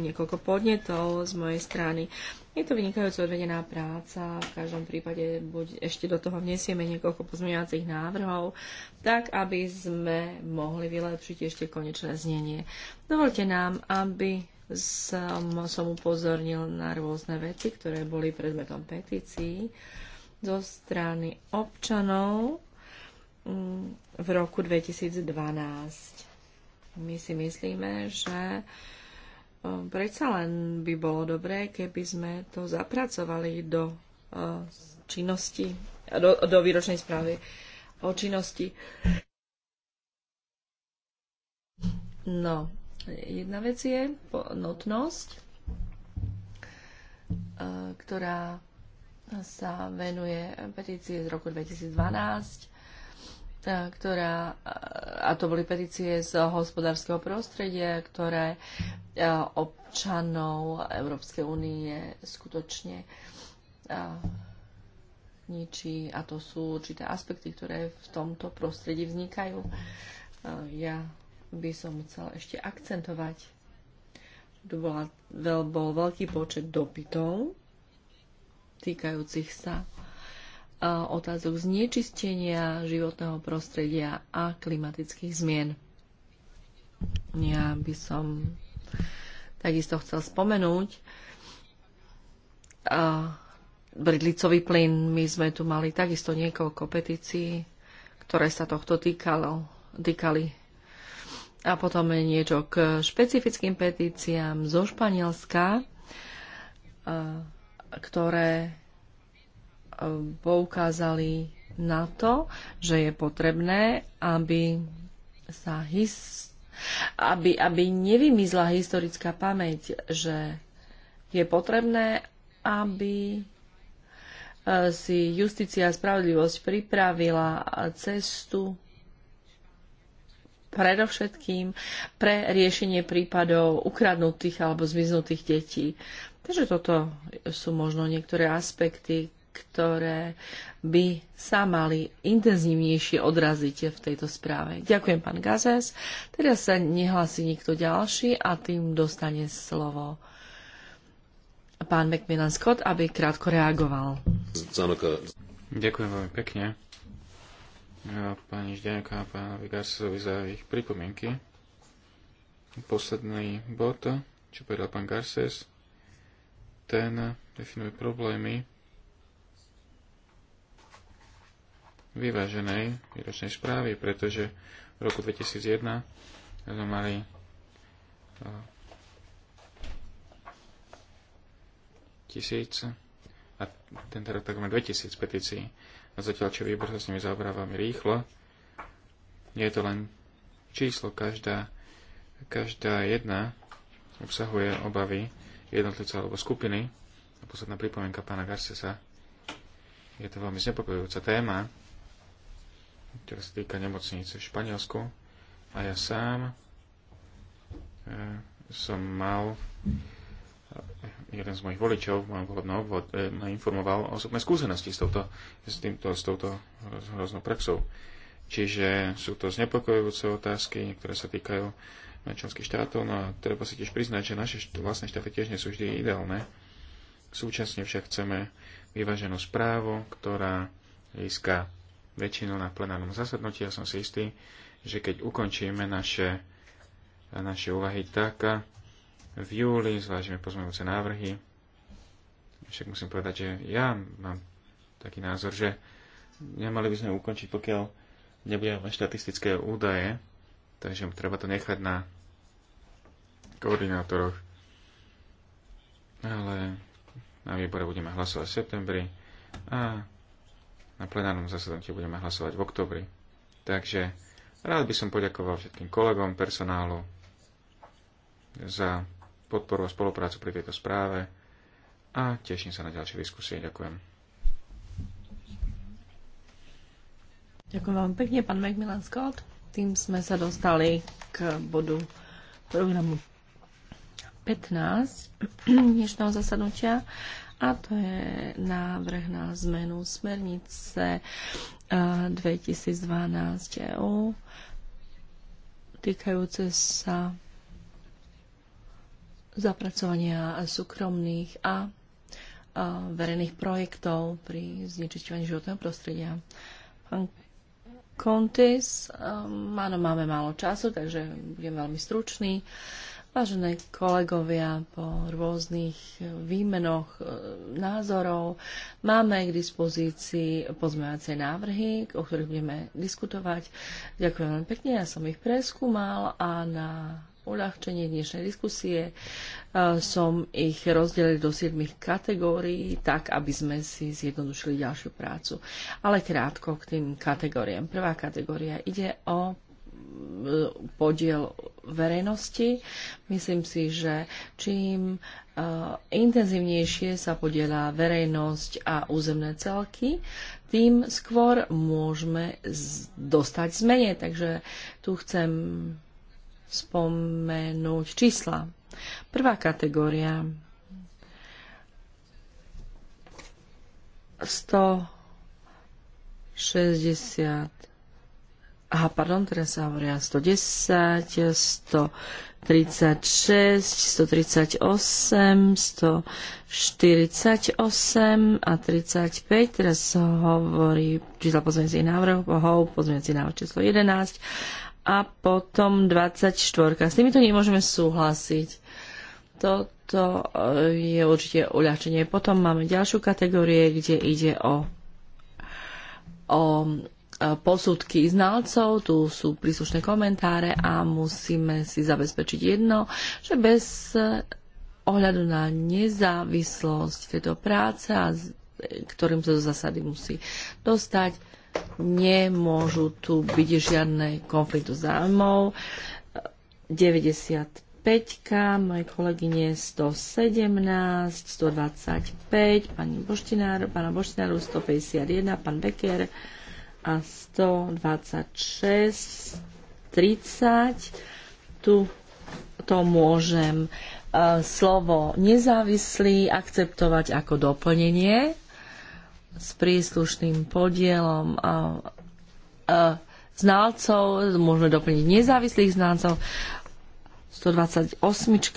niekoľko podnetov z mojej strany. Je to vynikajúco odvedená práca, v každom prípade buď ešte do toho vnesieme niekoľko pozmeňovacích návrhov, tak aby sme mohli vylepšiť ešte konečné znenie. Dovolte nám, aby som, som upozornil na rôzne veci, ktoré boli predmetom petícií zo strany občanov mm, v roku 2012. My si myslíme, že e, predsa len by bolo dobré, keby sme to zapracovali do e, činnosti, do, do výročnej správy o činnosti. No, Jedna vec je notnosť, e, ktorá sa venuje petície z roku 2012, e, ktorá, e, a to boli petície z hospodárskeho prostredia, ktoré občanov Európskej únie skutočne ničí a to sú určité aspekty, ktoré v tomto prostredí vznikajú. Ja by som chcel ešte akcentovať. Tu bola, veľ, bol veľký počet dopytov týkajúcich sa otázok znečistenia životného prostredia a klimatických zmien. Ja by som takisto chcel spomenúť bridlicový plyn. My sme tu mali takisto niekoľko petícií, ktoré sa tohto týkalo, týkali a potom niečo k špecifickým petíciám zo Španielska, ktoré poukázali na to, že je potrebné, aby sa his, aby, aby nevymizla historická pamäť, že je potrebné, aby si justícia a spravodlivosť pripravila cestu predovšetkým pre riešenie prípadov ukradnutých alebo zmiznutých detí. Takže toto sú možno niektoré aspekty, ktoré by sa mali intenzívnejšie odraziť v tejto správe. Ďakujem, pán Gazes. Teraz sa nehlási nikto ďalší a tým dostane slovo pán McMillan Scott, aby krátko reagoval. Ďakujem veľmi pekne pani Žďanka a pána Vigarsovi za ich pripomienky. Posledný bod, čo povedal pán Garces, ten definuje problémy vyváženej výročnej správy, pretože v roku 2001 sme mali tisíc a tento rok takmer 2000 petícií zatiaľ čo výbor sa s nimi zaoberá veľmi rýchlo. Nie je to len číslo, každá, každá jedna obsahuje obavy jednotlivca alebo skupiny. A posledná pripomienka pána Garcesa. Je to veľmi znepokojujúca téma, ktorá sa týka nemocnice v Španielsku. A ja sám e, som mal jeden z mojich voličov ma obvod, eh, ma informoval o osobnej skúsenosti s touto, s týmto, s touto hroznou praxou. Čiže sú to znepokojujúce otázky, ktoré sa týkajú členských štátov, no a treba si tiež priznať, že naše vlastné štáty tiež nie sú vždy ideálne. Súčasne však chceme vyváženú správu, ktorá získa väčšinu na plenárnom zasadnutí. Ja som si istý, že keď ukončíme naše, naše úvahy tak, v júli, zvážime pozmeňujúce návrhy. Však musím povedať, že ja mám taký názor, že nemali by sme ukončiť, pokiaľ nebudeme štatistické údaje, takže treba to nechať na koordinátoroch. Ale na výbore budeme hlasovať v septembri a na plenárnom zasadnutí budeme hlasovať v oktobri. Takže rád by som poďakoval všetkým kolegom, personálu za podporu a spoluprácu pri tejto správe a teším sa na ďalšie diskusie. Ďakujem. Ďakujem vám pekne, pán Macmillan Scott. Tým sme sa dostali k bodu programu 15 dnešného zasadnutia a to je návrh na zmenu smernice 2012 eh, EU týkajúce sa zapracovania súkromných a verejných projektov pri znečisťovaní životného prostredia. Pán Kontis, um, áno, máme málo času, takže budem veľmi stručný. Vážené kolegovia, po rôznych výmenoch uh, názorov máme k dispozícii pozmeňovacie návrhy, o ktorých budeme diskutovať. Ďakujem veľmi pekne, ja som ich preskúmal a na uľahčenie dnešnej diskusie. E, som ich rozdelil do 7 kategórií, tak aby sme si zjednodušili ďalšiu prácu. Ale krátko k tým kategóriám. Prvá kategória ide o e, podiel verejnosti. Myslím si, že čím e, intenzívnejšie sa podiela verejnosť a územné celky, tým skôr môžeme dostať zmene. Takže tu chcem spomenúť čísla. Prvá kategória 160 aha, pardon, teraz sa hovoria 110, 136, 138, 148 a 35. Teraz hovorí čísla pozmeňujúcich návrhov, pohov, pozmeňujúci návrh číslo 11 a potom 24. S týmito nemôžeme súhlasiť. Toto eh, je určite uľahčenie. Potom máme ďalšiu kategórie, kde ide o, o eh, posudky znalcov, tu sú príslušné komentáre a musíme si zabezpečiť jedno, že bez eh, ohľadu na nezávislosť tejto práce, a ktorým sa do zásady musí dostať, nemôžu tu byť žiadne konfliktu zájmov. 95, moje kolegyne 117, 125, pani Boštinár, pána Boštináru 151, pán Becker a 126, 30. Tu to môžem eh, slovo nezávislý akceptovať ako doplnenie s príslušným podielom a, a znalcov, môžeme doplniť nezávislých znalcov. 128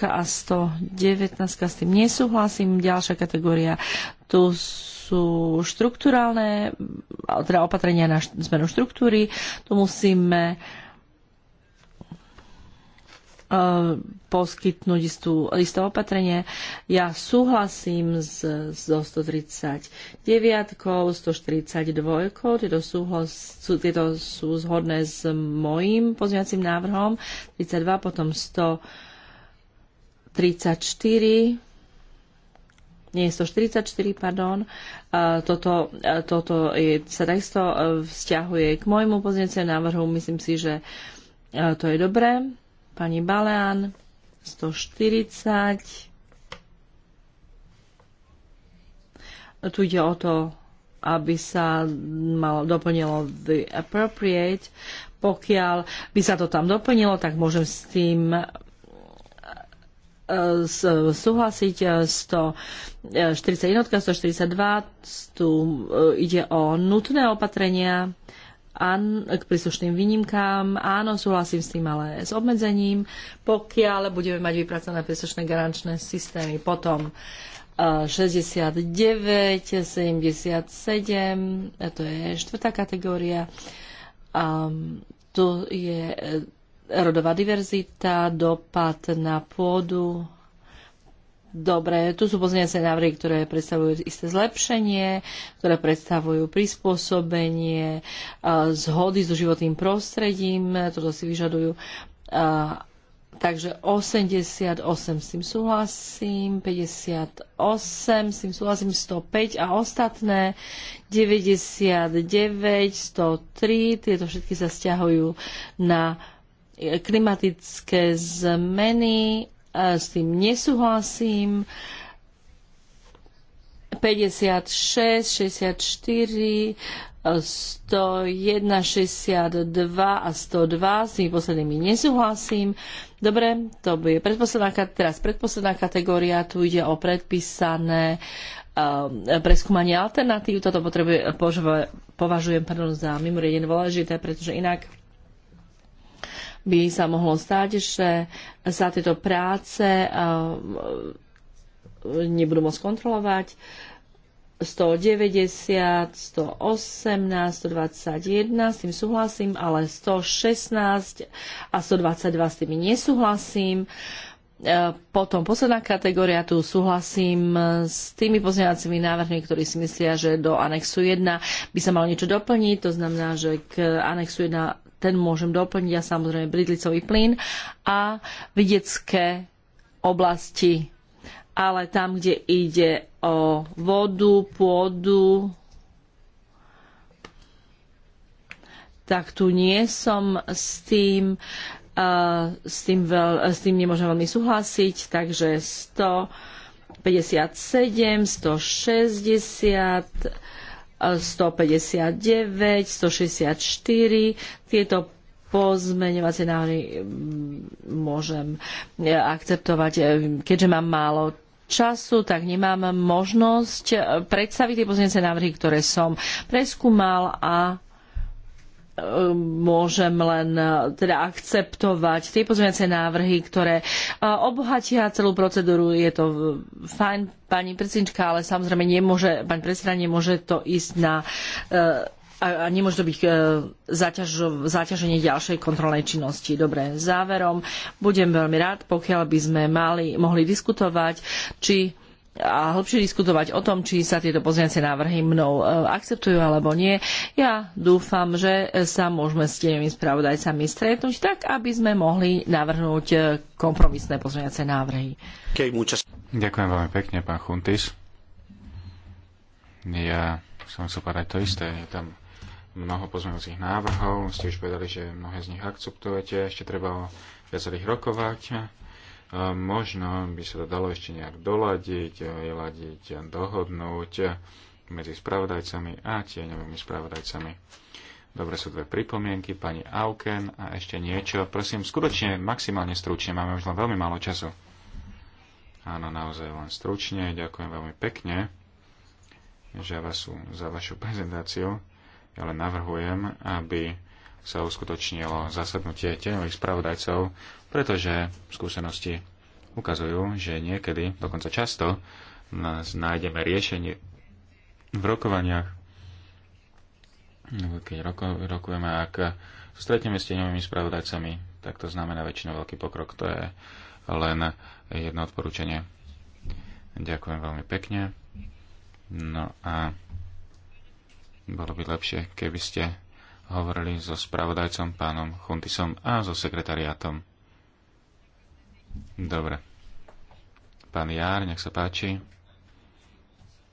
a 119 s tým nesúhlasím. Ďalšia kategória, tu sú štruktúrálne, teda opatrenia na zmenu štruktúry. Tu musíme uh, Eh, poskytnúť istú, isté opatrenie. Ja súhlasím s, so 139, 142, tieto, súhlas, sú, tieto sú zhodné s mojím pozňacím návrhom, 32, potom 134, nie 144, pardon. Eh, toto, eh, toto je, sa takisto vzťahuje k môjmu pozniecemu návrhu. Myslím si, že to je dobré. Pani Baleán 140. Tu ide o to, aby sa mal, doplnilo the appropriate. Pokiaľ by sa to tam doplnilo, tak môžem s tým e, súhlasiť 141, 142, tu e, ide o nutné opatrenia, an, k príslušným výnimkám. Áno, súhlasím s tým, ale s obmedzením, pokiaľ budeme mať vypracované príslušné garančné systémy. Potom 69, eh, 77, to je štvrtá kategória. Um, to je eh, rodová diverzita, dopad na pôdu, Dobre, tu sú pozniace návrhy, ktoré predstavujú isté zlepšenie, ktoré predstavujú prispôsobenie, e, zhody so životným prostredím, e, toto si vyžadujú. E, takže 88 s tým súhlasím, 58 s tým súhlasím, 105 a ostatné 99, 103, tieto všetky sa stiahujú na klimatické zmeny E, s tým nesúhlasím. 56, 64, 101, 62 a 102, s tými poslednými nesúhlasím. Dobre, to bude predposledná, teraz predposledná kategória, tu ide o predpísané e, preskúmanie alternatív. Toto potrebuje, považujem pardon, za mimoriadne dôležité, pretože inak by sa mohlo stať, že sa tieto práce e, nebudú môcť kontrolovať. 190, 118, 121, s tým súhlasím, ale 116 a 122 s tými nesúhlasím. E, potom posledná kategória, tu súhlasím s tými pozňovacími návrhmi, ktorí si myslia, že do anexu 1 by sa malo niečo doplniť, to znamená, že k anexu 1 ten môžem doplniť a samozrejme bridlicový plyn a vidiecké oblasti. Ale tam, kde ide o vodu, pôdu, tak tu nie som s tým, uh, s, tým veľ, s tým nemôžem veľmi súhlasiť, takže 157, 160, 159, 164. Tieto pozmeňovacie návrhy mm, môžem e, akceptovať, e, keďže mám málo času, tak nemám možnosť e, predstaviť tie pozmeňovacie návrhy, ktoré som preskúmal a môžem len e, teda akceptovať tie pozmeňujúce návrhy, ktoré e, obohatia celú procedúru. Je to fajn, pani predsednička, ale samozrejme nemôže, pani predseda nemôže to ísť na e, a, nemôže to byť zaťažo, zaťaženie ďalšej kontrolnej činnosti. Dobre, záverom budem veľmi rád, pokiaľ by sme mali, mohli diskutovať, či a hlbšie diskutovať o tom, či sa tieto pozriace návrhy mnou e, akceptujú alebo nie. Ja dúfam, že sa môžeme s tými spravodajcami stretnúť tak, aby sme mohli navrhnúť e, kompromisné pozriace návrhy. Ďakujem veľmi pekne, pán Chuntis. Ja som chcel povedať to isté. Je tam mnoho pozmeňujúcich návrhov. Ste už povedali, že mnohé z nich akceptujete. Ešte treba o viacerých rokovať Možno by sa to dalo ešte nejak doladiť, vyladiť, e, dohodnúť medzi spravodajcami a tieňovými spravodajcami. Dobre sú dve pripomienky, pani Auken a ešte niečo. Prosím, skutočne maximálne stručne, máme už len veľmi málo času. Áno, naozaj len stručne, ďakujem veľmi pekne že vás za vašu prezentáciu. Ja len navrhujem, aby sa uskutočnilo zasadnutie tieňových spravodajcov pretože skúsenosti ukazujú, že niekedy, dokonca často, nás nájdeme riešenie v rokovaniach, keď roko, rokujeme, ak stretneme s tieňovými spravodajcami, tak to znamená väčšinou veľký pokrok. To je len jedno odporúčanie. Ďakujem veľmi pekne. No a bolo by lepšie, keby ste hovorili so spravodajcom pánom Chuntisom a so sekretariátom. Dobre. Pán Jár, nech sa páči.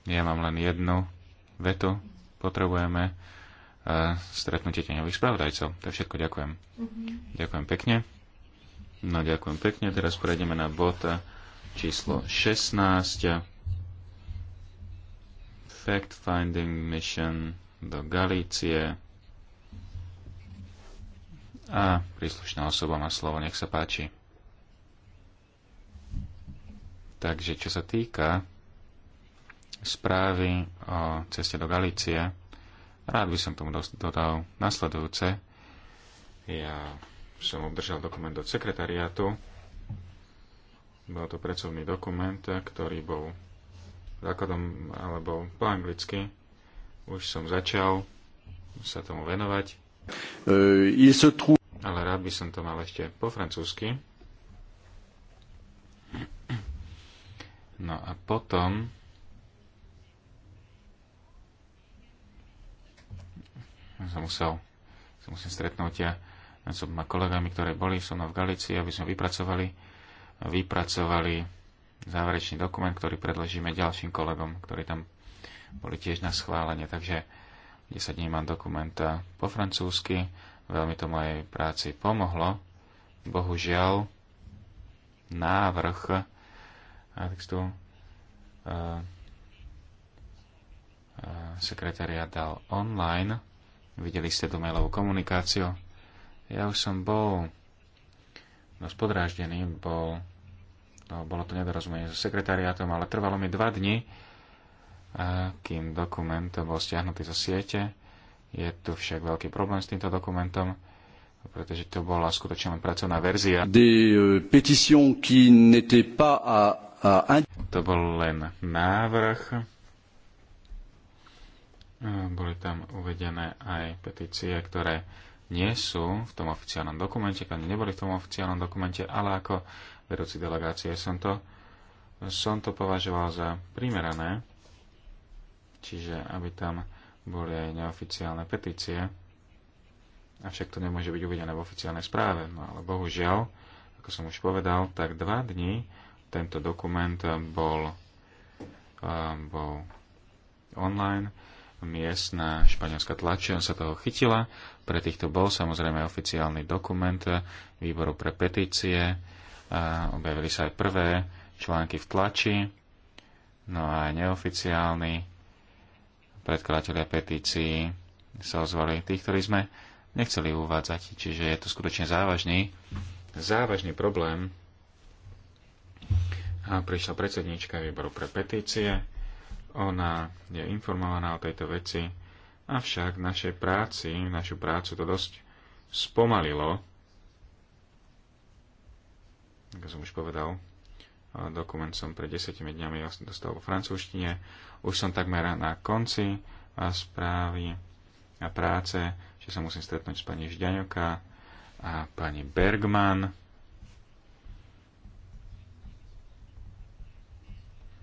Ja mám len jednu vetu. Potrebujeme uh, stretnutie tenových spravodajcov. To je všetko. Ďakujem. Mm-hmm. Ďakujem pekne. No, ďakujem pekne. Teraz prejdeme na bod e, číslo 16. Fact-finding mission do Galície. A príslušná osoba má slovo. Nech sa páči. Takže čo sa týka správy o ceste do Galície, rád by som tomu dodal nasledujúce. Ja som obdržal dokument od sekretariátu. Bol to pracovný dokument, ktorý bol základom alebo po anglicky. Už som začal sa tomu venovať. E, Ale rád by som to mal ešte po francúzsky. No a potom som musel, som musel stretnúť ja s ma kolegami, ktoré boli so mnou v Galícii, aby sme vypracovali, vypracovali záverečný dokument, ktorý predložíme ďalším kolegom, ktorí tam boli tiež na schválenie. Takže 10 dní mám dokumenta po francúzsky, veľmi to mojej práci pomohlo. Bohužiaľ, návrh a Uh, sekretariat dal online. Videli ste tú mailovú komunikáciu. Ja už som bol dosť podráždený, bol, no, bolo to nedorozumenie so sekretariátom, ale trvalo mi dva dni, e, kým dokument bol stiahnutý zo siete. Je tu však veľký problém s týmto dokumentom, pretože to bola skutočne len pracovná verzia. Des pétitions qui n'étaient pas à to bol len návrh. Boli tam uvedené aj petície, ktoré nie sú v tom oficiálnom dokumente, ani neboli v tom oficiálnom dokumente, ale ako vedúci delegácie som to, som to považoval za primerané, čiže aby tam boli aj neoficiálne petície, avšak to nemôže byť uvedené v oficiálnej správe. No ale bohužiaľ, ako som už povedal, tak dva dní tento dokument bol, bol online. Miestna španielská tlačia sa toho chytila. Pre týchto bol samozrejme oficiálny dokument výboru pre petície. Objavili sa aj prvé články v tlači, no a aj neoficiálny, predkladateľia petícií sa ozvali tých, ktorí sme nechceli uvádzať, čiže je to skutočne závažný, závažný problém a prišla predsednička výboru pre petície. Ona je informovaná o tejto veci, avšak našej práci, našu prácu to dosť spomalilo, ako som už povedal, dokument som pred desetimi dňami dostal vo francúzštine. Už som takmer na konci správy a práce, že sa musím stretnúť s pani Žďaňoka a pani Bergman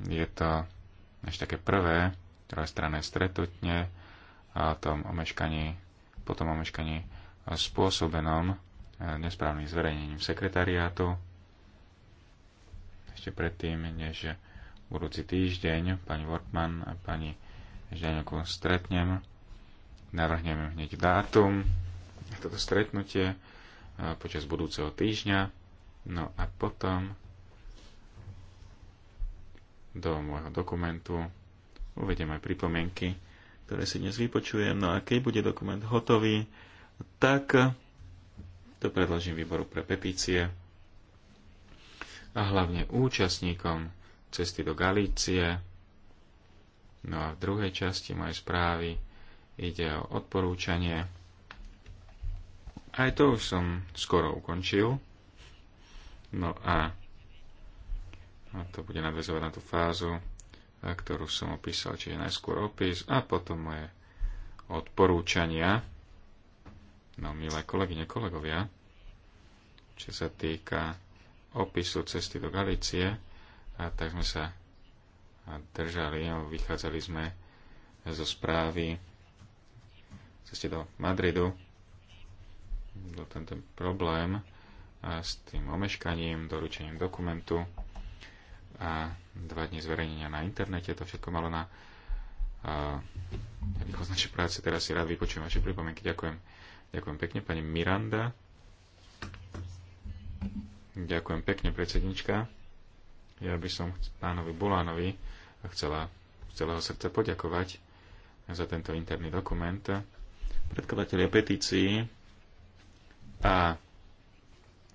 je to ešte také prvé strané stretnutie a tom omeškaní, potom omeškaní spôsobenom e, nesprávnym zverejnením sekretariátu. Ešte predtým, než budúci týždeň pani Wortmann a pani Žiaňoku stretnem, navrhnem hneď dátum na toto stretnutie e, počas budúceho týždňa. No a potom do môjho dokumentu uvediem aj pripomienky, ktoré si dnes vypočujem. No a keď bude dokument hotový, tak to predložím výboru pre petície a hlavne účastníkom cesty do Galície. No a v druhej časti mojej správy ide o odporúčanie. Aj to už som skoro ukončil. No a a to bude nadvezovať na tú fázu, e, ktorú som opísal, čiže najskôr opis a potom moje odporúčania. No, milé kolegyne, kolegovia, čo sa týka opisu cesty do Galície, a tak sme sa držali, a no, vychádzali sme zo správy ceste do Madridu, do tento problém a s tým omeškaním, doručením dokumentu, a dva dní zverejnenia na internete. To všetko malo na východ našej práce. Teraz si rád vypočujem vaše pripomienky. Ďakujem. Ďakujem pekne, pani Miranda. Ďakujem pekne, predsednička. Ja by som pánovi Bulánovi chcela z celého srdca poďakovať za tento interný dokument. Predkladatelia petícií a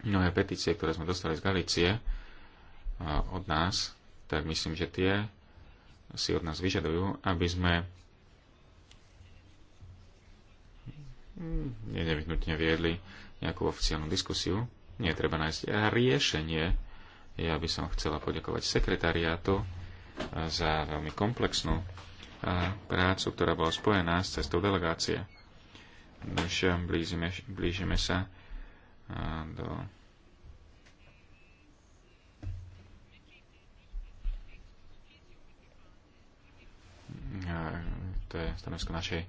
mnohé petície, ktoré sme dostali z Galície, od nás, tak myslím, že tie si od nás vyžadujú, aby sme nevyhnutne viedli nejakú oficiálnu diskusiu. Nie treba nájsť riešenie. Ja by som chcela poďakovať sekretariátu e, za veľmi komplexnú e, prácu, ktorá bola spojená s cestou delegácie. Už blížime, blížime sa e, do to je stanovisko našej,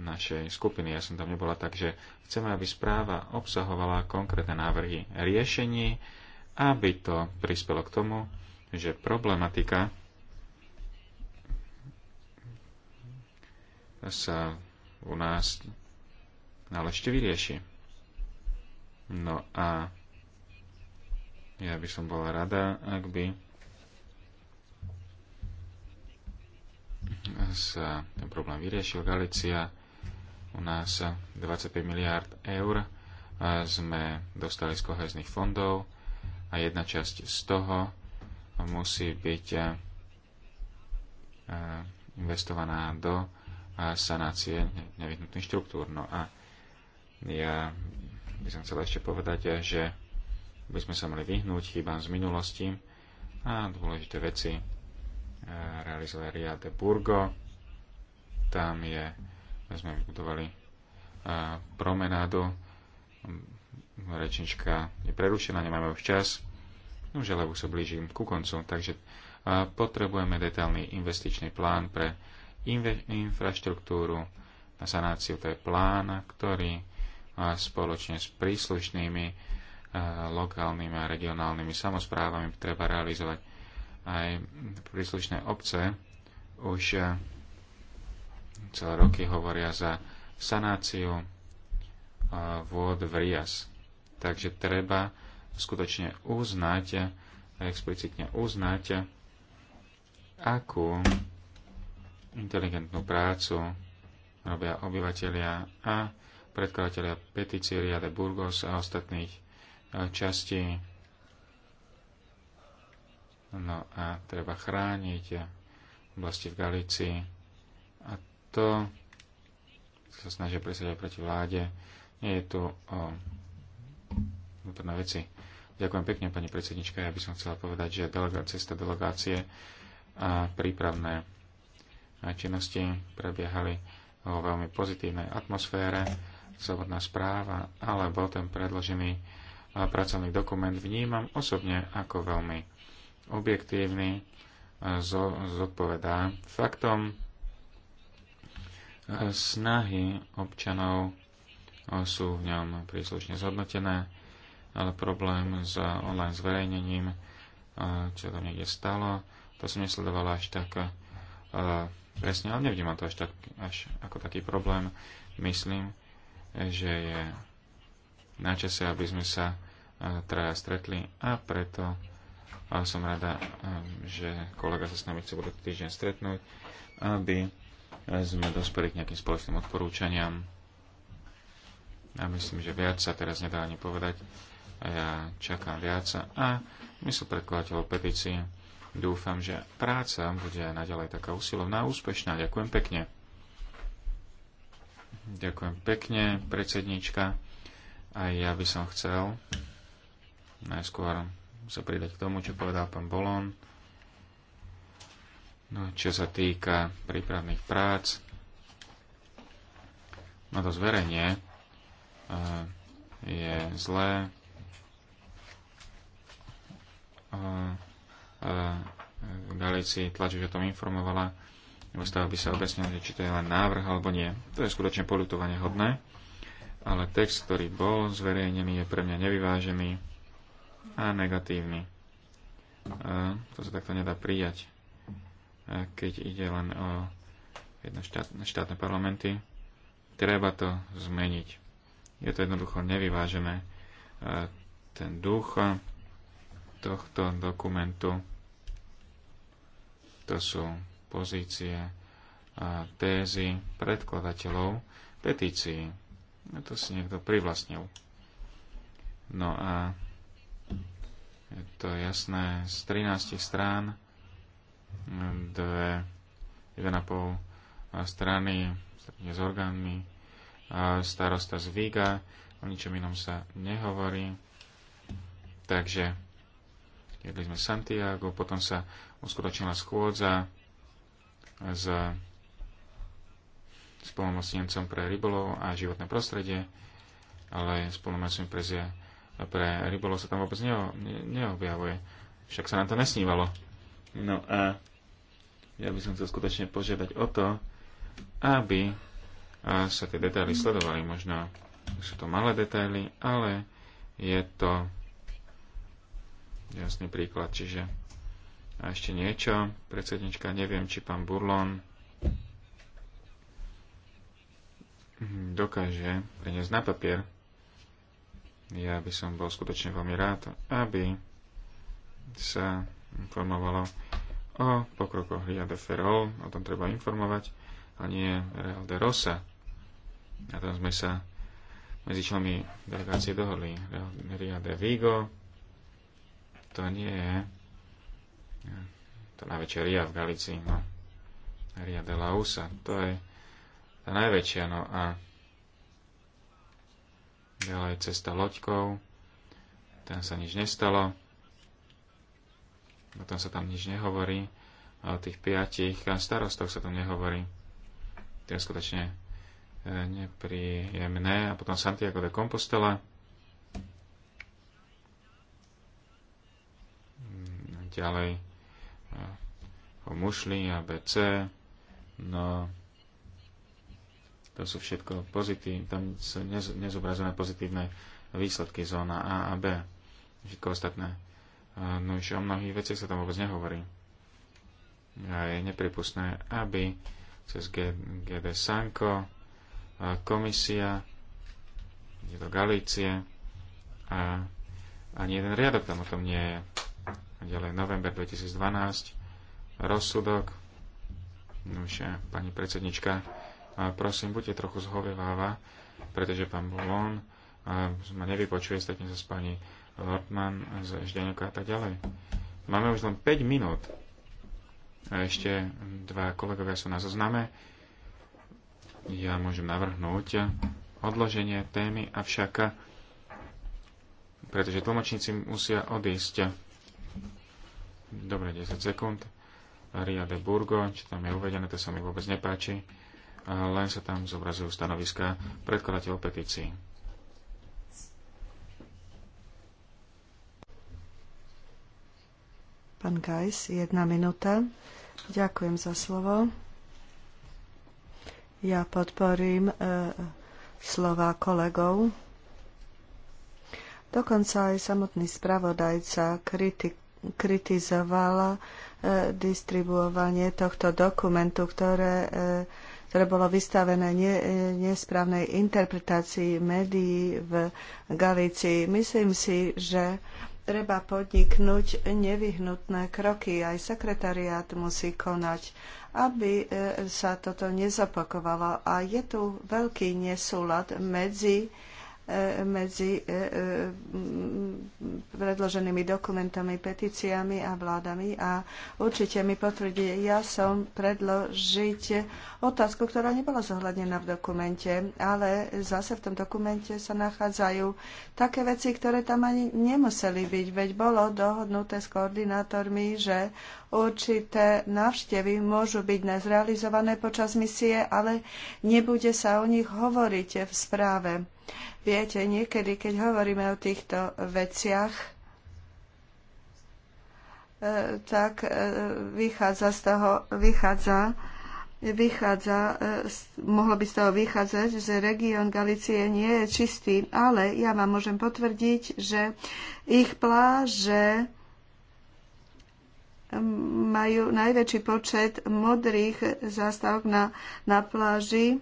našej skupiny. Ja som tam nebola, takže chceme, aby správa obsahovala konkrétne návrhy riešení, aby to prispelo k tomu, že problematika sa u nás náležite vyrieši. No a ja by som bola rada, ak by sa ten problém vyriešil. Galícia u nás 25 miliárd eur sme dostali z kohezných fondov a jedna časť z toho musí byť investovaná do sanácie nevyhnutných štruktúr. No a ja by som chcel ešte povedať, že by sme sa mali vyhnúť chybám z minulosti a dôležité veci realizuje Ria de Burgo. Tam je, sme vybudovali promenádu. Rečnička je prerušená, nemáme už čas. No, že lebo sa blížim ku koncu. Takže potrebujeme detailný investičný plán pre infraštruktúru na sanáciu. To je plán, ktorý spoločne s príslušnými lokálnymi a regionálnymi samozprávami treba realizovať aj príslušné obce už eh, celé roky hovoria za sanáciu eh, vôd v Rias. Takže treba skutočne uznať, eh, explicitne uznať, akú inteligentnú prácu robia obyvateľia a predkladateľia petície Riade Burgos a ostatných častí No a treba chrániť oblasti v Galícii. A to sa snažia presadiť proti vláde. Nie je tu o vnútorné veci. Ďakujem pekne, pani predsednička. Ja by som chcela povedať, že delega, cesta delegácie a prípravné činnosti prebiehali vo veľmi pozitívnej atmosfére. Slobodná správa alebo ten predložený pracovný dokument vnímam osobne ako veľmi objektívny, e, zodpovedá faktom e, snahy občanov e, sú v ňom príslušne zhodnotené, ale problém s online zverejnením, čo to niekde stalo, to som nesledovala až tak presne, ale nevnímam to až, tak, až ako taký problém. Myslím, že je na čase, aby sme sa traja stretli a preto a som rada, ehm, že kolega sa s nami chce budúci týždeň stretnúť, aby sme dospeli k nejakým spoločným odporúčaniam. A myslím, že viac sa teraz nedá ani povedať. A ja čakám viac a my sú predkladateľov petície. Dúfam, že práca bude aj naďalej taká usilovná a úspešná. Ďakujem pekne. Ďakujem pekne, predsednička. A ja by som chcel najskôr sa pridať k tomu, čo povedal pán Bolon. No, čo sa týka prípravných prác, na no to zverenie e, je zlé. Galíci tlač už o tom informovala, stále by sa objasnilo, či to je len návrh alebo nie. To je skutočne polutovanie hodné, ale text, ktorý bol zverejnený, je pre mňa nevyvážený a negatívny. To sa takto nedá prijať, keď ide len o jedno štát, štátne parlamenty. Treba to zmeniť. Je to jednoducho nevyvážené. Ten duch tohto dokumentu to sú pozície a tézy predkladateľov petícií. To si niekto privlastnil. No a je to jasné, z 13 strán, dve, 1,5 strany s orgánmi, starosta z Víga, o ničom inom sa nehovorí. Takže jedli sme Santiago, potom sa uskutočnila schôdza s spolumocnencom pre rybolov a životné prostredie, ale spolumocnencom pre a pre rybolov sa tam vôbec neobjavuje. Však sa nám to nesnívalo. No a ja by som chcel skutočne požiadať o to, aby sa tie detaily sledovali. Možno sú to malé detaily, ale je to jasný príklad. Čiže a ešte niečo. Predsednička, neviem, či pán Burlon dokáže preniesť na papier ja by som bol skutočne veľmi rád, aby sa informovalo o pokrokoch Ria de Ferrol, o tom treba informovať, a nie Real de Rosa. A tam sme sa medzi členmi delegácie dohodli. Ria de Vigo, to nie je to najväčšia Ria v Galicii, no. Ria de la Usa, to je tá najväčšia, no a aj cesta loďkou. Tam sa nič nestalo. O tom sa tam nič nehovorí. A o tých piatich starostoch sa tam nehovorí. To je skutočne e, nepríjemné. A potom Santiago de Compostela. Ďalej e, o mušli a BC. No, to sú všetko pozitívne, tam sú nezobrazené pozitívne výsledky zóna A a B. Všetko ostatné. No už o mnohých veciach sa tam vôbec nehovorí. A je nepripustné, aby cez GD Sanko, komisia, je do Galície a ani jeden riadok tam o tom nie je. A ďalej november 2012, rozsudok, no už pani predsednička a prosím, buďte trochu zhovieváva, pretože pán Bulon ma nevypočuje, stretne sa s pani Lortman z Žďanoka a tak ďalej. Máme už len 5 minút. A ešte dva kolegovia sú na zozname. Ja môžem navrhnúť odloženie témy, avšak pretože tlmočníci musia odísť. Dobre, 10 sekúnd. Ria de Burgo, čo tam je uvedené, to sa mi vôbec nepáči len sa tam zobrazujú stanoviska predkladateľov petícií. Pán Gajs, jedna minúta. Ďakujem za slovo. Ja podporím e, slova kolegov. Dokonca aj samotný spravodajca kriti- kritizovala e, distribuovanie tohto dokumentu, ktoré e, ktoré bolo vystavené nesprávnej interpretácii médií v Galícii. Myslím si, že treba podniknúť nevyhnutné kroky. Aj sekretariát musí konať, aby e, sa toto nezapakovalo. A je tu veľký nesúlad medzi E, medzi e, e, predloženými dokumentami, petíciami a vládami a určite mi potvrdí, ja som predložiť otázku, ktorá nebola zohľadnená v dokumente, ale zase v tom dokumente sa nachádzajú také veci, ktoré tam ani nemuseli byť, veď bolo dohodnuté s koordinátormi, že určité návštevy môžu byť nezrealizované počas misie, ale nebude sa o nich hovoriť v správe Viete, niekedy, keď hovoríme o týchto veciach, e, tak e, vychádza z toho, vychádza, vychádza, e, mohlo by z toho vychádzať, že región Galície nie je čistý, ale ja vám môžem potvrdiť, že ich pláže majú najväčší počet modrých zástavok na, na pláži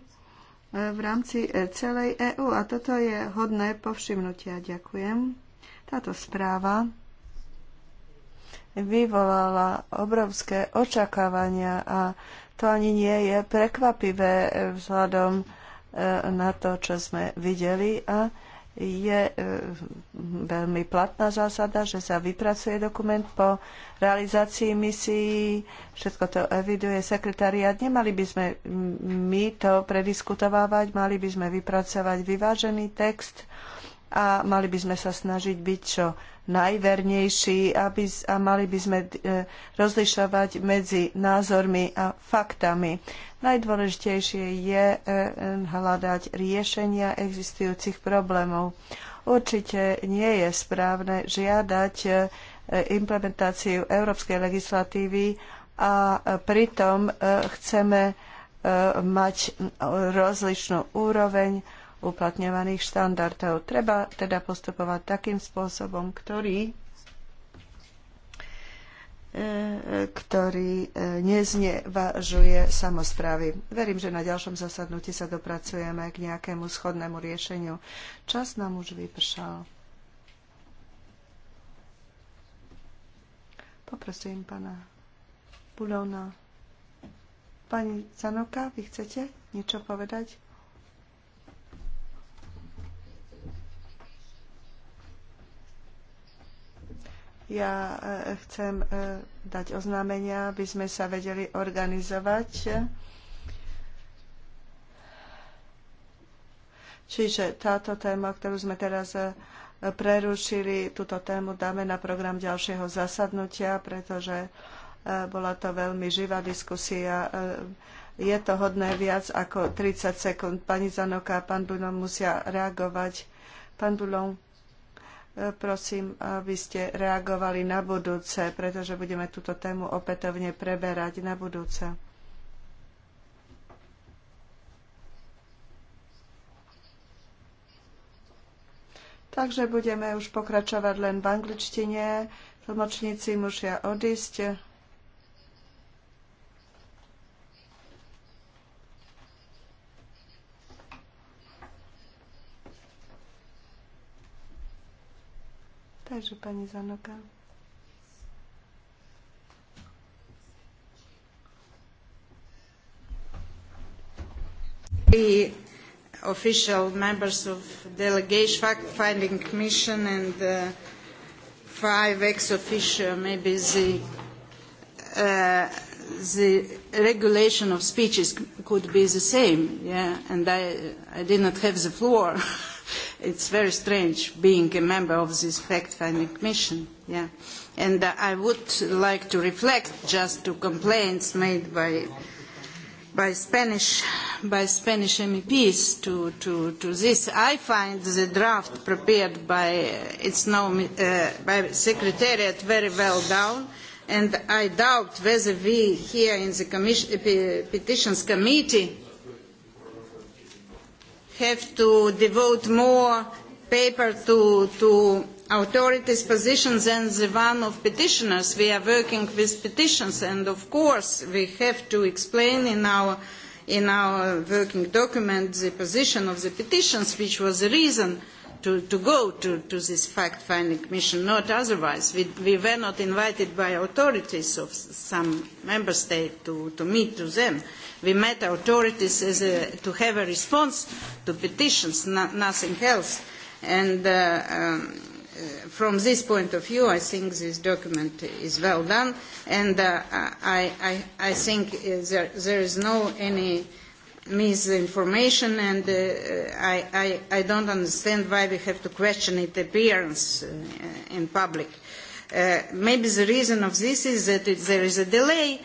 v rámci e, celej EÚ. A toto je hodné povšimnutia. Ďakujem. Táto správa vyvolala obrovské očakávania a to ani nie je prekvapivé e, vzhľadom e, na to, čo sme videli a je e, veľmi platná zásada, že sa vypracuje dokument po realizácii misií, všetko to eviduje sekretariat. Nemali by sme my to prediskutovávať, mali by sme vypracovať vyvážený text a mali by sme sa snažiť byť čo najvernejší aby, a mali by sme e, rozlišovať medzi názormi a faktami. Najdôležitejšie je e, e, hľadať riešenia existujúcich problémov. Určite nie je správne žiadať e, implementáciu európskej legislatívy a pritom chceme mať rozličnú úroveň uplatňovaných štandardov. Treba teda postupovať takým spôsobom, ktorý E, ktorý e, neznevažuje samozprávy. Verím, že na ďalšom zasadnutí sa dopracujeme k nejakému schodnému riešeniu. Čas nám už vypršal. Poprosím pana Bulona. Pani Zanoka, vy chcete niečo povedať? Ja e, chcem e, dať oznámenia, aby sme sa vedeli organizovať. Čiže táto téma, ktorú sme teraz e, prerušili, túto tému dáme na program ďalšieho zasadnutia, pretože bola to veľmi živá diskusia. Je to hodné viac ako 30 sekúnd. Pani Zanoka a pán Bulon musia reagovať. Pán Bulon, prosím, aby ste reagovali na budúce, pretože budeme túto tému opätovne preberať na budúce. Takže budeme už pokračovať len v angličtine. Tlmočníci musia odísť. Takže pani Zanoka. The official members of delegation fact-finding commission and uh, five ex-officio, maybe the, uh, the regulation of speeches could be the same, yeah, and I, I did not have the floor. it's very strange being a member of this fact-finding mission. Yeah. And uh, I would like to reflect just to complaints made by by Spanish by Spanish MEPs to, to, to this. I find the draft prepared by uh, its now uh, by Secretariat very well done and I doubt whether we here in the commission, uh, Petitions Committee have to devote more paper to, to authorities' positions than the one of petitioners. We are working with petitions, and of course, we have to explain in our, in our working document the position of the petitions, which was the reason to, to go to, to this fact-finding mission, not otherwise. We, we were not invited by authorities of some member state to, to meet to them we met authorities as a, to have a response to petitions, no, nothing else. And uh, um, uh, from this point of view, I think this document is well done, and uh, I, I, I think uh, there, there is no any misinformation, and uh, I, I, I don't understand why we have to question its appearance uh, in public. Uh, maybe the reason of this is that it, there is a delay uh,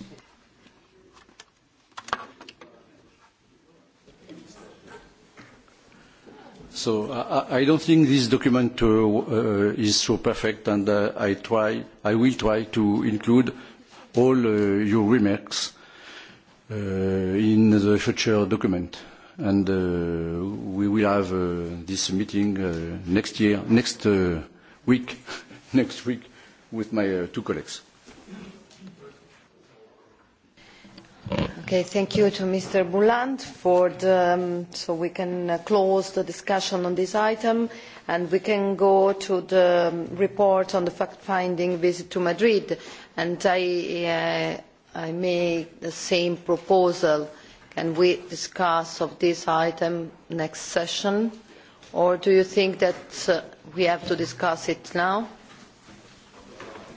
So I, I don't think this document uh, uh, is so perfect, and uh, I, try, I will try to include all uh, your remarks uh, in the future document. And uh, we will have this meeting next year, next week, next week with my two colleagues. Okay, thank you to Mr. Bouland for the, um, so we can uh, close the discussion on this item and we can go to the um, report on the fact-finding visit to Madrid. And I, uh, I make the same proposal. Can we discuss of this item next session? Or do you think that uh, we have to discuss it now?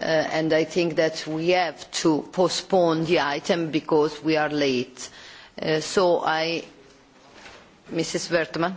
Uh, and I think that we have to postpone the item because we are late. Uh, so I, Mrs. Wertmann.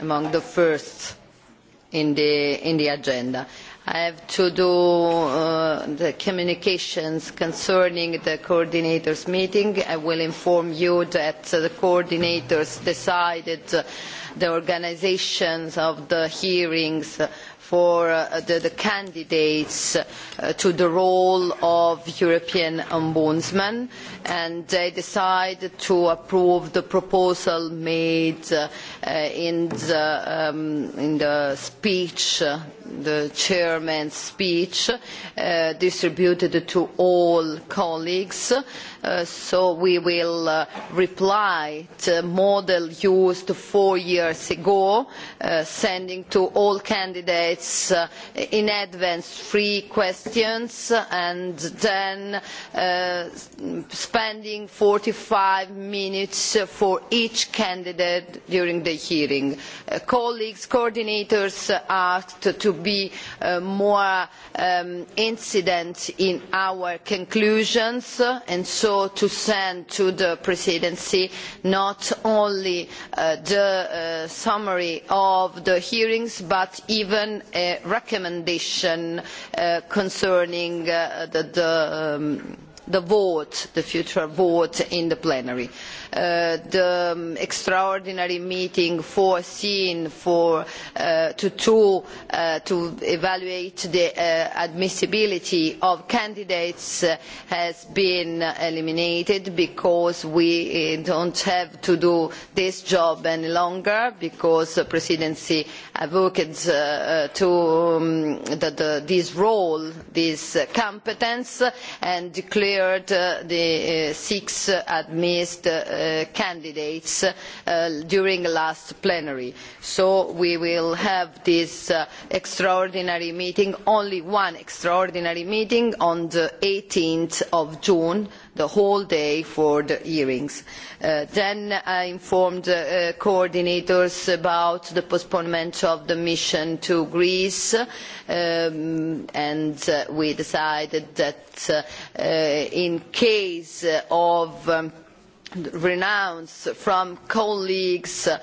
among the first in the, in the agenda. I have to do uh, the communications concerning the coordinators' meeting. I will inform you that the coordinators decided the organisations of the hearings for uh, the, the, candidates uh, to the role of European Ombudsman and they decide to approve the proposal made uh, in, the, um, in, the, speech uh, the chairman's speech uh, distributed to all colleagues. Uh, so we will uh, reply to the model used four years ago, uh, sending to all candidates uh, in advance three questions and then uh, spending forty five minutes for each candidate during the hearing. colleagues, coordinators asked to be uh, more um, incident in our conclusions and so to send to the presidency not only uh, the uh, summary of the hearings but even a recommendation uh, concerning the, the, um, the vote the future vote in the plenary. Uh, the extraordinary meeting foreseen for uh, to, uh, to evaluate the uh, admissibility of candidates uh, has been eliminated because we do not have to do this job any longer because the presidency advocates to, um, the, the, this role this competence and declared the six administered Uh, candidates uh, during the last plenary. So we will have this uh, extraordinary meeting, only one extraordinary meeting on the of June the whole day for the hearings. Uh, then I informed the uh, coordinators about the postponement of the mission to Greece um, and uh, we decided that in case of um, renounced from colleagues uh,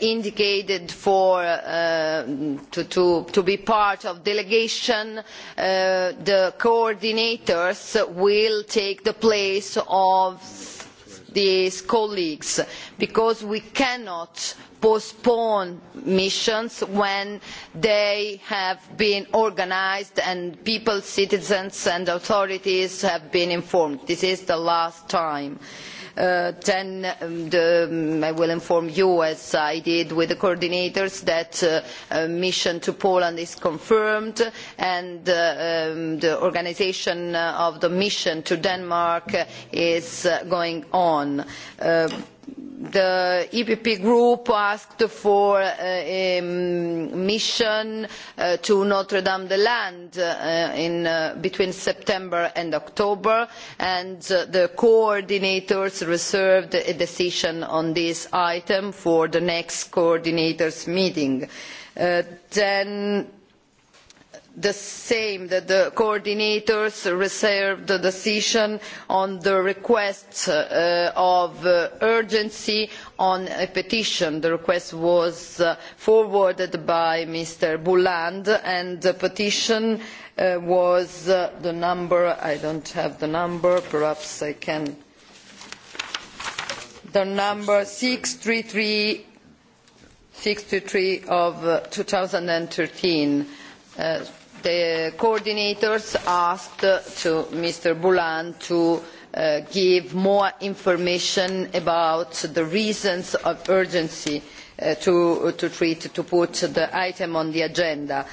indicated for, uh, to, to, to be part of delegation uh, the coordinators will take the place of these colleagues because we cannot postpone missions when they have been organised and people citizens and authorities have been informed. this is the last time. Uh, Uh, then um, um, I will inform you, as I did with the coordinators, that uh, a mission to Poland is confirmed and uh, um, the organisation of the mission to Denmark is going on the epp group asked for a mission uh, to notre dame des landes uh, in, uh, between september and october and the coordinators reserved a decision on this item for the next coordinators meeting. then the same that the coordinators reserve the decision on the request uh, of uh, urgency on a petition. the request was uh, forwarded by mr boulland and the petition was the number i do not have the number perhaps i can the number six three three thirty three of two thousand and thirteen the coordinators asked Mr. boulland to uh, give more information about the reasons of urgency uh, to, treat, to put the item on the agenda.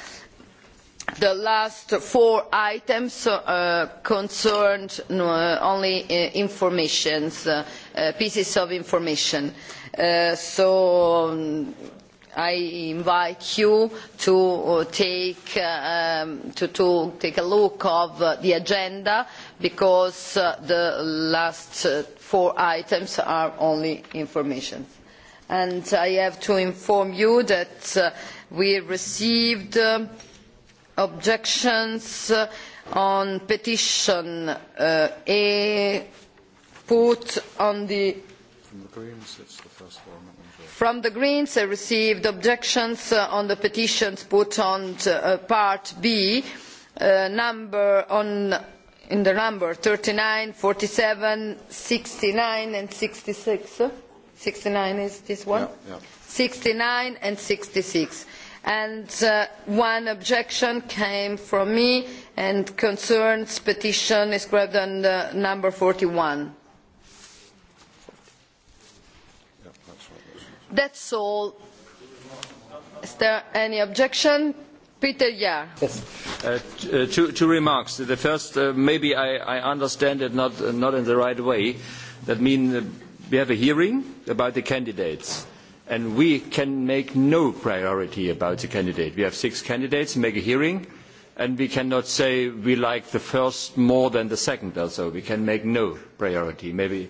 The last four items uh, concerned only information, pieces of information. so um, i invite you to uh, take, uh, um, to, to take a look of uh, the agenda because the last four items are only information. And I have to inform you that we received objections on petition uh, A put on the from the greens i received objections uh, on the petitions put on uh, part b uh, number on in the number thirty nine forty seven sixty nine and sixty six sixty nine is this one yeah, yeah. sixty nine and sixty six and uh, one objection came from me and concerns petition described on uh, number forty one That's all. Is there any objection? Peter, yeah. Yes. Uh, uh, two, two remarks. The first, uh, maybe I, I understand it not, uh, not in the right way. That means uh, we have a hearing about the candidates and we can make no priority about the candidate. We have six candidates, make a hearing, and we cannot say we like the first more than the second also. We can make no priority. Maybe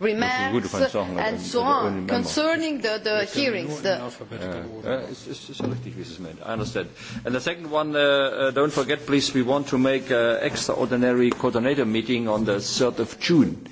remarks and so on concerning the, the hearings. The uh, it's, it's richtig, wie I understand. And the second one, uh, uh, don't forget, please, we want to make an extraordinary coordinator meeting on the 3rd of June.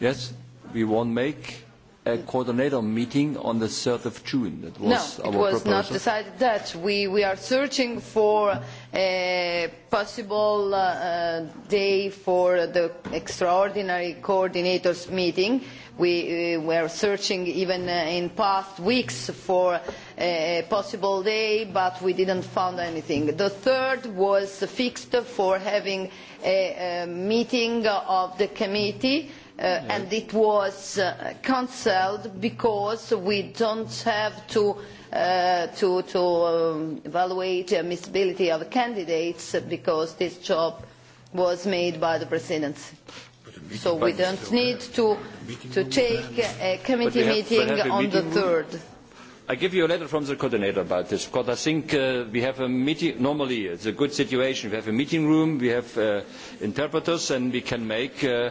Yes, we won't make a coordinator meeting on the 3rd of June. That was no, our it was proposal. not decided that. We, we are searching for a possible uh, day for the extraordinary coordinators meeting. We uh, were searching even uh, in past weeks for a possible day, but we didn't find anything. The third was fixed for having a, a meeting of the committee Uh, and it was uh, cancelled because we don't have to, uh, to, to um, evaluate the admissibility of candidates because this job was made by the presidency. So we don't need to, to take a committee have, meeting on meeting the 3rd. I give you a letter from the coordinator about this because I think uh, we have a meeting. Normally, it's a good situation. We have a meeting room, we have uh, interpreters, and we can make uh,